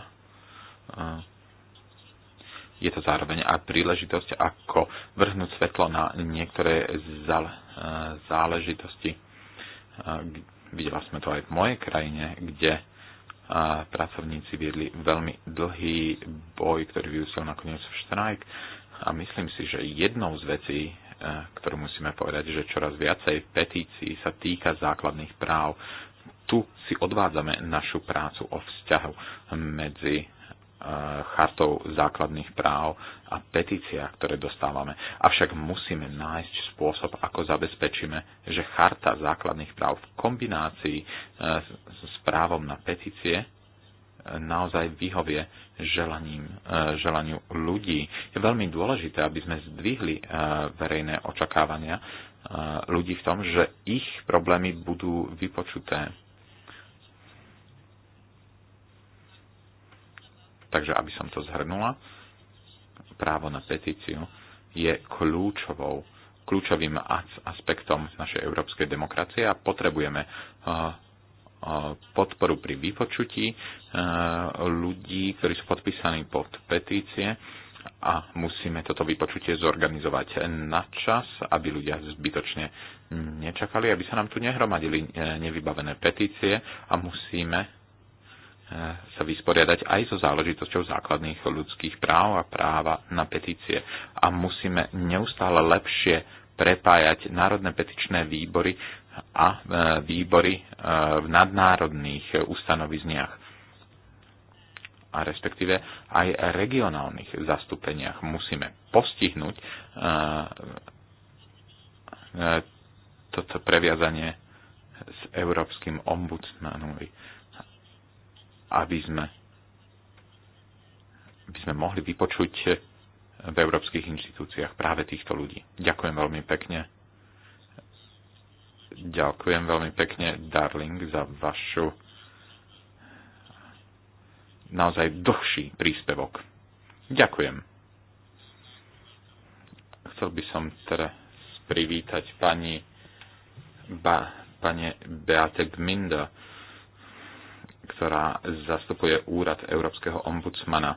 je to zároveň aj príležitosť, ako vrhnúť svetlo na niektoré e, záležitosti. E, videla sme to aj v mojej krajine, kde e, pracovníci viedli veľmi dlhý boj, ktorý vyústil nakoniec v štrajk. A myslím si, že jednou z vecí, ktorú musíme povedať, že čoraz viacej petícií sa týka základných práv. Tu si odvádzame našu prácu o vzťahu medzi E, chartou základných práv a petícia, ktoré dostávame. Avšak musíme nájsť spôsob, ako zabezpečíme, že charta základných práv v kombinácii e, s právom na petície e, naozaj vyhovie želaním, želaniu ľudí. Je veľmi dôležité, aby sme zdvihli verejné očakávania ľudí v tom, že ich problémy budú vypočuté Takže aby som to zhrnula, právo na petíciu je kľúčovou, kľúčovým aspektom našej európskej demokracie a potrebujeme eh, eh, podporu pri vypočutí eh, ľudí, ktorí sú podpísaní pod petície a musíme toto vypočutie zorganizovať na čas, aby ľudia zbytočne nečakali, aby sa nám tu nehromadili nevybavené petície a musíme sa vysporiadať aj so záležitosťou základných ľudských práv a práva na petície. A musíme neustále lepšie prepájať národné petičné výbory a e, výbory e, v nadnárodných ustanovizniach a respektíve aj regionálnych zastúpeniach musíme postihnúť e, toto previazanie s európskym ombudsmanom aby sme, aby sme mohli vypočuť v európskych inštitúciách práve týchto ľudí. Ďakujem veľmi pekne. Ďakujem veľmi pekne, darling, za vašu naozaj dlhší príspevok. Ďakujem. Chcel by som teraz privítať pani, ba, pane Beate Gminda, ktorá zastupuje úrad Európskeho ombudsmana.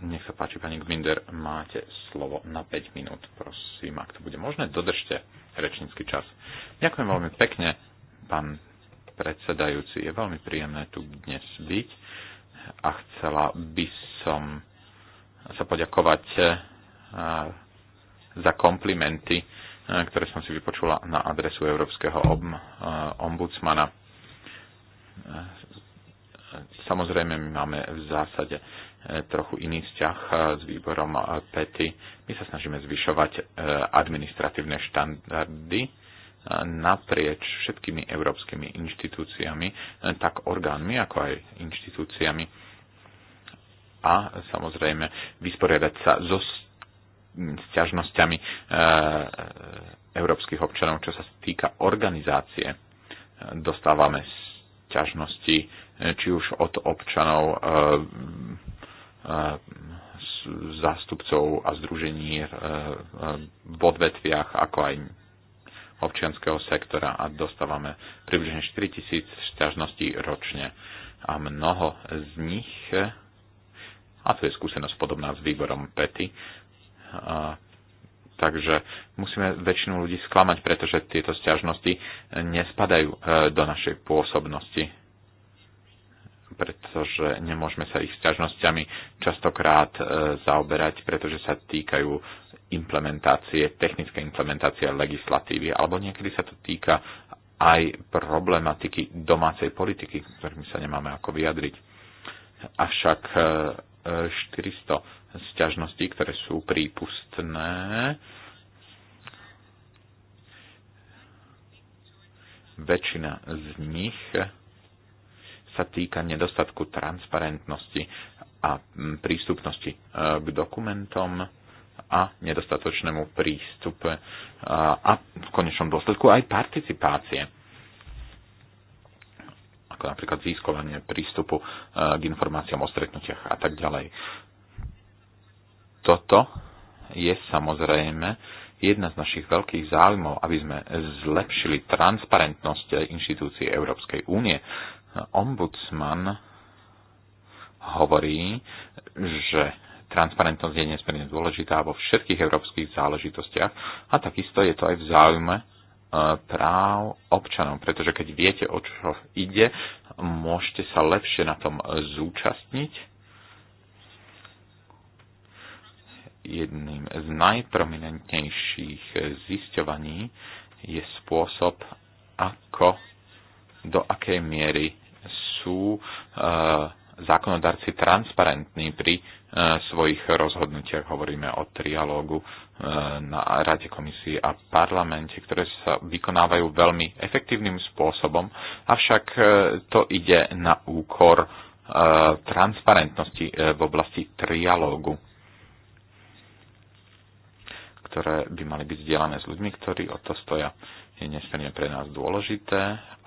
Nech sa páči, pani Gminder, máte slovo na 5 minút. Prosím, ak to bude možné, dodržte rečnícky čas. Ďakujem veľmi pekne, pán predsedajúci. Je veľmi príjemné tu dnes byť a chcela by som sa poďakovať e, za komplimenty, e, ktoré som si vypočula na adresu Európskeho e, ombudsmana. Samozrejme, my máme v zásade e, trochu iný vzťah e, s výborom e, PETI. My sa snažíme zvyšovať administratívne štandardy naprieč všetkými európskymi inštitúciami, tak orgánmi, ako aj inštitúciami. A samozrejme vysporiadať sa so sťažnosťami európskych občanov, čo sa týka organizácie. Dostávame ťažnosti, e, či už od občanov, e, e, zástupcov a združení v odvetviach, ako aj občianského sektora a dostávame približne 4000 šťažností ročne. A mnoho z nich, a tu je skúsenosť podobná s výborom PETI, takže musíme väčšinu ľudí sklamať, pretože tieto stiažnosti eh, nespadajú eh, do našej pôsobnosti pretože nemôžeme sa ich sťažnosťami častokrát eh, zaoberať, pretože sa týkajú implementácie, technické implementácie legislatívy, alebo niekedy sa to týka aj problematiky domácej politiky, ktorými sa nemáme ako vyjadriť. Avšak 400 sťažnosti, ktoré sú prípustné. Väčšina z nich sa týka nedostatku transparentnosti a prístupnosti eh, k dokumentom a nedostatočnému prístupe eh, a v konečnom dôsledku aj participácie ako napríklad získovanie prístupu eh, k informáciám o stretnutiach a tak ďalej. Toto je samozrejme jedna z našich veľkých záujmov, aby sme zlepšili transparentnosť inštitúcií Európskej únie. Ombudsman hovorí, že transparentnosť je nesmierne dôležitá vo všetkých európskych záležitostiach a takisto je to aj v záujme e, práv občanov, pretože keď viete, o čo ide, môžete sa lepšie na tom zúčastniť jedným z najprominentnejších zisťovaní je spôsob, ako do akej miery sú e, zákonodarci transparentní pri e, svojich rozhodnutiach. Hovoríme o trialógu e, na Rade komisii a parlamente, ktoré sa vykonávajú veľmi efektívnym spôsobom, avšak e, to ide na úkor e, transparentnosti e, v oblasti trialógu ktoré by mali byť zdieľané s ľuďmi, ktorí o to stoja. Je nesmierne pre nás dôležité,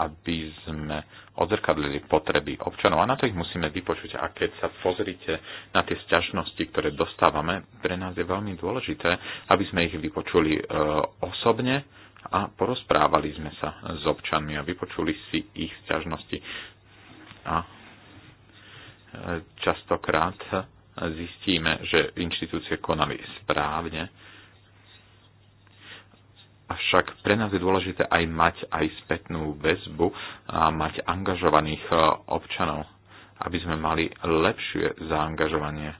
aby sme odzrkadlili potreby občanov a na to ich musíme vypočuť. A keď sa pozrite na tie sťažnosti, ktoré dostávame, pre nás je veľmi dôležité, aby sme ich vypočuli e, osobne a porozprávali sme sa s občanmi a vypočuli si ich sťažnosti. A e, častokrát zistíme, že inštitúcie konali správne Avšak pre nás je dôležité aj mať aj spätnú väzbu a mať angažovaných e, občanov, aby sme mali lepšie zaangažovanie, e,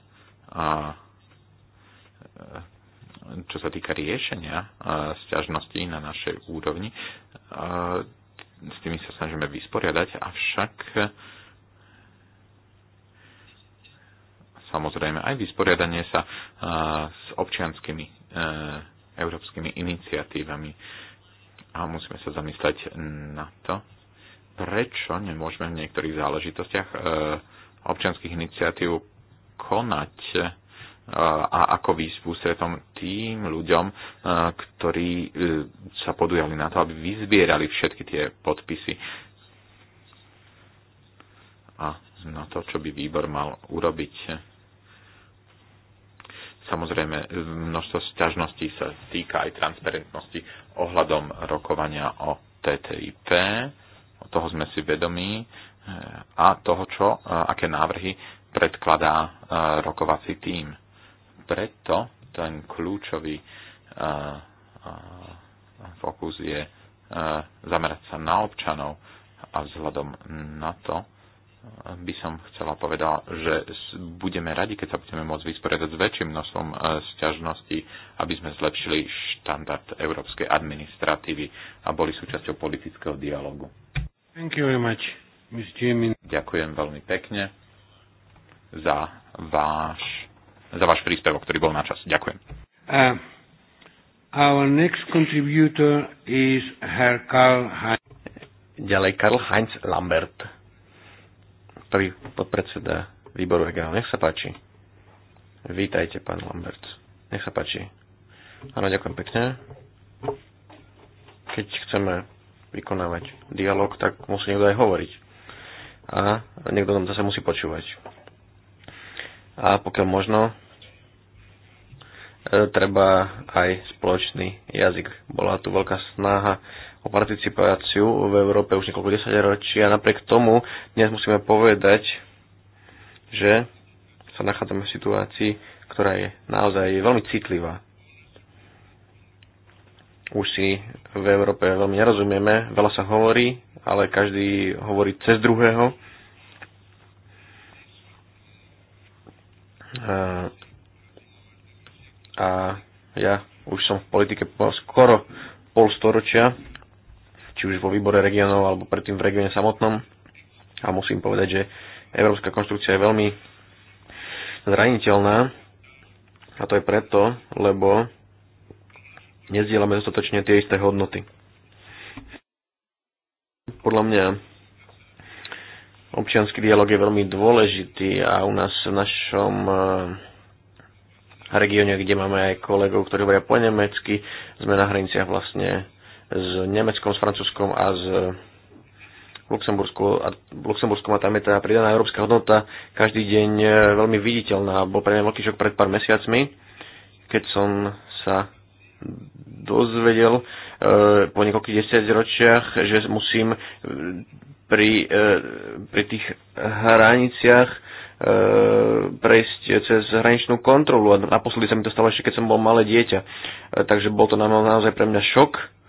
čo sa týka riešenia e, sťažností na našej úrovni. S tými sa snažíme vysporiadať, avšak samozrejme aj vysporiadanie sa s občianskými európskymi iniciatívami. A musíme sa zamyslieť na to, prečo nemôžeme v niektorých záležitostiach e, občianských iniciatív konať e, a ako výzvu svetom tým ľuďom, e, ktorí sa podujali na to, aby vyzbierali všetky tie podpisy. A na to, čo by výbor mal urobiť Samozrejme, množstvo sťažností sa týka aj transparentnosti ohľadom rokovania o TTIP. Toho sme si vedomí a toho, čo, aké návrhy predkladá rokovací tím. Preto ten kľúčový fokus je zamerať sa na občanov a vzhľadom na to, by som chcela povedať, že budeme radi, keď sa budeme môcť vysporiadať s väčším množstvom e, sťažností, aby sme zlepšili štandard európskej administratívy a boli súčasťou politického dialogu. Thank you very much, Ďakujem veľmi pekne za váš, za váš príspevok, ktorý bol na čas. Ďakujem. Uh, our next contributor is Herr Karl Heinz. Ďalej Karl Heinz Lambert prvý podpredseda výboru regionu. Nech sa páči. Vítajte, pán Lambert. Nech sa páči. Áno, ďakujem pekne. Keď chceme vykonávať dialog, tak musí niekto aj hovoriť. A niekto nám zase musí počúvať. A pokiaľ možno, e, treba aj spoločný jazyk. Bola tu veľká snaha o participáciu v Európe už niekoľko desaťročí a napriek tomu dnes musíme povedať, že sa nachádzame v situácii, ktorá je naozaj veľmi citlivá. Už si v Európe veľmi nerozumieme, veľa sa hovorí, ale každý hovorí cez druhého. A ja už som v politike skoro pol storočia či už vo výbore regionov alebo predtým v regióne samotnom. A musím povedať, že európska konštrukcia je veľmi zraniteľná a to je preto, lebo nezdielame dostatočne tie isté hodnoty. Podľa mňa občianský dialog je veľmi dôležitý a u nás v našom eh, regióne, kde máme aj kolegov, ktorí hovoria po nemecky, sme na hraniciach vlastne s Nemeckom, s Francúzskom a s Luxembursku a, Luxemburskom a tam je tá teda pridaná európska hodnota každý deň e, veľmi viditeľná. Bol pre mňa veľký šok pred pár mesiacmi, keď som sa dozvedel e, po niekoľkých desaťročiach, že musím e, pri, e, pri tých hraniciach e, prejsť cez hraničnú kontrolu. A naposledy sa mi to stalo ešte, keď som bol malé dieťa. takže bol to na, naozaj pre mňa šok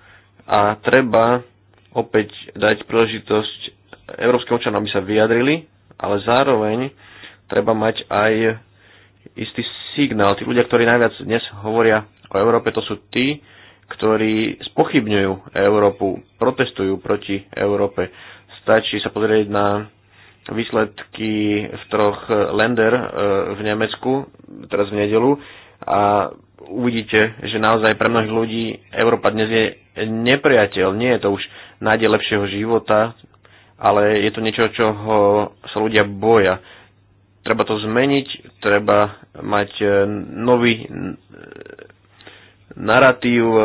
a treba opäť dať príležitosť európskym občanom, aby sa vyjadrili, ale zároveň treba mať aj istý signál. Tí ľudia, ktorí najviac dnes hovoria o Európe, to sú tí, ktorí spochybňujú Európu, protestujú proti Európe. Stačí sa pozrieť na výsledky v troch lender e, v Nemecku, teraz v nedelu, a uvidíte, že naozaj pre mnohých ľudí Európa dnes je nepriateľ. Nie je to už nádej lepšieho života, ale je to niečo, čo sa ľudia boja. Treba to zmeniť, treba mať e, nový e, narratív e,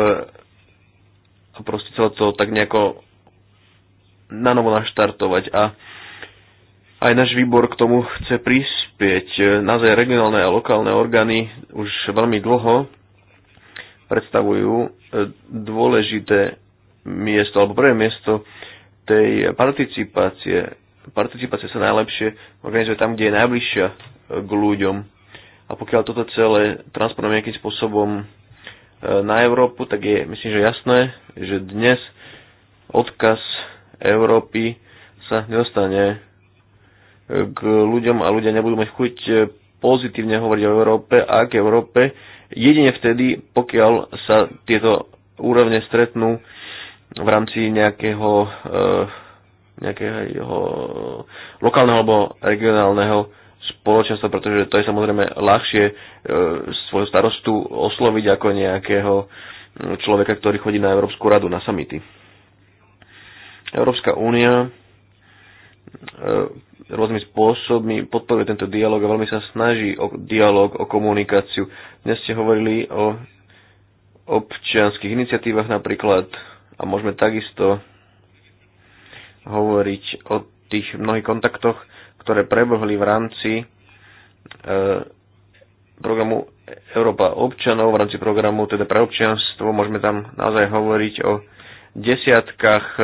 a proste celé to tak nejako na novo naštartovať. A aj náš výbor k tomu chce prísť prispieť. E, naozaj regionálne a lokálne orgány už veľmi dlho predstavujú e, dôležité miesto, alebo prvé miesto tej participácie. Participácia sa najlepšie organizuje tam, kde je najbližšia e, k ľuďom. A pokiaľ toto celé transponujeme nejakým spôsobom na Európu, tak je myslím, že jasné, že dnes odkaz Európy sa nedostane k ľuďom a ľudia nebudú mať chuť e, pozitívne hovoriť o Európe a k Európe jedine vtedy, pokiaľ sa tieto úrovne stretnú v rámci nejakého, e, nejakého lokálneho alebo regionálneho spoločenstva, pretože to je samozrejme ľahšie e, svoju starostu osloviť ako nejakého človeka, ktorý chodí na Európsku radu, na samity. Európska únia E, rôznymi spôsobmi podporuje tento dialog a veľmi sa snaží o dialog, o komunikáciu. Dnes ste hovorili o občianských iniciatívach napríklad a môžeme takisto hovoriť o tých mnohých kontaktoch, ktoré prebohli v rámci e, programu Európa občanov, v rámci programu teda pre občianstvo. Môžeme tam naozaj hovoriť o desiatkách e,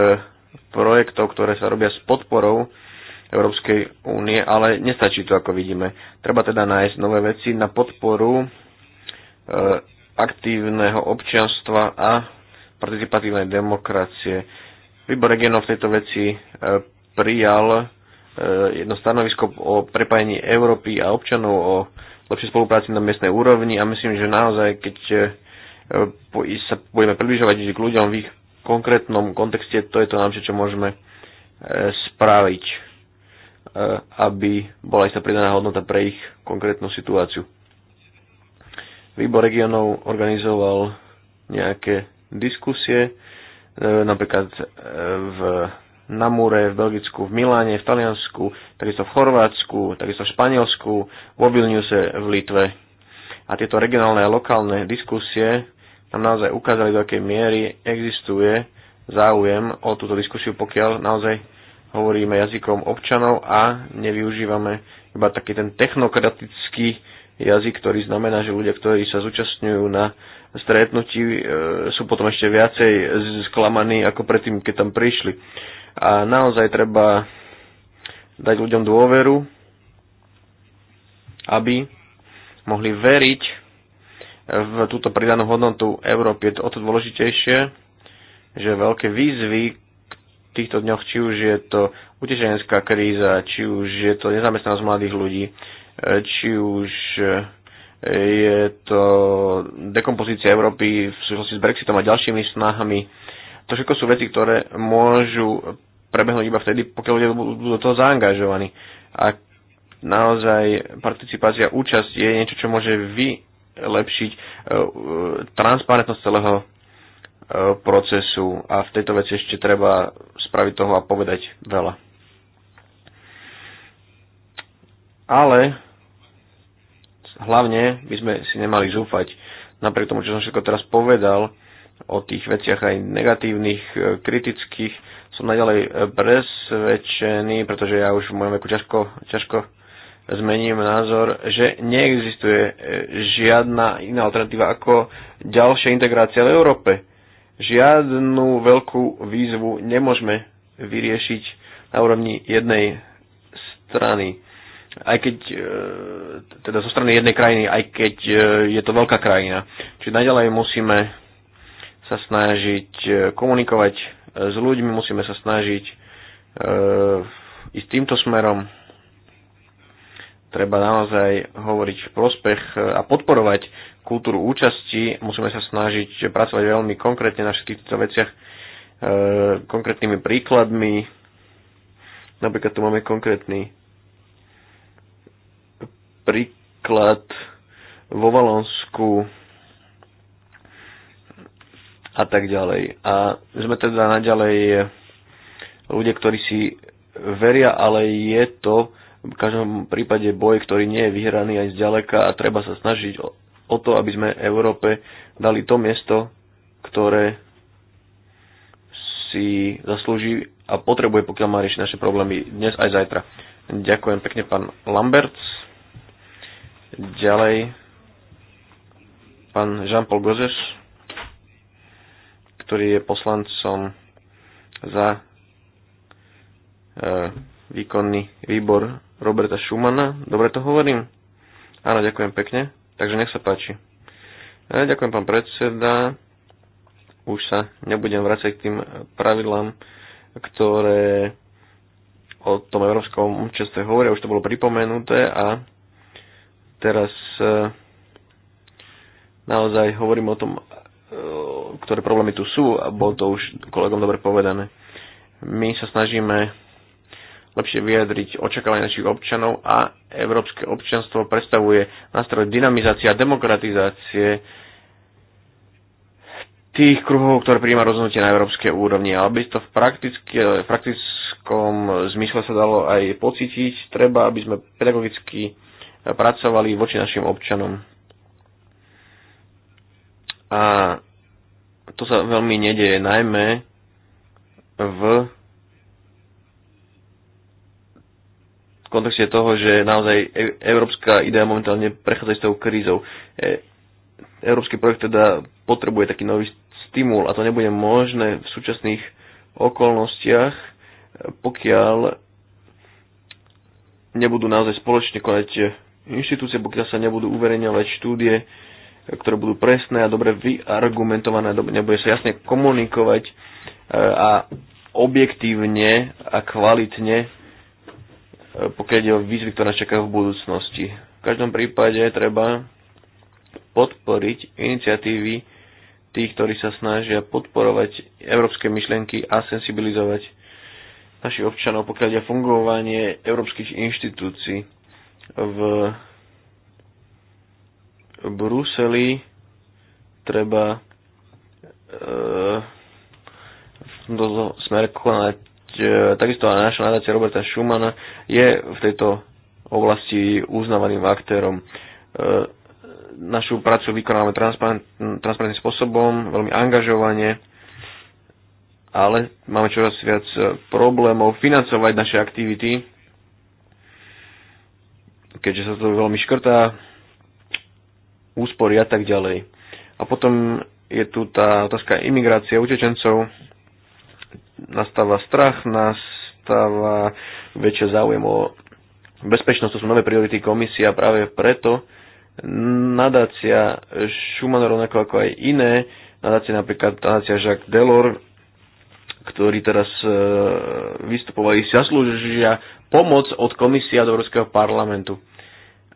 projektov, ktoré sa robia s podporou Európskej únie, ale nestačí to, ako vidíme. Treba teda nájsť nové veci na podporu e, aktívneho občianstva a participatívnej demokracie. Výbor regionov v tejto veci e, prijal e, jedno stanovisko o prepájení Európy a občanov, o lepšej spolupráci na miestnej úrovni a myslím, že naozaj, keď sa budeme približovať k ľuďom v ich konkrétnom kontexte to je to najlepšie, čo môžeme e, spraviť, e, aby bola istá pridaná hodnota pre ich konkrétnu situáciu. Výbor regionov organizoval nejaké diskusie, e, napríklad v Namure, v Belgicku, v Miláne, v Taliansku, takisto v Chorvátsku, takisto v Španielsku, vo Vilniuse, v Litve. A tieto regionálne a lokálne diskusie nám naozaj ukázali, do akej miery existuje záujem o túto diskusiu, pokiaľ naozaj hovoríme jazykom občanov a nevyužívame iba taký ten technokratický jazyk, ktorý znamená, že ľudia, ktorí sa zúčastňujú na stretnutí, e, sú potom ešte viacej sklamaní ako predtým, keď tam prišli. A naozaj treba dať ľuďom dôveru, aby mohli veriť v túto pridanú hodnotu Európy. Je to o to dôležitejšie, že veľké výzvy v týchto dňoch, či už je to utečenská kríza, či už je to nezamestnanosť mladých ľudí, či už eh, je to dekompozícia Európy v súvislosti s Brexitom a ďalšími snahami. To všetko sú veci, ktoré môžu prebehnúť iba vtedy, pokiaľ ľudia budú do toho zaangažovaní. A naozaj participácia, účasť je niečo, čo môže vy zlepšiť e, transparentnosť celého e, procesu a v tejto veci ešte treba spraviť toho a povedať veľa. Ale hlavne by sme si nemali zúfať. Napriek tomu, čo som všetko teraz povedal o tých veciach aj negatívnych, e, kritických, som najďalej presvedčený, pretože ja už v mojom veku ťažko, ťažko zmením názor, že neexistuje e, žiadna iná alternatíva ako ďalšia integrácia v Európe. Žiadnu veľkú výzvu nemôžeme vyriešiť na úrovni jednej strany. Aj keď, e, teda zo strany jednej krajiny, aj keď e, je to veľká krajina. Čiže naďalej musíme sa snažiť komunikovať s ľuďmi, musíme sa snažiť ísť týmto smerom, treba naozaj hovoriť v prospech e, a podporovať kultúru účasti. Musíme sa snažiť pracovať veľmi konkrétne na všetkých týchto veciach, e, konkrétnymi príkladmi. Napríklad tu máme konkrétny príklad vo Valonsku a tak ďalej. A sme teda naďalej ľudia, ktorí si veria, ale je to v každom prípade boj, ktorý nie je vyhraný aj zďaleka a treba sa snažiť o, o to, aby sme Európe dali to miesto, ktoré si zaslúži a potrebuje, pokiaľ má riešiť naše problémy dnes aj zajtra. Ďakujem pekne, pán Lamberts. Ďalej, pán Jean-Paul Gozes, ktorý je poslancom za e, výkonný výbor Roberta Schumana. Dobre to hovorím? Áno, ďakujem pekne. Takže nech sa páči. E, ďakujem, pán predseda. Už sa nebudem vrácať k tým pravidlám, ktoré o tom európskom účastve hovoria. Už to bolo pripomenuté a teraz e, naozaj hovorím o tom, e, ktoré problémy tu sú a bolo to už kolegom dobre povedané. My sa snažíme lepšie vyjadriť očakávania našich občanov a európske občanstvo predstavuje nástroj dynamizácie a demokratizácie tých kruhov, ktoré príjma rozhodnutie na európskej úrovni. Ale aby to v, v praktickom zmysle sa dalo aj pocítiť, treba, aby sme pedagogicky pracovali voči našim občanom. A to sa veľmi nedeje, najmä v v kontexte toho, že naozaj e, európska idea momentálne prechádza s tou krízou. E, európsky projekt teda potrebuje taký nový stimul a to nebude možné v súčasných okolnostiach, pokiaľ nebudú naozaj spoločne konať inštitúcie, pokiaľ sa nebudú uverejňovať štúdie, ktoré budú presné a dobre vyargumentované, nebude sa jasne komunikovať e, a objektívne a kvalitne E, pokiaľ ide o výzvy, ktoré nás čakajú v budúcnosti. V každom prípade treba podporiť iniciatívy tých, ktorí sa snažia podporovať európske myšlienky a sensibilizovať našich občanov, pokiaľ ide fungovanie európskych inštitúcií. V Bruseli treba e, v tomto smere konať E, takisto aj naša nadácia Roberta Schumana je v tejto oblasti uznávaným aktérom. E, našu prácu vykonávame transparent, transparentným spôsobom, veľmi angažovane, ale máme čoraz viac problémov financovať naše aktivity, keďže sa to veľmi škrtá, úspory a tak ďalej. A potom je tu tá otázka imigrácie utečencov, nastáva strach, nastáva väčšie záujem o bezpečnosť, to sú nové priority komisia práve preto nadácia Schumann rovnako ako aj iné, nadácia napríklad nadácia Jacques Delors, ktorí teraz e, vystupovali, si zaslúžia pomoc od komisia do Európskeho parlamentu.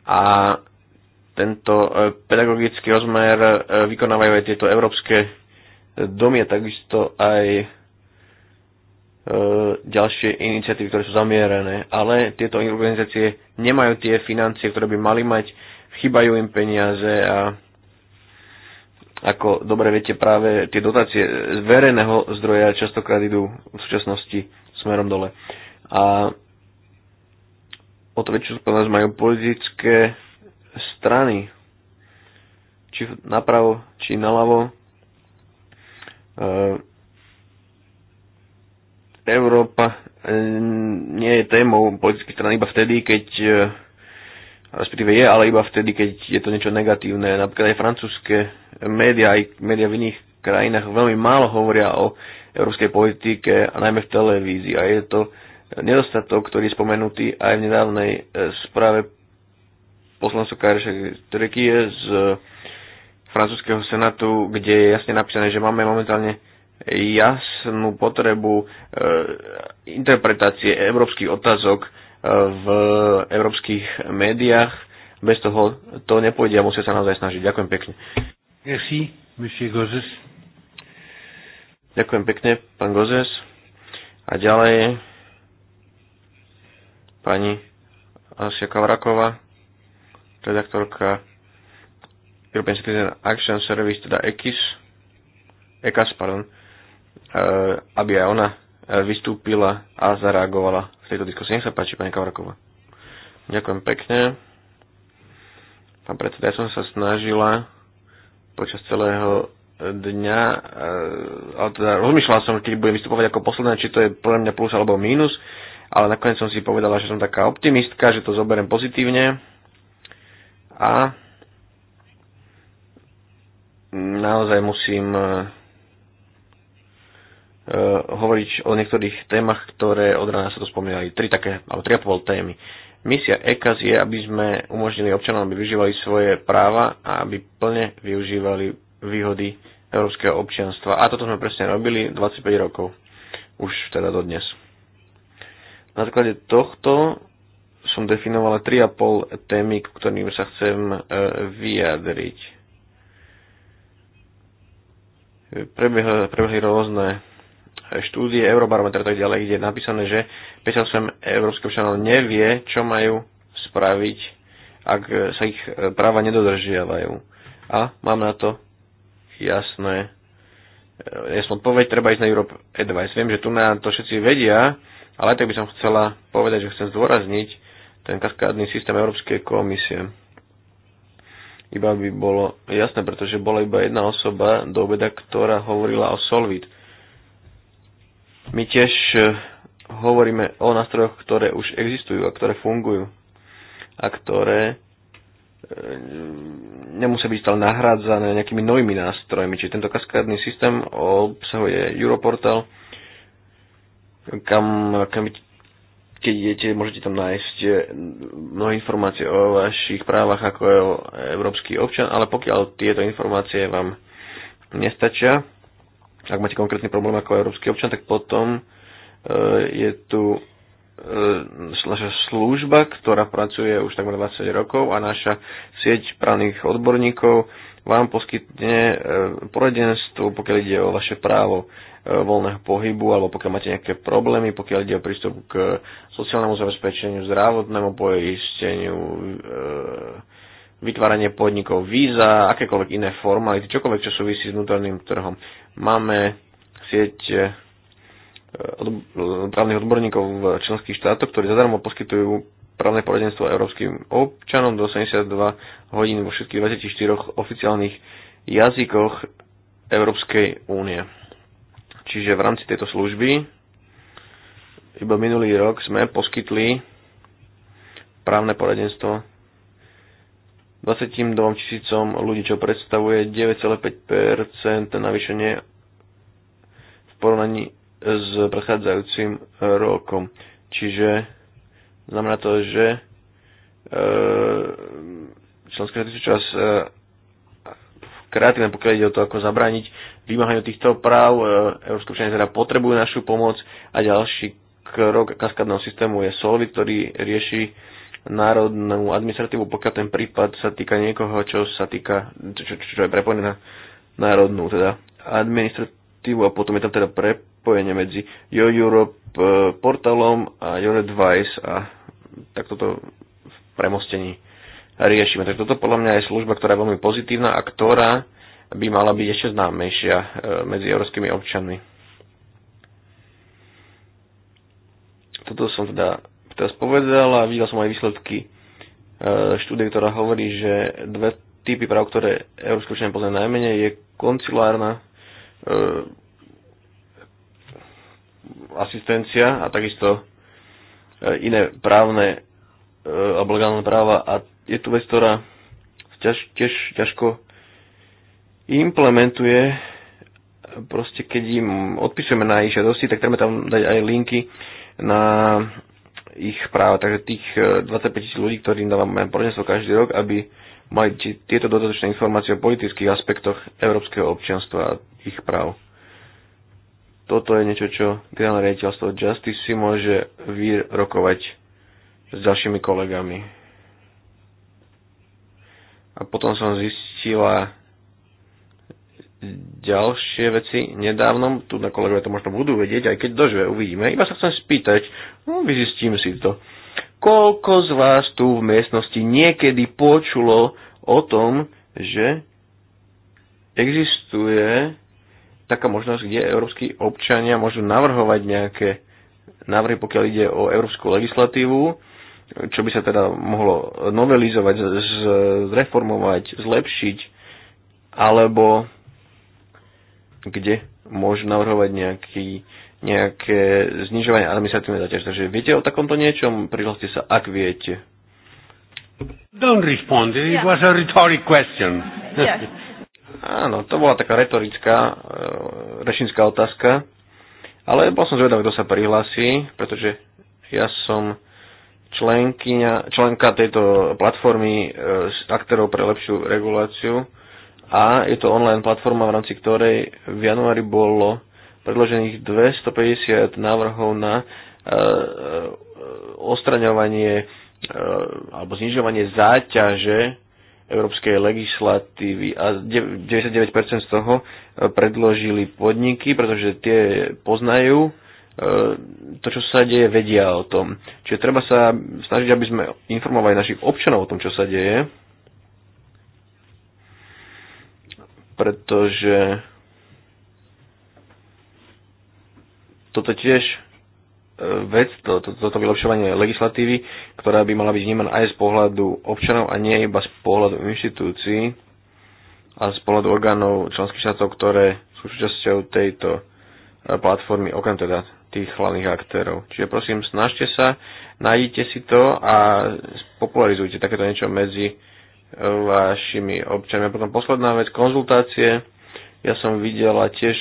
A tento e, pedagogický rozmer e, vykonávajú aj tieto európske domy a takisto aj E, ďalšie iniciatívy, ktoré sú zamierené, ale tieto organizácie nemajú tie financie, ktoré by mali mať, chýbajú im peniaze a ako dobre viete, práve tie dotácie z verejného zdroja častokrát idú v súčasnosti smerom dole. A o to väčšiu spolnosť majú politické strany, či napravo, či naľavo. E Európa e, nie je témou politických strany iba vtedy, keď e, respektíve je, ale iba vtedy, keď je to niečo negatívne. Napríklad aj francúzske médiá, aj médiá v iných krajinách veľmi málo hovoria o európskej politike a najmä v televízii. A je to nedostatok, ktorý je spomenutý aj v nedávnej e, správe poslancov Kareša Trekie z francúzského senátu, kde je jasne napísané, že máme momentálne jasnú potrebu e, interpretácie európskych otázok e, v európskych médiách. Bez toho to nepôjde a musia sa naozaj snažiť. Ďakujem pekne. Merci, monsieur Gozes. Ďakujem pekne, pán Gozes. A ďalej pani Asia Kavraková, redaktorka European Citizen Action Service, teda EKIS, EKAS, pardon, Eh, aby aj ona eh, vystúpila a zareagovala v tejto diskusii. Nech sa páči, pani Kavarková. Ďakujem pekne. Pán predseda, ja som sa snažila počas celého eh, dňa, ale teda rozmýšľala som, keď budem vystupovať ako posledná, či to je pre mňa plus alebo mínus, ale nakoniec som si povedala, že som taká optimistka, že to zoberiem pozitívne a naozaj musím Eh, hovoriť o niektorých témach, ktoré od rána sa tu spomínali. Tri také, alebo tri a pol témy. Misia EKAS je, aby sme umožnili občanom, aby využívali svoje práva a aby plne využívali výhody európskeho občianstva. A toto sme presne robili 25 rokov. Už teda do dnes. Na základe tohto som definovala 3,5 témy, k ktorým sa chcem eh, vyjadriť. Prebehli, prebehli rôzne štúdie Eurobarometra tak ďalej, kde je napísané, že 58 európskych občanov nevie, čo majú spraviť, ak sa ich e, práva nedodržiavajú. A mám na to jasné jasnú e, odpoveď, treba ísť na Europe Advice. Viem, že tu na to všetci vedia, ale aj tak by som chcela povedať, že chcem zdôrazniť ten kaskádny systém Európskej komisie. Iba by bolo jasné, pretože bola iba jedna osoba do obeda, ktorá hovorila o Solvit. My tiež e, hovoríme o nástrojoch, ktoré už existujú a ktoré fungujú a ktoré e, nemusia byť stále nahrádzané nejakými novými nástrojmi. Čiže tento kaskádny systém obsahuje Europortal, kam, kam keď idete, môžete tam nájsť e, mnohé informácie o vašich právach ako je o európsky občan, ale pokiaľ tieto informácie vám nestačia, ak máte konkrétny problém ako európsky občan, tak potom e, je tu e, naša služba, ktorá pracuje už takmer 20 rokov a naša sieť právnych odborníkov vám poskytne e, poradenstvo, pokiaľ ide o vaše právo voľného pohybu, alebo pokiaľ máte nejaké problémy, pokiaľ ide o prístup k sociálnemu zabezpečeniu, zdravotnému poisteniu, vytváranie podnikov, víza, akékoľvek iné formality, čokoľvek, čo súvisí s vnútorným trhom. Máme sieť e, právnych odborníkov v členských štátoch, ktorí zadarmo poskytujú právne poradenstvo európskym občanom do 72 hodín vo všetkých 24 oficiálnych jazykoch Európskej únie. Čiže v rámci tejto služby iba minulý rok sme poskytli právne poradenstvo 22 tisícom ľudí, čo predstavuje 9,5% navýšenie v porovnaní s prechádzajúcim rokom. Čiže znamená to, že e, členské štáty sú čas e, kreatívne, pokiaľ ide o to, ako zabrániť vymáhaniu týchto práv. E, európske občania teda potrebujú našu pomoc a ďalší krok kaskadného systému je Solvit, ktorý rieši národnú administratívu, pokiaľ ten prípad sa týka niekoho, čo sa týka, čo, čo je prepojené na národnú teda administratívu a potom je tam teda prepojenie medzi Yo Europe eh, portálom a Your Advice a tak toto v premostení riešime. Tak toto podľa mňa je služba, ktorá je veľmi pozitívna a ktorá by mala byť ešte známejšia eh, medzi európskymi občanmi. Toto som teda teraz povedal a videl som aj výsledky e, štúdie, ktorá hovorí, že dve typy práv, ktoré Európske občania poznajú najmenej, je koncilárna e, asistencia a takisto e, iné právne alebo legálne práva a je tu vec, ktorá ťaž, tiež ťažko implementuje proste keď im odpisujeme na ich žiadosti, tak treba tam dať aj linky na ich práva. Takže tých 25 e, tisíc ľudí, ktorým dávame poradenstvo každý rok, aby mali tieto dodatočné informácie o politických aspektoch európskeho občianstva a ich práv. Toto je niečo, čo generálne riaditeľstvo Justice si môže vyrokovať s ďalšími kolegami. A potom som zistila ďalšie veci nedávno, tu na kolegovia to možno budú vedieť, aj keď dožive, uvidíme. Iba sa chcem spýtať, no, vyzistím si to. Koľko z vás tu v miestnosti niekedy počulo o tom, že existuje taká možnosť, kde európsky občania môžu navrhovať nejaké návrhy, pokiaľ ide o európsku legislatívu, čo by sa teda mohlo novelizovať, zreformovať, zlepšiť, alebo kde môžu navrhovať nejaký, nejaké znižovanie administratívnej záťaže. Takže viete o takomto niečom? Prihláste sa, ak viete. Don't respond. It yeah. was a rhetoric question. Yes. Áno, to bola taká retorická, uh, e, rešinská otázka. Ale bol som zvedavý, kto sa prihlási, pretože ja som členkyňa, členka tejto platformy uh, s aktérov pre lepšiu reguláciu a je to online platforma, v rámci ktorej v januári bolo predložených 250 návrhov na e, e, ostraňovanie e, alebo znižovanie záťaže európskej legislatívy a 99% z toho predložili podniky, pretože tie poznajú to, čo sa deje, vedia o tom. Čiže treba sa snažiť, aby sme informovali našich občanov o tom, čo sa deje pretože toto tiež e, vec, to, to, toto vylepšovanie legislatívy, ktorá by mala byť vnímaná aj z pohľadu občanov a nie iba z pohľadu inštitúcií a z pohľadu orgánov členských štátov, ktoré sú súčasťou tejto e, platformy, okrem teda tých hlavných aktérov. Čiže prosím, snažte sa, nájdite si to a popularizujte takéto niečo medzi vašimi občanmi. A potom posledná vec, konzultácie. Ja som videla tiež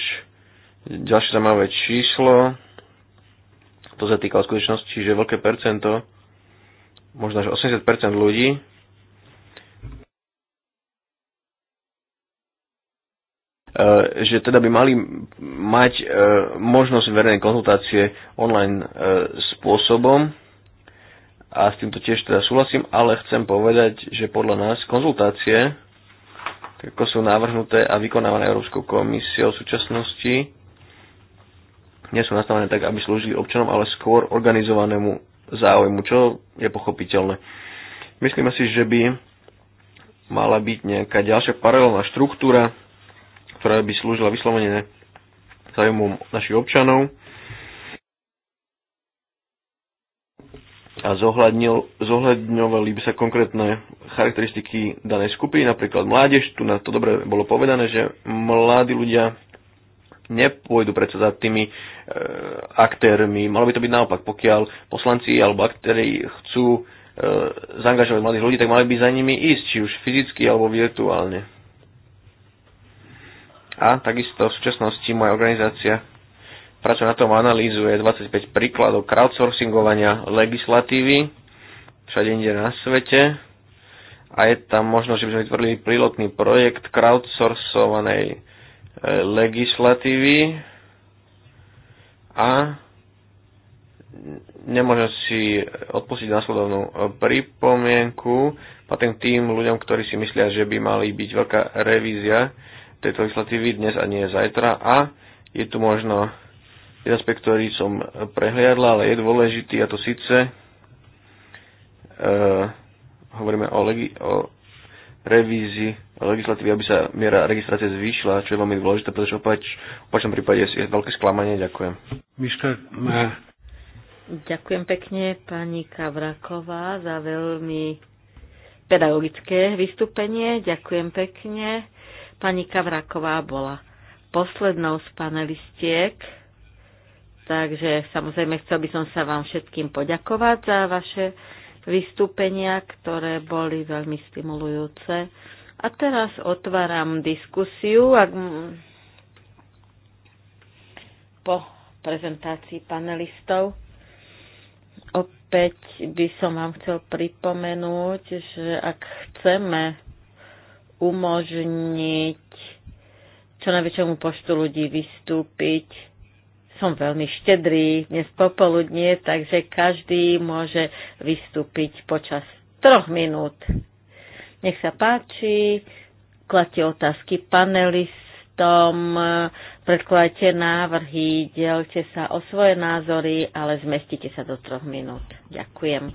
ďalšie zaujímavé číslo. To sa týka skutočnosti, že veľké percento, možno až 80% ľudí, e, že teda by mali mať e, možnosť verejnej konzultácie online e, spôsobom a s týmto tiež teda súhlasím, ale chcem povedať, že podľa nás konzultácie, ako sú navrhnuté a vykonávané Európskou komisiou v súčasnosti, nie sú nastavené tak, aby slúžili občanom, ale skôr organizovanému záujmu, čo je pochopiteľné. Myslíme si, že by mala byť nejaká ďalšia paralelná štruktúra, ktorá by slúžila vyslovene záujmu našich občanov, a zohľadňovali by sa konkrétne charakteristiky danej skupiny, napríklad mládež, tu na to dobre bolo povedané, že mladí ľudia nepôjdu predsa za tými e, aktérmi, malo by to byť naopak, pokiaľ poslanci alebo aktéry chcú e, zaangažovať mladých ľudí, tak mali by za nimi ísť, či už fyzicky alebo virtuálne. A takisto v súčasnosti moja organizácia pracuje na tom, analýzuje 25 príkladov crowdsourcingovania legislatívy všade inde na svete a je tam možno, že by sme vytvorili pilotný projekt crowdsourcovanej e, legislatívy a nemôžem si odpustiť následovnú e, pripomienku. Patrím tým ľuďom, ktorí si myslia, že by mali byť veľká revízia tejto legislatívy dnes a nie zajtra. A je tu možno jeden aspekt, ktorý som eh, prehliadla, ale je dôležitý a to síce uh, hovoríme o, legi- o revízii legislatívy, aby sa miera registrácie zvýšila, čo je veľmi dôležité, pretože opač, v opačnom prípade je veľké sklamanie. Ďakujem. Miška, má... Eh. Ďakujem pekne pani Kavraková za veľmi pedagogické vystúpenie. Ďakujem pekne. Pani Kavraková bola poslednou z panelistiek. Takže samozrejme chcel by som sa vám všetkým poďakovať za vaše vystúpenia, ktoré boli veľmi stimulujúce. A teraz otváram diskusiu. Ak... Po prezentácii panelistov opäť by som vám chcel pripomenúť, že ak chceme umožniť čo najväčšiemu počtu ľudí vystúpiť, som veľmi štedrý dnes popoludne, takže každý môže vystúpiť počas troch minút. Nech sa páči, kladte otázky panelistom, predkladajte návrhy, delte sa o svoje názory, ale zmestite sa do troch minút. Ďakujem.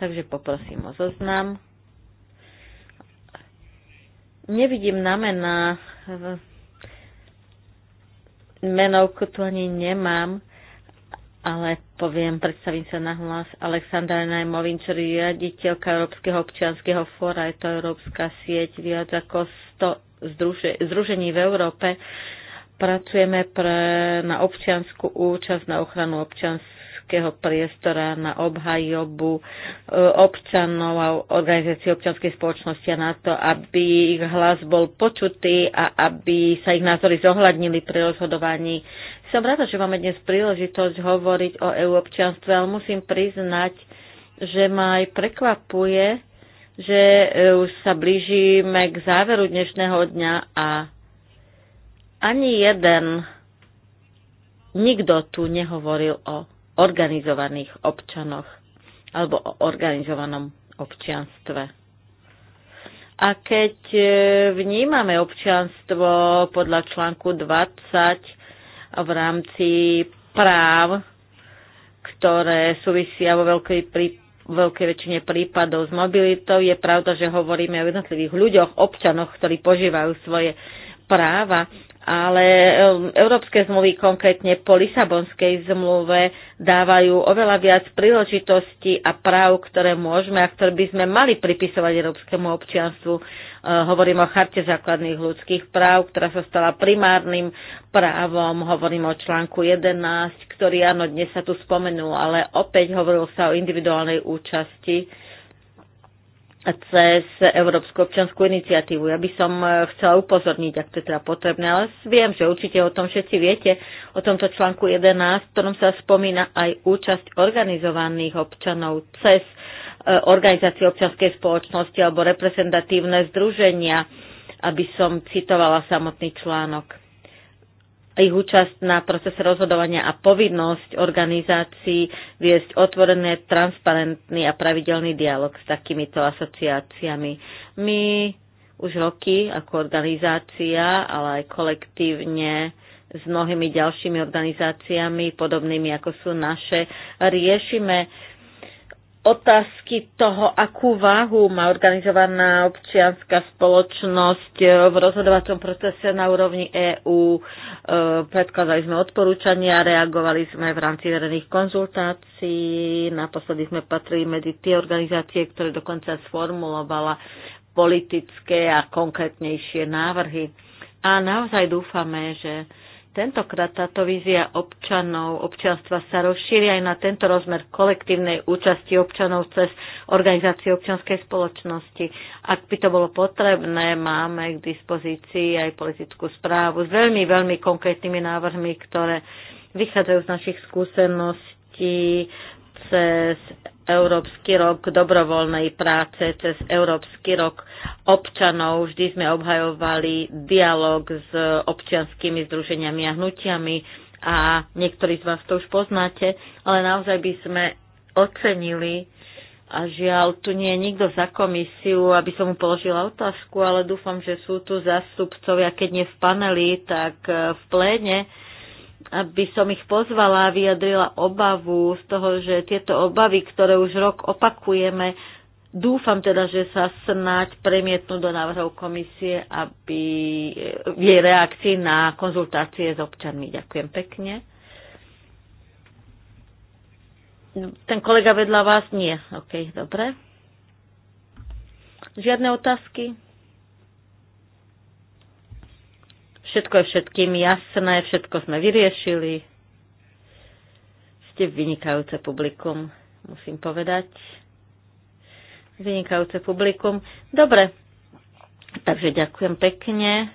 Takže poprosím o zoznam. Nevidím na menovku tu ani nemám, ale poviem, predstavím sa na hlas Aleksandra Najmovin, čo je riaditeľka Európskeho občianskeho fóra, je to európska sieť viac ako 100 združe, združení v Európe. Pracujeme pre, na občianskú účasť, na ochranu občianskú politického priestora na obhajobu e, občanov a organizácií občanskej spoločnosti a na to, aby ich hlas bol počutý a aby sa ich názory zohľadnili pri rozhodovaní. Som rada, že máme dnes príležitosť hovoriť o EU občanstve, ale musím priznať, že ma aj prekvapuje, že e už sa blížime k záveru dnešného dňa a ani jeden, nikto tu nehovoril o organizovaných občanoch alebo o organizovanom občianstve. A keď e, vnímame občianstvo podľa článku 20 v rámci práv, ktoré súvisia vo veľkej prí, veľkej väčšine prípadov s mobilitou. Je pravda, že hovoríme o jednotlivých ľuďoch, občanoch, ktorí požívajú svoje práva, ale um, európske zmluvy, konkrétne po Lisabonskej zmluve, dávajú oveľa viac príležitostí a práv, ktoré môžeme a ktoré by sme mali pripisovať európskemu občianstvu. Uh, hovorím o charte základných ľudských práv, ktorá sa stala primárnym právom. Hovorím o článku 11, ktorý áno, dnes sa tu spomenul, ale opäť hovoril sa o individuálnej účasti cez Európsku občanskú iniciatívu. Ja by som e, chcela upozorniť, ak to je teda potrebné, ale viem, že určite o tom všetci viete, o tomto článku 11, v ktorom sa spomína aj účasť organizovaných občanov cez e, organizácie občanskej spoločnosti alebo reprezentatívne združenia, aby som citovala samotný článok ich účasť na procese rozhodovania a povinnosť organizácií viesť otvorené, transparentný a pravidelný dialog s takýmito asociáciami. My už roky ako organizácia, ale aj kolektívne s mnohými ďalšími organizáciami, podobnými ako sú naše, riešime otázky toho, akú váhu má organizovaná občianská spoločnosť eh, v rozhodovacom procese na úrovni EÚ. Eh, predkladali sme odporúčania, reagovali sme v rámci verejných konzultácií. Naposledy sme patrili medzi tie organizácie, ktoré dokonca sformulovala politické a konkrétnejšie návrhy. A naozaj dúfame, že Tentokrát táto vízia občanov, občianstva sa rozšíri aj na tento rozmer kolektívnej účasti občanov cez organizáciu občianskej spoločnosti. Ak by to bolo potrebné, máme k dispozícii aj politickú správu s veľmi, veľmi konkrétnymi návrhmi, ktoré vychádzajú z našich skúseností cez Európsky rok dobrovoľnej práce, cez Európsky rok občanov. Vždy sme obhajovali dialog s občianskými združeniami a hnutiami a niektorí z vás to už poznáte, ale naozaj by sme ocenili a žiaľ, tu nie je nikto za komisiu, aby som mu položila otázku, ale dúfam, že sú tu zastupcovia, keď nie v paneli, tak eh, v pléne, aby som ich pozvala a vyjadrila obavu z toho, že tieto obavy, ktoré už rok opakujeme, Dúfam teda, že sa snáď premietnú do návrhov komisie, aby v eh, jej reakcii na konzultácie s občanmi. Ďakujem pekne. Ten kolega vedľa vás nie. OK, dobre. Žiadne otázky? Všetko je všetkým jasné, všetko sme vyriešili. Ste vynikajúce publikum, musím povedať. Vynikajúce publikum. Dobre, takže ďakujem pekne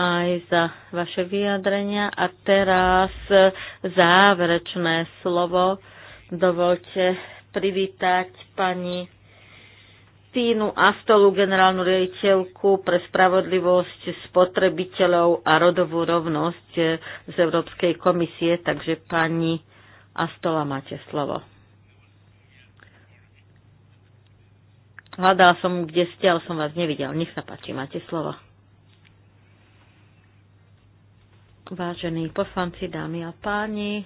aj za vaše vyjadrenia. A teraz záverečné slovo. Dovolte privítať pani Kristínu Astolu, generálnu riaditeľku pre spravodlivosť spotrebiteľov a rodovú rovnosť z Európskej komisie. Takže pani Astola, máte slovo. Hľadala som, kde ste, ale som vás nevidel. Nech sa páči, máte slovo. Vážení poslanci, dámy a páni,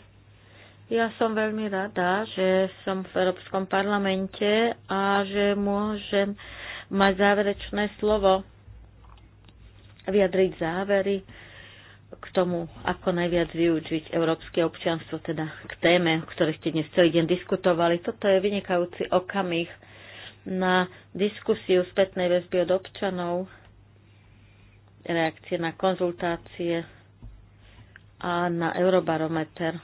ja som veľmi rada, že som v Európskom parlamente a že môžem mať záverečné slovo, vyjadriť závery k tomu, ako najviac využiť európske občianstvo, teda k téme, o ktorej ste dnes celý deň diskutovali. Toto je vynikajúci okamih na diskusiu spätnej väzby od občanov, reakcie na konzultácie a na eurobarometer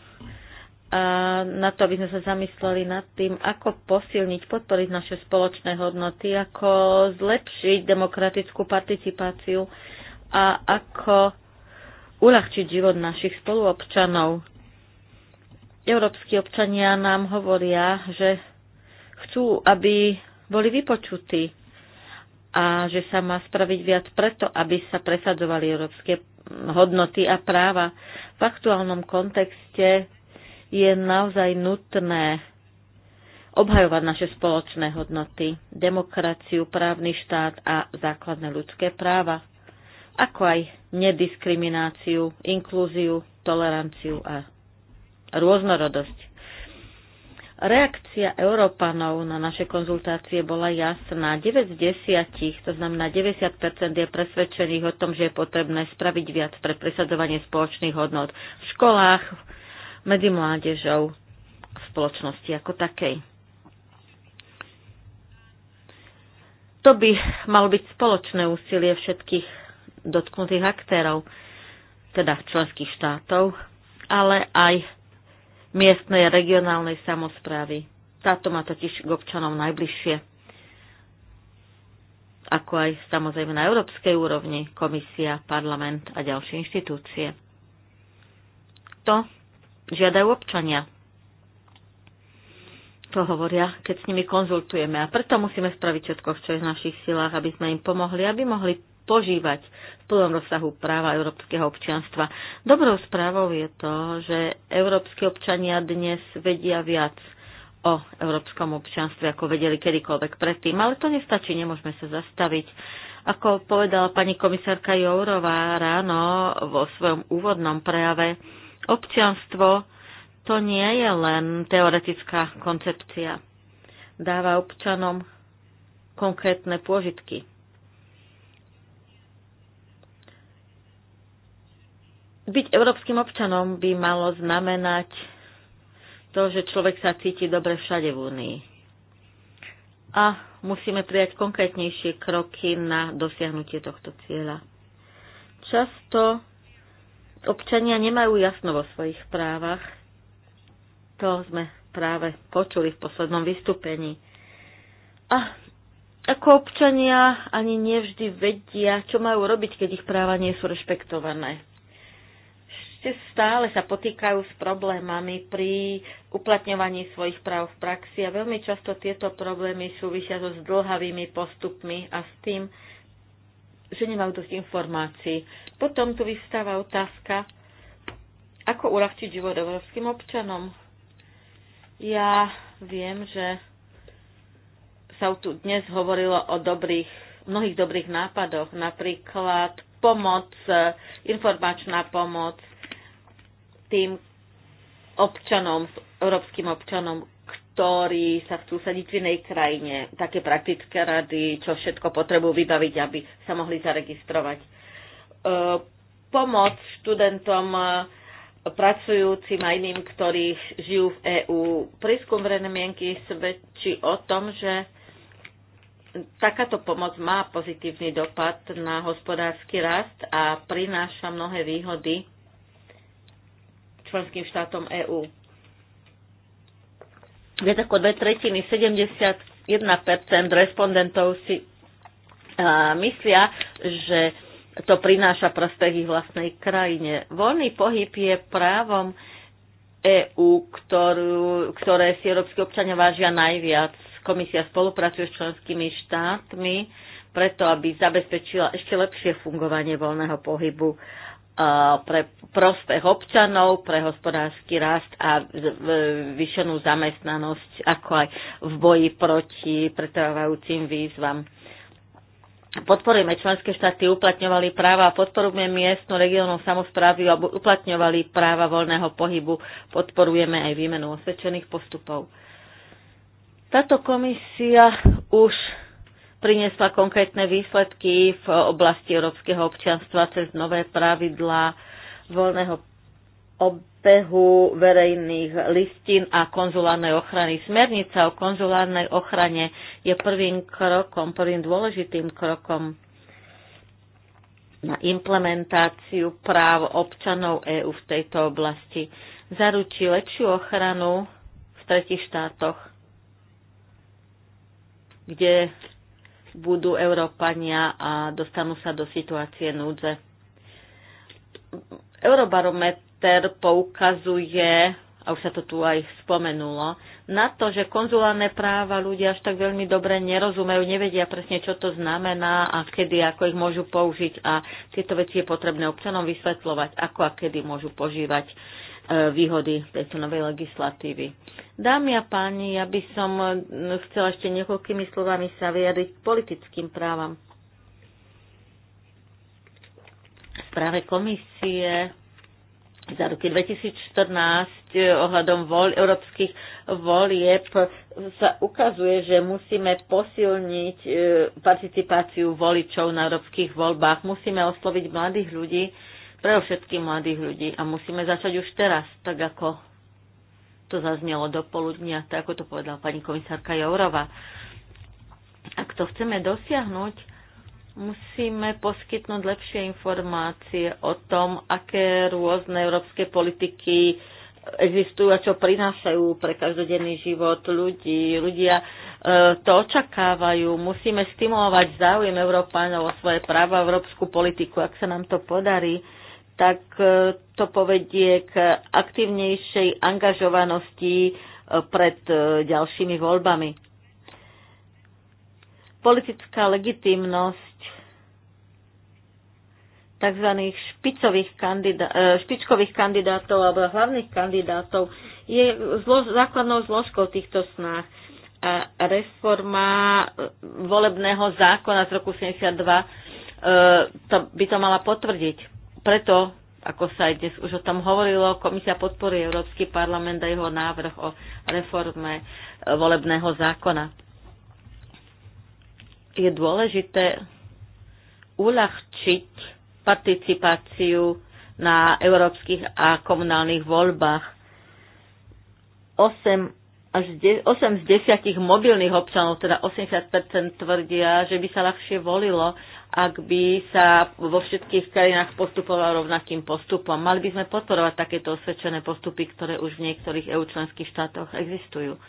a na to, aby sme sa zamysleli nad tým, ako posilniť, podporiť naše spoločné hodnoty, ako zlepšiť demokratickú participáciu a ako uľahčiť život našich spoluobčanov. Európsky občania nám hovoria, že chcú, aby boli vypočutí a že sa má spraviť viac preto, aby sa presadzovali európske hodnoty a práva. V aktuálnom kontexte je naozaj nutné obhajovať naše spoločné hodnoty, demokraciu, právny štát a základné ľudské práva, ako aj nediskrimináciu, inklúziu, toleranciu a rôznorodosť. Reakcia Európanov na naše konzultácie bola jasná. 9 z 10, to znamená 90 je presvedčených o tom, že je potrebné spraviť viac pre presadzovanie spoločných hodnot v školách, medzi mládežou v spoločnosti ako takej. To by malo byť spoločné úsilie všetkých dotknutých aktérov, teda členských štátov, ale aj miestnej regionálnej samozprávy. Táto má totiž k občanom najbližšie ako aj samozrejme na európskej úrovni, komisia, parlament a ďalšie inštitúcie. To žiadajú občania. To hovoria, keď s nimi konzultujeme. A preto musíme spraviť všetko, čo je v našich silách, aby sme im pomohli, aby mohli požívať v plnom rozsahu práva európskeho občianstva. Dobrou správou je to, že európsky občania dnes vedia viac o európskom občianstve, ako vedeli kedykoľvek predtým. Ale to nestačí, nemôžeme sa zastaviť. Ako povedala pani komisárka Jourová ráno vo svojom úvodnom prejave, Občianstvo to nie je len teoretická koncepcia. Dáva občanom konkrétne pôžitky. Byť európskym občanom by malo znamenať to, že človek sa cíti dobre všade v Únii. A musíme prijať konkrétnejšie kroky na dosiahnutie tohto cieľa. Často občania nemajú jasno vo svojich právach. To sme práve počuli v poslednom vystúpení. A ako občania ani nevždy vedia, čo majú robiť, keď ich práva nie sú rešpektované. Ešte stále sa potýkajú s problémami pri uplatňovaní svojich práv v praxi a veľmi často tieto problémy súvisia so zdlhavými postupmi a s tým, že nemajú dosť informácií. Potom tu vystáva otázka, ako uľahčiť život európskym občanom. Ja viem, že sa tu dnes hovorilo o dobrých, mnohých dobrých nápadoch, napríklad pomoc, informačná pomoc tým občanom, európskym občanom, ktorí sa chcú sadiť v inej krajine. Také praktické rady, čo všetko potrebujú vybaviť, aby sa mohli zaregistrovať. E, pomoc študentom e, pracujúcim a iným, ktorí žijú v EÚ. Prískum verejnej mienky svedčí o tom, že takáto pomoc má pozitívny dopad na hospodársky rast a prináša mnohé výhody členským štátom EÚ viac ako dve tretiny, 71% respondentov si myslia, že to prináša prospech ich vlastnej krajine. Voľný pohyb je právom EÚ, ktoré si európsky občania vážia najviac. Komisia spolupracuje s členskými štátmi preto, aby zabezpečila ešte lepšie fungovanie voľného pohybu pre prospech občanov, pre hospodársky rast a vyšenú zamestnanosť, ako aj v boji proti pretrvávajúcim výzvam. Podporujeme členské štáty, uplatňovali práva, a podporujeme miestnu regionálnu samozprávy, aby uplatňovali práva voľného pohybu, podporujeme aj výmenu osvedčených postupov. Táto komisia už priniesla konkrétne výsledky v oblasti európskeho občianstva cez nové pravidlá voľného obehu verejných listín a konzulárnej ochrany. Smernica o konzulárnej ochrane je prvým krokom, prvým dôležitým krokom na implementáciu práv občanov EÚ v tejto oblasti. Zaručí lepšiu ochranu v tretich štátoch, kde budú Európania a dostanú sa do situácie núdze. Eurobarometer poukazuje, a už sa to tu aj spomenulo, na to, že konzulárne práva ľudia až tak veľmi dobre nerozumejú, nevedia presne, čo to znamená a kedy, ako ich môžu použiť a tieto veci je potrebné občanom vysvetľovať, ako a kedy môžu požívať výhody tejto novej legislatívy. Dámy a páni, ja by som no, chcela ešte niekoľkými slovami sa vyjadriť k politickým právam. V správe komisie za roky 2014 eh, ohľadom voľ, európskych volieb sa ukazuje, že musíme posilniť eh, participáciu voličov na európskych voľbách. Musíme osloviť mladých ľudí, pre všetkých mladých ľudí a musíme začať už teraz, tak ako to zaznelo do poludnia, tak ako to povedala pani komisárka Jourova. Ak to chceme dosiahnuť, musíme poskytnúť lepšie informácie o tom, aké rôzne európske politiky existujú a čo prinášajú pre každodenný život ľudí. Ľudia e, to očakávajú. Musíme stimulovať záujem Európánov o svoje práva, európsku politiku. Ak sa nám to podarí, tak e, to povedie k aktívnejšej angažovanosti e, pred e, ďalšími voľbami. Politická legitimnosť tzv. Špicových kandidá- špičkových kandidátov alebo hlavných kandidátov je zlo- základnou zložkou týchto snách. A reforma volebného zákona z roku 72 to by to mala potvrdiť preto, ako sa aj dnes už o tom hovorilo, komisia podporuje Európsky parlament a jeho návrh o reforme e, volebného zákona. Je dôležité uľahčiť participáciu na európskych a komunálnych voľbách. 8, až 8 z 10 mobilných občanov, teda 80 tvrdia, že by sa ľahšie volilo ak by sa vo všetkých krajinách postupovalo rovnakým postupom. Mali by sme podporovať takéto osvedčené postupy, ktoré už v niektorých EU členských štátoch existujú.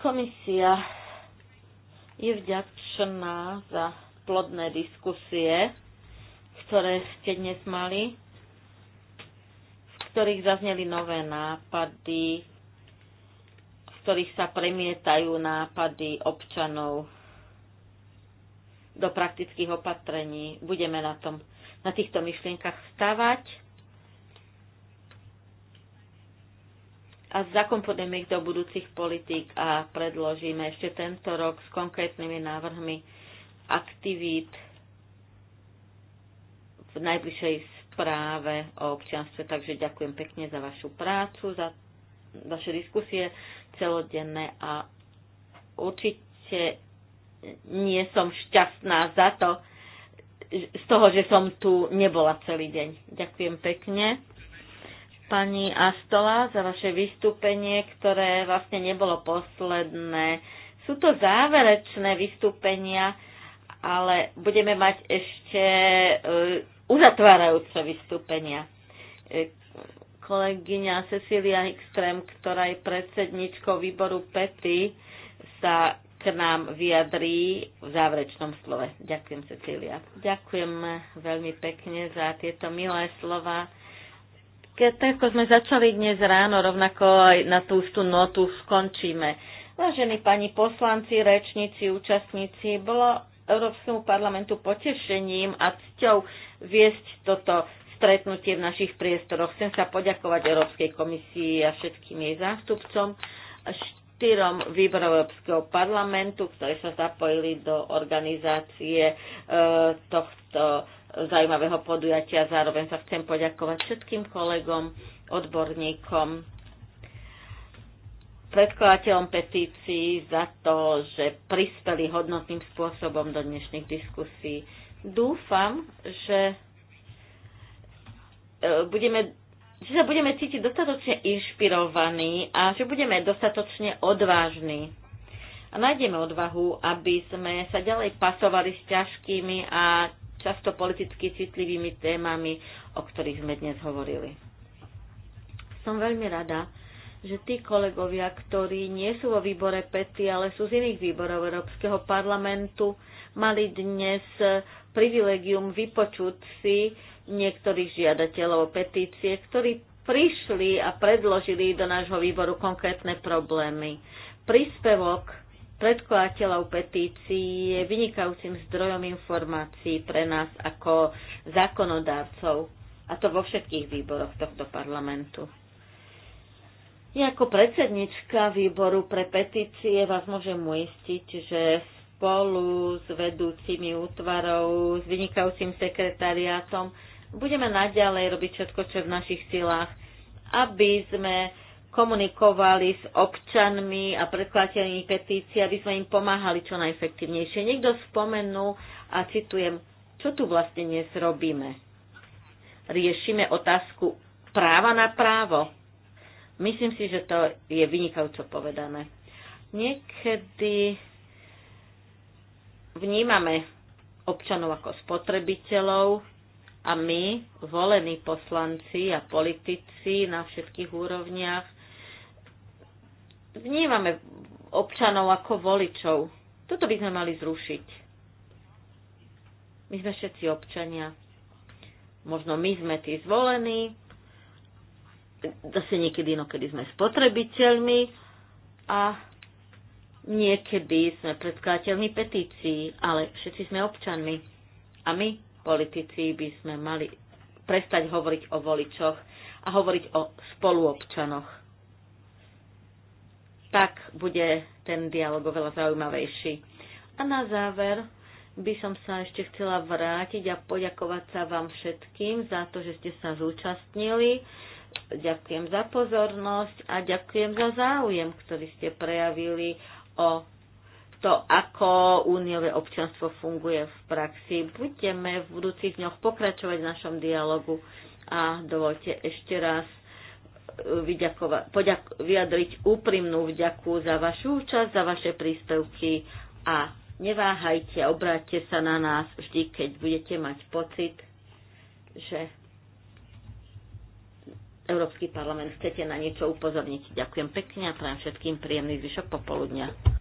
Komisia je vďačná za plodné diskusie, ktoré ste dnes mali, v ktorých zazneli nové nápady, v ktorých sa premietajú nápady občanov do praktických opatrení. Budeme na, tom, na týchto myšlienkach stavať a zakomponujeme ich do budúcich politík a predložíme ešte tento rok s konkrétnymi návrhmi aktivít v najbližšej správe o občianstve. Takže ďakujem pekne za vašu prácu, za vaše diskusie celodenné a určite nie som šťastná za to, z toho, že som tu nebola celý deň. Ďakujem pekne pani Astola za vaše vystúpenie, ktoré vlastne nebolo posledné. Sú to záverečné vystúpenia, ale budeme mať ešte e, uzatvárajúce vystúpenia. E, kolegyňa Cecilia Hickström, ktorá je predsedničkou výboru PETY, sa k nám vyjadrí v záverečnom slove. Ďakujem, Cecília. Ďakujem veľmi pekne za tieto milé slova. Keď tak, ako sme začali dnes ráno, rovnako aj na tú istú notu skončíme. Vážení pani poslanci, rečníci, účastníci, bolo Európskemu parlamentu potešením a cťou viesť toto stretnutie v našich priestoroch. Chcem sa poďakovať Európskej komisii a všetkým jej zástupcom štyrom výborov Európskeho parlamentu, ktorí sa zapojili do organizácie e, tohto zaujímavého podujatia. Zároveň sa chcem poďakovať všetkým kolegom, odborníkom, predkladateľom petícií za to, že prispeli hodnotným spôsobom do dnešných diskusí. Dúfam, že e, budeme že sa budeme cítiť dostatočne inšpirovaní a že budeme dostatočne odvážni. A nájdeme odvahu, aby sme sa ďalej pasovali s ťažkými a často politicky citlivými témami, o ktorých sme dnes hovorili. Som veľmi rada, že tí kolegovia, ktorí nie sú vo výbore PETI, ale sú z iných výborov Európskeho parlamentu, mali dnes privilegium vypočuť si niektorých žiadateľov o petície, ktorí prišli a predložili do nášho výboru konkrétne problémy. Príspevok predkladateľov petícií je vynikajúcim zdrojom informácií pre nás ako zákonodárcov, a to vo všetkých výboroch tohto parlamentu. Ja ako predsednička výboru pre petície vás môžem uistiť, že spolu s vedúcimi útvarov, s vynikajúcim sekretariátom Budeme naďalej robiť všetko, čo je v našich silách, aby sme komunikovali s občanmi a predkladateľmi petícií, aby sme im pomáhali čo najefektívnejšie. Niekto spomenul a citujem, čo tu vlastne dnes robíme. Riešime otázku práva na právo. Myslím si, že to je vynikajúco povedané. Niekedy vnímame občanov ako spotrebiteľov, a my, volení poslanci a politici na všetkých úrovniach, vnímame občanov ako voličov. Toto by sme mali zrušiť. My sme všetci občania. Možno my sme tí zvolení, zase niekedy inokedy sme spotrebiteľmi a niekedy sme predkladateľmi petícií, ale všetci sme občanmi. A my Politici by sme mali prestať hovoriť o voličoch a hovoriť o spoluobčanoch. Tak bude ten dialog oveľa zaujímavejší. A na záver by som sa ešte chcela vrátiť a poďakovať sa vám všetkým za to, že ste sa zúčastnili. Ďakujem za pozornosť a ďakujem za záujem, ktorý ste prejavili o to, ako úniové občianstvo funguje v praxi. Budeme v budúcich dňoch pokračovať v našom dialogu a dovolte ešte raz eh, poďak- vyjadriť úprimnú vďaku za vašu účasť, za vaše príspevky a neváhajte, obráťte sa na nás vždy, keď budete mať pocit, že Európsky parlament chcete na niečo upozorniť. Ďakujem pekne a prajem všetkým príjemný zvyšok popoludňa.